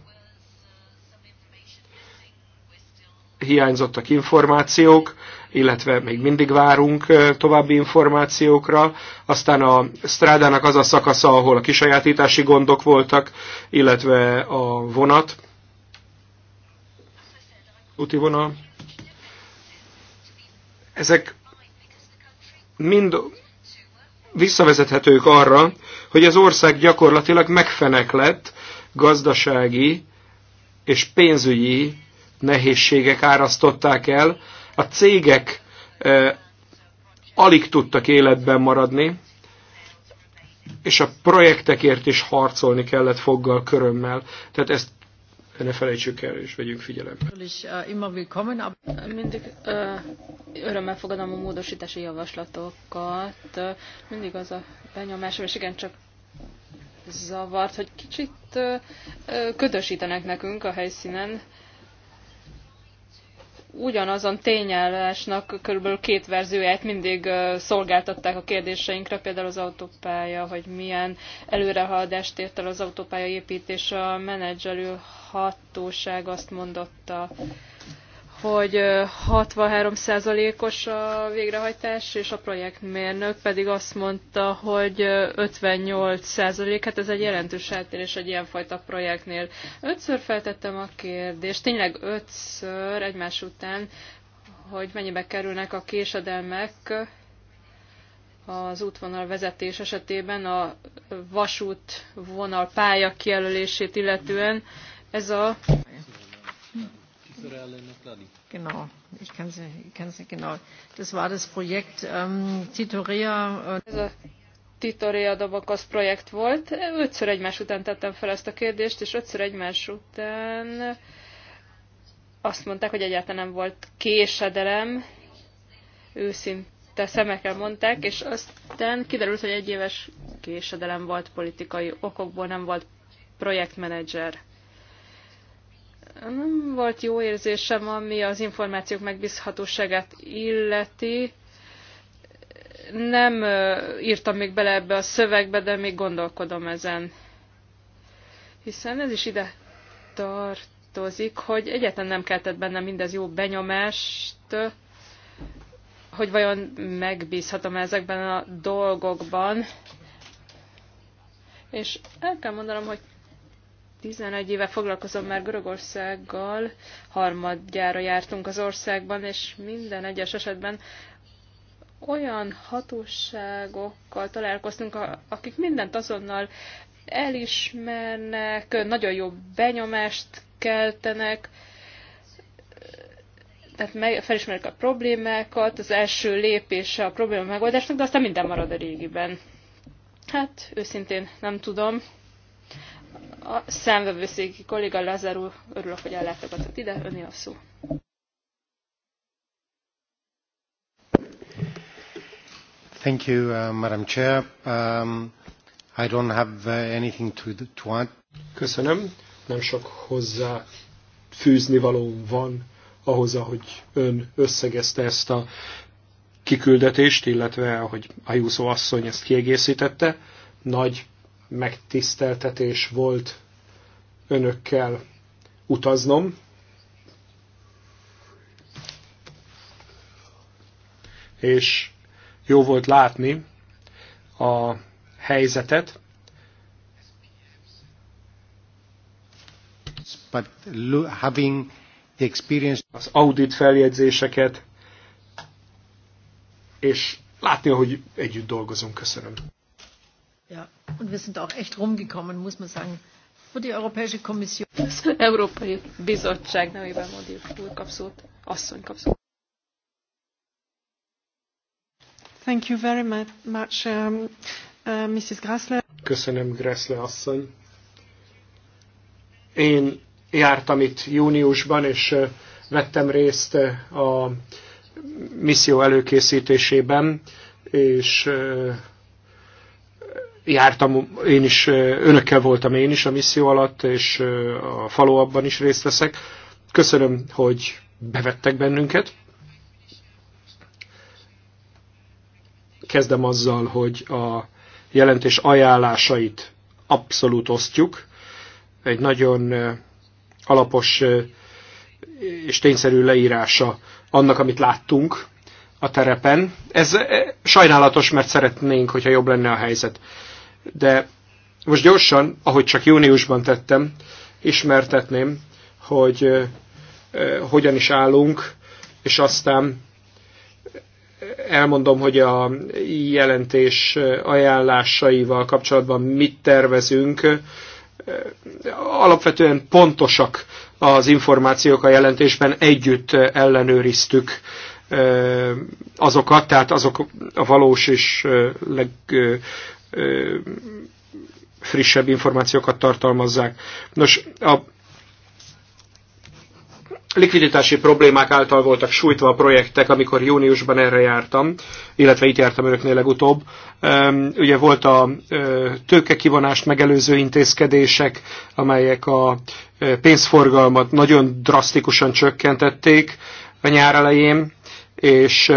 hiányzottak információk, illetve még mindig várunk további információkra. Aztán a strádának az a szakasza, ahol a kisajátítási gondok voltak, illetve a vonat, úti vonal. Ezek mind visszavezethetők arra, hogy az ország gyakorlatilag megfeneklett gazdasági és pénzügyi nehézségek árasztották el. A cégek alig tudtak életben maradni, és a projektekért is harcolni kellett foggal, körömmel. Tehát ezt ne felejtsük el, és vegyünk figyelembe. Mindig örömmel fogadom a módosítási javaslatokat. Mindig az a benyomásom, és igen, csak zavart, hogy kicsit ködösítenek nekünk a helyszínen ugyanazon tényállásnak körülbelül két verzióját mindig szolgáltatták a kérdéseinkre, például az autópálya, hogy milyen előrehaladást ért el az autópálya építése, a menedzselő hatóság azt mondotta, hogy 63%-os a végrehajtás, és a projektmérnök pedig azt mondta, hogy 58%, hát ez egy jelentős eltérés egy ilyenfajta projektnél. Ötször feltettem a kérdést, tényleg ötször egymás után, hogy mennyibe kerülnek a késedelmek az útvonal vezetés esetében a vasút vonal pálya kijelölését illetően. Ez a Genau, ich kann sie, ich kann sie genau. Das war das Projekt ähm, Titorea. Äh, Titorea Dabakas projekt volt. Ötször egymás után tettem fel ezt a kérdést, és ötször egymás után azt mondták, hogy egyáltalán nem volt késedelem, őszinte szemekkel mondták, és aztán kiderült, hogy egy éves késedelem volt politikai okokból, nem volt projektmenedzser. Nem volt jó érzésem, ami az információk megbízhatóságát illeti. Nem írtam még bele ebbe a szövegbe, de még gondolkodom ezen. Hiszen ez is ide tartozik, hogy egyetlen nem keltett benne mindez jó benyomást, hogy vajon megbízhatom -e ezekben a dolgokban. És el kell mondanom, hogy 11 éve foglalkozom már Görögországgal, harmadjára jártunk az országban, és minden egyes esetben olyan hatóságokkal találkoztunk, akik mindent azonnal elismernek, nagyon jó benyomást keltenek, tehát meg, felismerik a problémákat, az első lépése a probléma megoldásnak, de aztán minden marad a régiben. Hát őszintén nem tudom, a számvevőszéki kolléga Lazaru, örülök, hogy ellátogatott ide, öné a szó. Thank you, uh, Madam Chair. Um, I don't have uh, anything to, to add. Köszönöm. Nem sok hozzá fűzni való van ahhoz, ahogy ön összegezte ezt a kiküldetést, illetve ahogy Ayuso asszony ezt kiegészítette. Nagy megtiszteltetés volt önökkel utaznom. És jó volt látni a helyzetet. But having the experience... Az audit feljegyzéseket, és látni, hogy együtt dolgozunk. Köszönöm. Yeah. Und wir sind auch echt rumgekommen, muss man sagen. Für die Europäische Kommission. Az Európai Bizottság nevében Modi úr kap szót, asszony kap Thank you very much, um, uh, Mrs. Grassler. Köszönöm, Gressle asszony. Én jártam itt júniusban, és uh, vettem részt uh, a misszió előkészítésében, és uh, jártam, én is, önökkel voltam én is a misszió alatt, és a abban is részt veszek. Köszönöm, hogy bevettek bennünket. Kezdem azzal, hogy a jelentés ajánlásait abszolút osztjuk. Egy nagyon alapos és tényszerű leírása annak, amit láttunk a terepen. Ez sajnálatos, mert szeretnénk, hogyha jobb lenne a helyzet. De most gyorsan, ahogy csak júniusban tettem, ismertetném, hogy hogyan is állunk, és aztán elmondom, hogy a jelentés ajánlásaival kapcsolatban mit tervezünk. Alapvetően pontosak az információk a jelentésben, együtt ellenőriztük azokat, tehát azok a valós és leg, frissebb információkat tartalmazzák. Nos, a likviditási problémák által voltak sújtva a projektek, amikor júniusban erre jártam, illetve itt jártam önöknél legutóbb. Ugye volt a tőkekivonást megelőző intézkedések, amelyek a pénzforgalmat nagyon drasztikusan csökkentették a nyár elején, és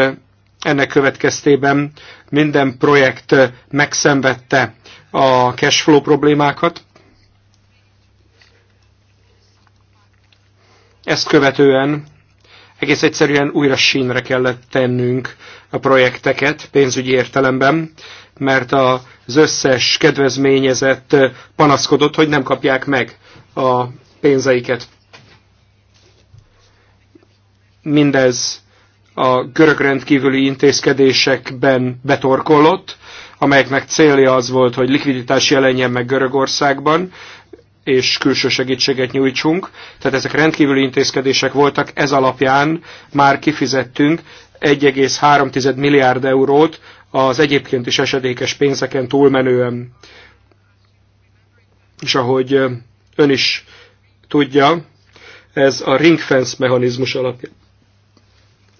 ennek következtében minden projekt megszenvedte a cashflow problémákat. Ezt követően egész egyszerűen újra sínre kellett tennünk a projekteket pénzügyi értelemben, mert az összes kedvezményezett panaszkodott, hogy nem kapják meg a pénzeiket. Mindez a görög rendkívüli intézkedésekben betorkolott, amelyeknek célja az volt, hogy likviditás jelenjen meg Görögországban, és külső segítséget nyújtsunk. Tehát ezek rendkívüli intézkedések voltak, ez alapján már kifizettünk 1,3 milliárd eurót az egyébként is esedékes pénzeken túlmenően. És ahogy ön is tudja, ez a ringfence mechanizmus alapján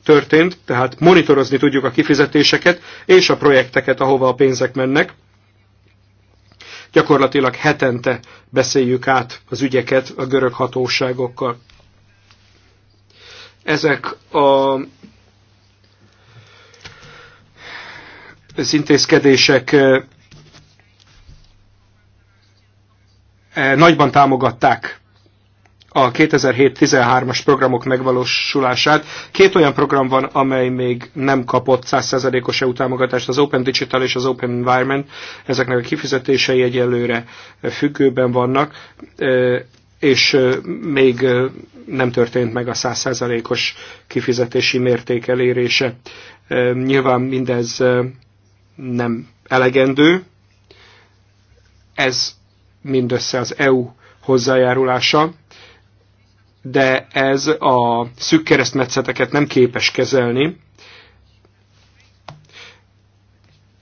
történt, tehát monitorozni tudjuk a kifizetéseket és a projekteket, ahova a pénzek mennek. Gyakorlatilag hetente beszéljük át az ügyeket a görög hatóságokkal. Ezek a az intézkedések eh, eh, nagyban támogatták a 2007-13-as programok megvalósulását. Két olyan program van, amely még nem kapott 100%-os EU támogatást, az Open Digital és az Open Environment. Ezeknek a kifizetései egyelőre függőben vannak, e, és e, még e, nem történt meg a 100%-os kifizetési mérték elérése. Nyilván mindez nem elegendő. Ez mindössze az EU hozzájárulása de ez a szűk keresztmetszeteket nem képes kezelni,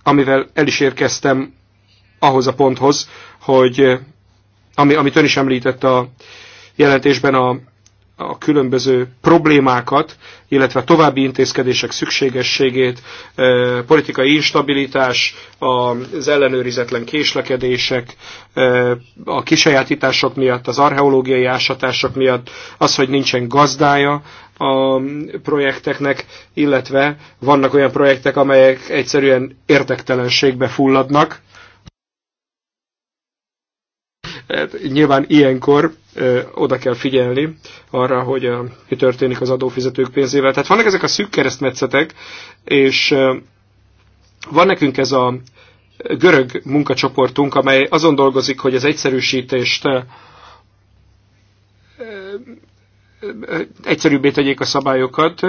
amivel el is érkeztem ahhoz a ponthoz, hogy ami, amit ön is említett a jelentésben a a különböző problémákat, illetve további intézkedések szükségességét, eh, politikai instabilitás, az ellenőrizetlen késlekedések, eh, a kisajátítások miatt, az archeológiai ásatások miatt, az, hogy nincsen gazdája a projekteknek, illetve vannak olyan projektek, amelyek egyszerűen érdektelenségbe fulladnak, Nyilván ilyenkor oda kell figyelni arra, hogy mi történik az adófizetők pénzével. Tehát vannak ezek a szűk keresztmetszetek, és van nekünk ez a görög munkacsoportunk, amely azon dolgozik, hogy az egyszerűsítést egyszerűbbé tegyék a szabályokat,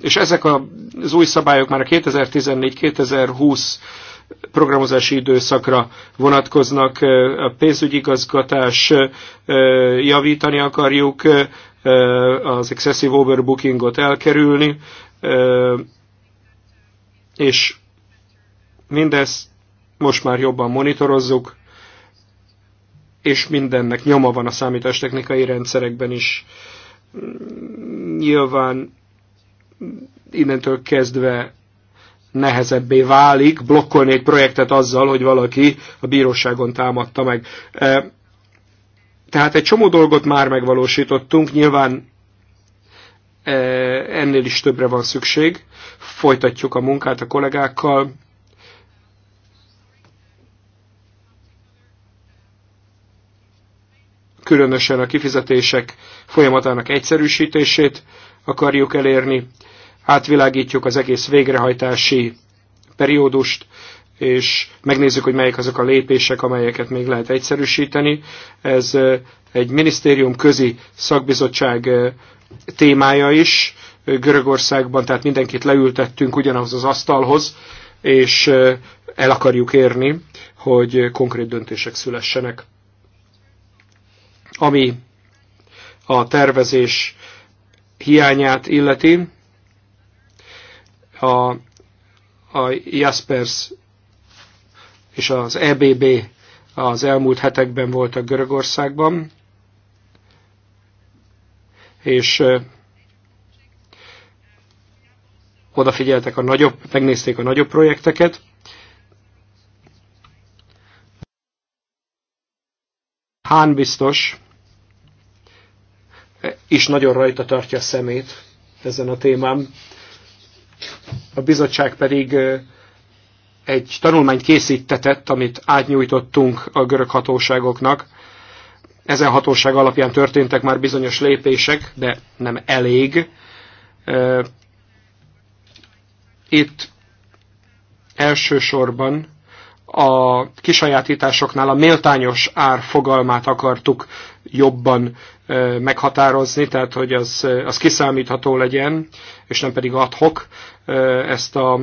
és ezek az új szabályok már a 2014-2020 programozási időszakra vonatkoznak. A igazgatás javítani akarjuk, az excessive overbookingot elkerülni, és mindezt most már jobban monitorozzuk, és mindennek nyoma van a számítástechnikai rendszerekben is. Nyilván innentől kezdve nehezebbé válik blokkolni egy projektet azzal, hogy valaki a bíróságon támadta meg. E, tehát egy csomó dolgot már megvalósítottunk, nyilván e, ennél is többre van szükség. Folytatjuk a munkát a kollégákkal. Különösen a kifizetések folyamatának egyszerűsítését akarjuk elérni, átvilágítjuk az egész végrehajtási periódust, és megnézzük, hogy melyik azok a lépések, amelyeket még lehet egyszerűsíteni. Ez egy minisztérium közi szakbizottság témája is Görögországban, tehát mindenkit leültettünk ugyanaz az asztalhoz, és el akarjuk érni, hogy konkrét döntések szülessenek. Ami a tervezés hiányát illeti, a, a Jaspers és az EBB az elmúlt hetekben voltak Görögországban, és odafigyeltek a nagyobb, megnézték a nagyobb projekteket. Hán biztos is nagyon rajta tartja a szemét ezen a témán. A bizottság pedig egy tanulmányt készítetett, amit átnyújtottunk a görög hatóságoknak. Ezen hatóság alapján történtek már bizonyos lépések, de nem elég. Itt elsősorban a kisajátításoknál a méltányos ár fogalmát akartuk jobban meghatározni, tehát hogy az, az kiszámítható legyen, és nem pedig adhok. Ezt a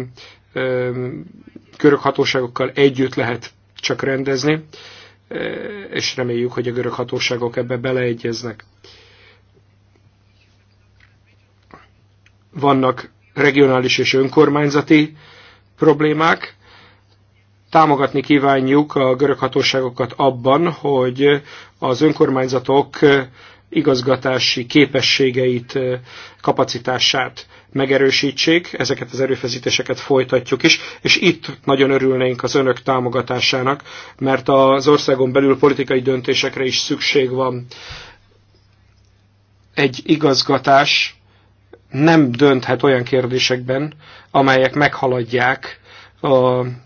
görög hatóságokkal együtt lehet csak rendezni, és reméljük, hogy a görög hatóságok ebbe beleegyeznek. Vannak regionális és önkormányzati problémák, támogatni kívánjuk a görög hatóságokat abban, hogy az önkormányzatok igazgatási képességeit, kapacitását megerősítsék, ezeket az erőfeszítéseket folytatjuk is, és itt nagyon örülnénk az önök támogatásának, mert az országon belül politikai döntésekre is szükség van. Egy igazgatás nem dönthet olyan kérdésekben, amelyek meghaladják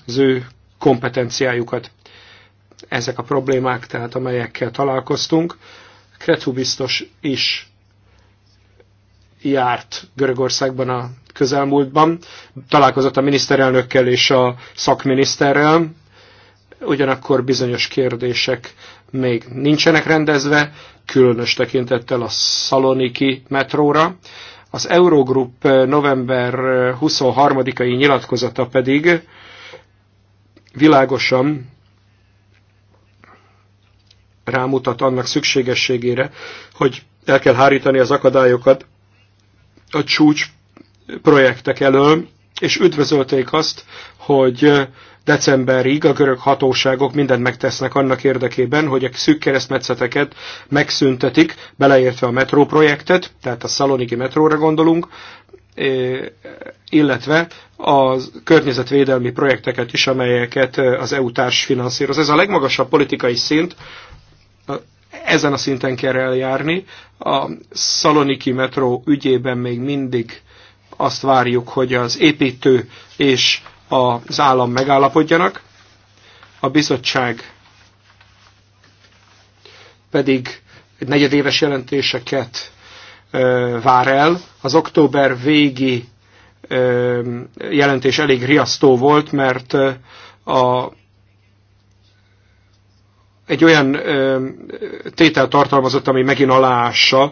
az ő kompetenciájukat. Ezek a problémák, tehát amelyekkel találkoztunk. Kretu biztos is járt Görögországban a közelmúltban, találkozott a miniszterelnökkel és a szakminiszterrel, ugyanakkor bizonyos kérdések még nincsenek rendezve, különös tekintettel a Szaloniki metróra. Az Eurogroup november 23-ai nyilatkozata pedig világosan rámutat annak szükségességére, hogy el kell hárítani az akadályokat a csúcs projektek elől, és üdvözölték azt, hogy decemberig a görög hatóságok mindent megtesznek annak érdekében, hogy a szűk keresztmetszeteket megszüntetik, beleértve a metróprojektet, tehát a szaloniki metróra gondolunk, illetve a környezetvédelmi projekteket is, amelyeket az EU társ finanszíroz. Ez a legmagasabb politikai szint, ezen a szinten kell eljárni. A Szaloniki metró ügyében még mindig azt várjuk, hogy az építő és az állam megállapodjanak. A bizottság pedig negyedéves jelentéseket vár el. Az október végi jelentés elég riasztó volt, mert a, egy olyan tétel tartalmazott, ami megint aláássa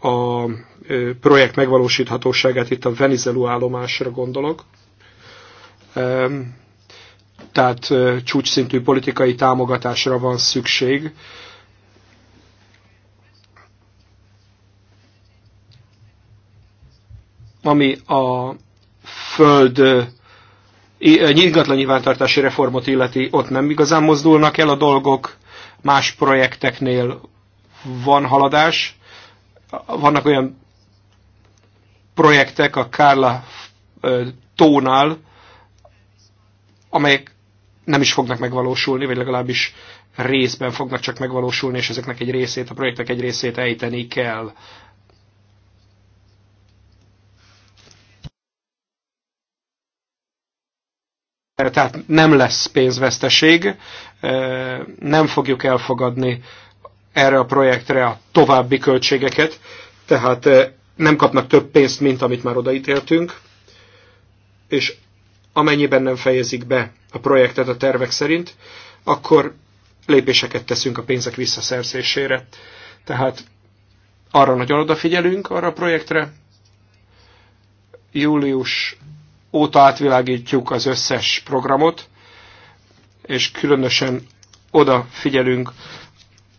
a projekt megvalósíthatóságát, itt a Venizelu állomásra gondolok. tehát csúcsszintű politikai támogatásra van szükség. ami a föld ingatlan nyilvántartási reformot illeti, ott nem igazán mozdulnak el a dolgok, más projekteknél van haladás, vannak olyan projektek a Kárla tónál, amelyek nem is fognak megvalósulni, vagy legalábbis részben fognak csak megvalósulni, és ezeknek egy részét, a projektek egy részét ejteni kell. tehát nem lesz pénzveszteség, nem fogjuk elfogadni erre a projektre a további költségeket, tehát nem kapnak több pénzt, mint amit már odaítéltünk, és amennyiben nem fejezik be a projektet a tervek szerint, akkor lépéseket teszünk a pénzek visszaszerzésére. Tehát arra nagyon odafigyelünk, arra a projektre. Július óta átvilágítjuk az összes programot, és különösen odafigyelünk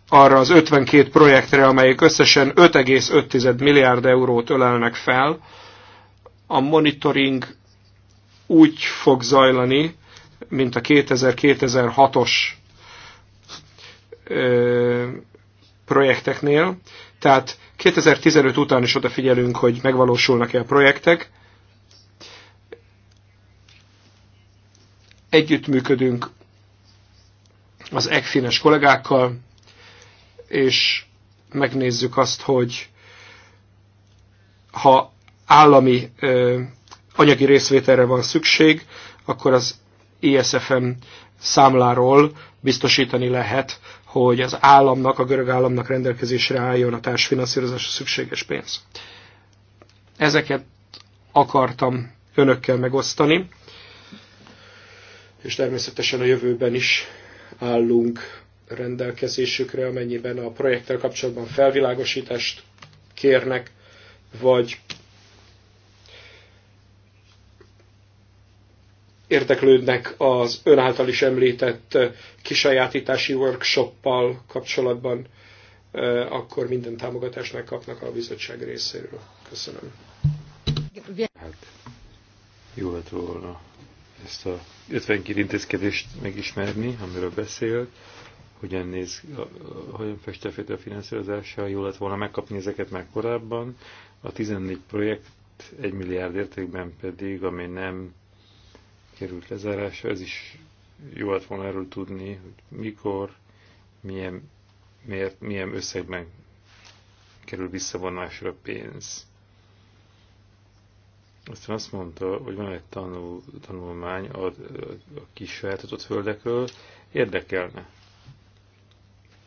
arra az 52 projektre, amelyek összesen 5,5 milliárd eurót ölelnek fel. A monitoring úgy fog zajlani, mint a 2000-2006-os projekteknél. Tehát 2015 után is odafigyelünk, hogy megvalósulnak-e a projektek, Együttműködünk az ECFINES kollégákkal, és megnézzük azt, hogy ha állami ö, anyagi részvételre van szükség, akkor az ISFM számláról biztosítani lehet, hogy az államnak, a görög államnak rendelkezésre álljon a társfinanszírozásra szükséges pénz. Ezeket akartam önökkel megosztani és természetesen a jövőben is állunk rendelkezésükre, amennyiben a projekttel kapcsolatban felvilágosítást kérnek, vagy érdeklődnek az ön által is említett kisajátítási workshoppal kapcsolatban, eh, akkor minden támogatást megkapnak a bizottság részéről. Köszönöm. Hát, jó lett volna, ezt a 52 intézkedést megismerni, amiről beszélt, hogyan néz, hogyan feste a finanszírozása, jó lett volna megkapni ezeket már korábban. A 14 projekt 1 milliárd értékben pedig, ami nem került lezárásra, ez is jó lett volna erről tudni, hogy mikor, milyen, miért, milyen összegben kerül visszavonásra pénz. Aztán azt mondta, hogy van egy tanul, tanulmány a, a, kis sajátított földekről. Érdekelne,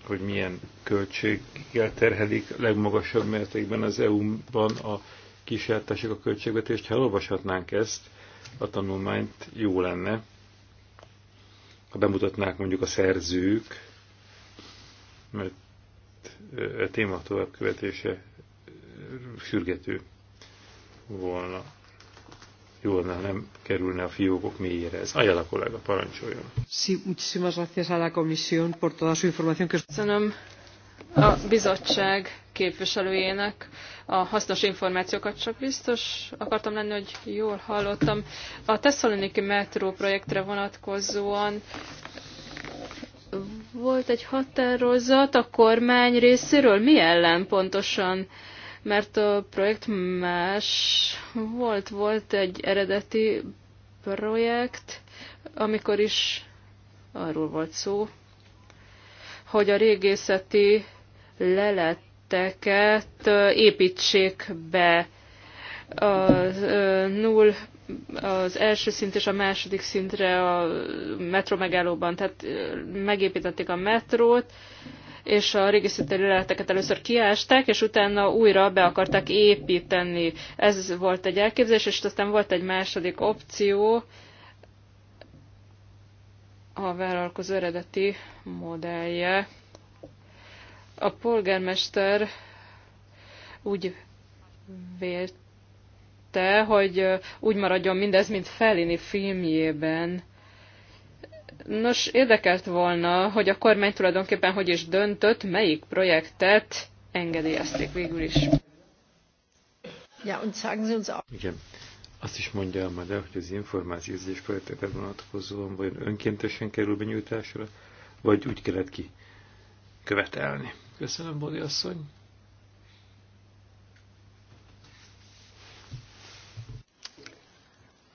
hogy milyen költséggel terhelik legmagasabb mértékben az EU-ban a kísértesek a költségvetést. Ha elolvashatnánk ezt, a tanulmányt jó lenne, ha bemutatnák mondjuk a szerzők, mert a téma továbbkövetése sürgető volna jó lenne, nem kerülne a fiókok mélyére. Ez ajánl a kollega, parancsoljon. Sí, muchísimas gracias a la comisión por toda su información. Köszönöm a bizottság képviselőjének a hasznos információkat, csak biztos akartam lenni, hogy jól hallottam. A Tesszaloniki metró projektre vonatkozóan volt egy határozat a kormány részéről. Mi ellen pontosan? mert a projekt más volt. Volt egy eredeti projekt, amikor is arról volt szó, hogy a régészeti leleteket építsék be a null az első szint és a második szintre a metró megállóban, tehát megépítették a metrót, és a régészeti területeket először kiásták, és utána újra be akarták építeni. Ez volt egy elképzelés, és aztán volt egy második opció, a vállalkozó eredeti modellje. A polgármester úgy vélte, hogy úgy maradjon mindez, mint Fellini filmjében, Nos, érdekelt volna, hogy a kormány tulajdonképpen hogy is döntött, melyik projektet engedélyezték végül is. Ja, und sagen Sie uns auch. Igen. Azt is mondja majd el, hogy az információzés projektet vonatkozóan vagy önkéntesen kerül benyújtásra, vagy úgy kellett ki követelni. Köszönöm, Bodi asszony.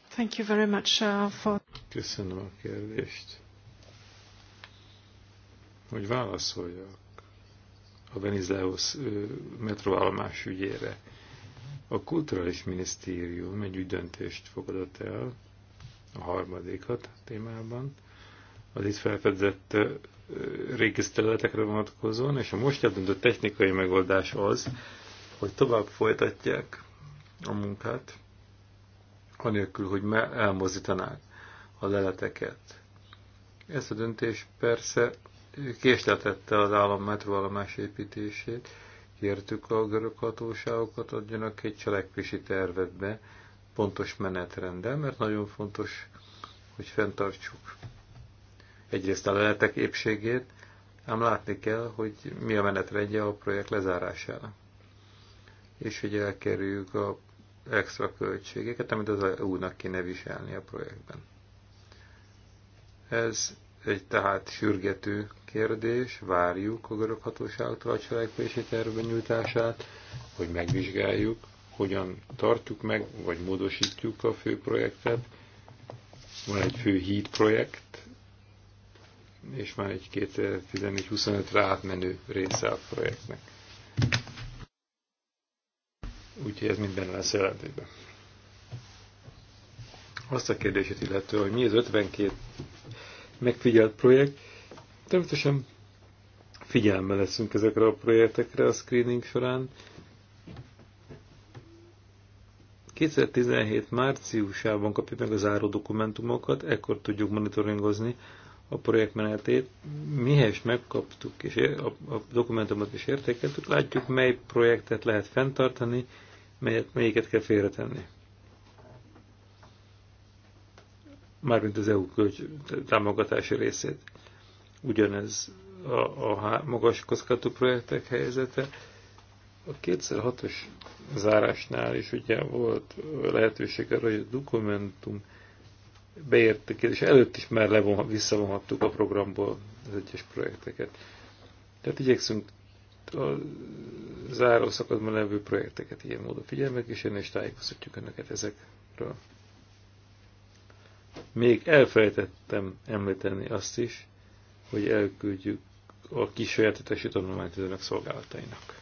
Thank you very much uh, for... Köszönöm a kérdést. Hogy válaszoljak a Venizelos metroállomás ügyére. A Kulturális Minisztérium egy ügydöntést fogadott el, a harmadikat témában, az itt felfedezett régi vonatkozóan, és a most eldöntött technikai megoldás az, hogy tovább folytatják a munkát, anélkül, hogy elmozdítanák a leleteket. Ezt a döntés persze késleltette az állam metróállomás építését, kértük a görög hatóságokat, adjanak egy cselekvési tervet be, pontos menetrendel, mert nagyon fontos, hogy fenntartsuk egyrészt a leletek épségét, ám látni kell, hogy mi a menetrendje a projekt lezárására. És hogy elkerüljük a extra költségeket, amit az EU-nak kéne viselni a projektben. Ez egy tehát sürgető kérdés, várjuk a görög hatóságtól a cselekvési tervben nyújtását, hogy megvizsgáljuk, hogyan tartjuk meg, vagy módosítjuk a fő projektet. Van egy fő híd projekt, és már egy 2014-25-re átmenő része a projektnek. Úgyhogy ez minden lesz jelentében. Azt a kérdését illető, hogy mi az 52 megfigyelt projekt. Természetesen figyelme leszünk ezekre a projektekre a screening során. 2017 márciusában kapjuk meg az záró dokumentumokat, ekkor tudjuk monitoringozni a projekt menetét. Mihez megkaptuk és a, a dokumentumot is értékeltük, látjuk, mely projektet lehet fenntartani, melyet, melyiket kell félretenni. mármint az EU kölcs támogatási részét. Ugyanez a, a magas kockázatú projektek helyzete. A 2006-os zárásnál is ugye volt lehetőség arra, hogy a dokumentum beértek, és előtt is már levon, visszavonhattuk a programból az egyes projekteket. Tehát igyekszünk a záró szakadban levő projekteket ilyen módon figyelmek, és én is tájékoztatjuk önöket ezekről. Még elfelejtettem említeni azt is, hogy elküldjük a kisajátítási tanulmányt az önök szolgálatainak.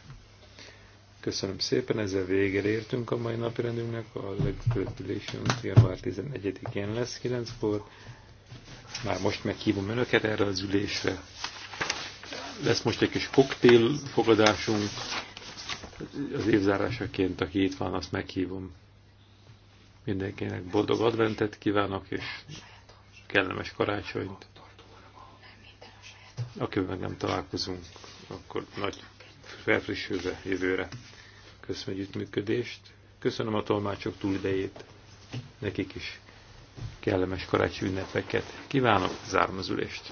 Köszönöm szépen, ezzel végére értünk a mai napi rendünknek. A legkövetkező ülésünk január 11-én lesz 9-kor. Már most meghívom önöket erre az ülésre. Lesz most egy kis koktél fogadásunk. Az évzárásaként, aki itt van, azt meghívom. Mindenkinek boldog adventet kívánok, és kellemes karácsonyt. Akivel meg nem találkozunk, akkor nagy felfrissülve jövőre. Köszönöm együttműködést. Köszönöm a tolmácsok túlidejét. Nekik is kellemes karácsony ünnepeket. Kívánok, zármazulést!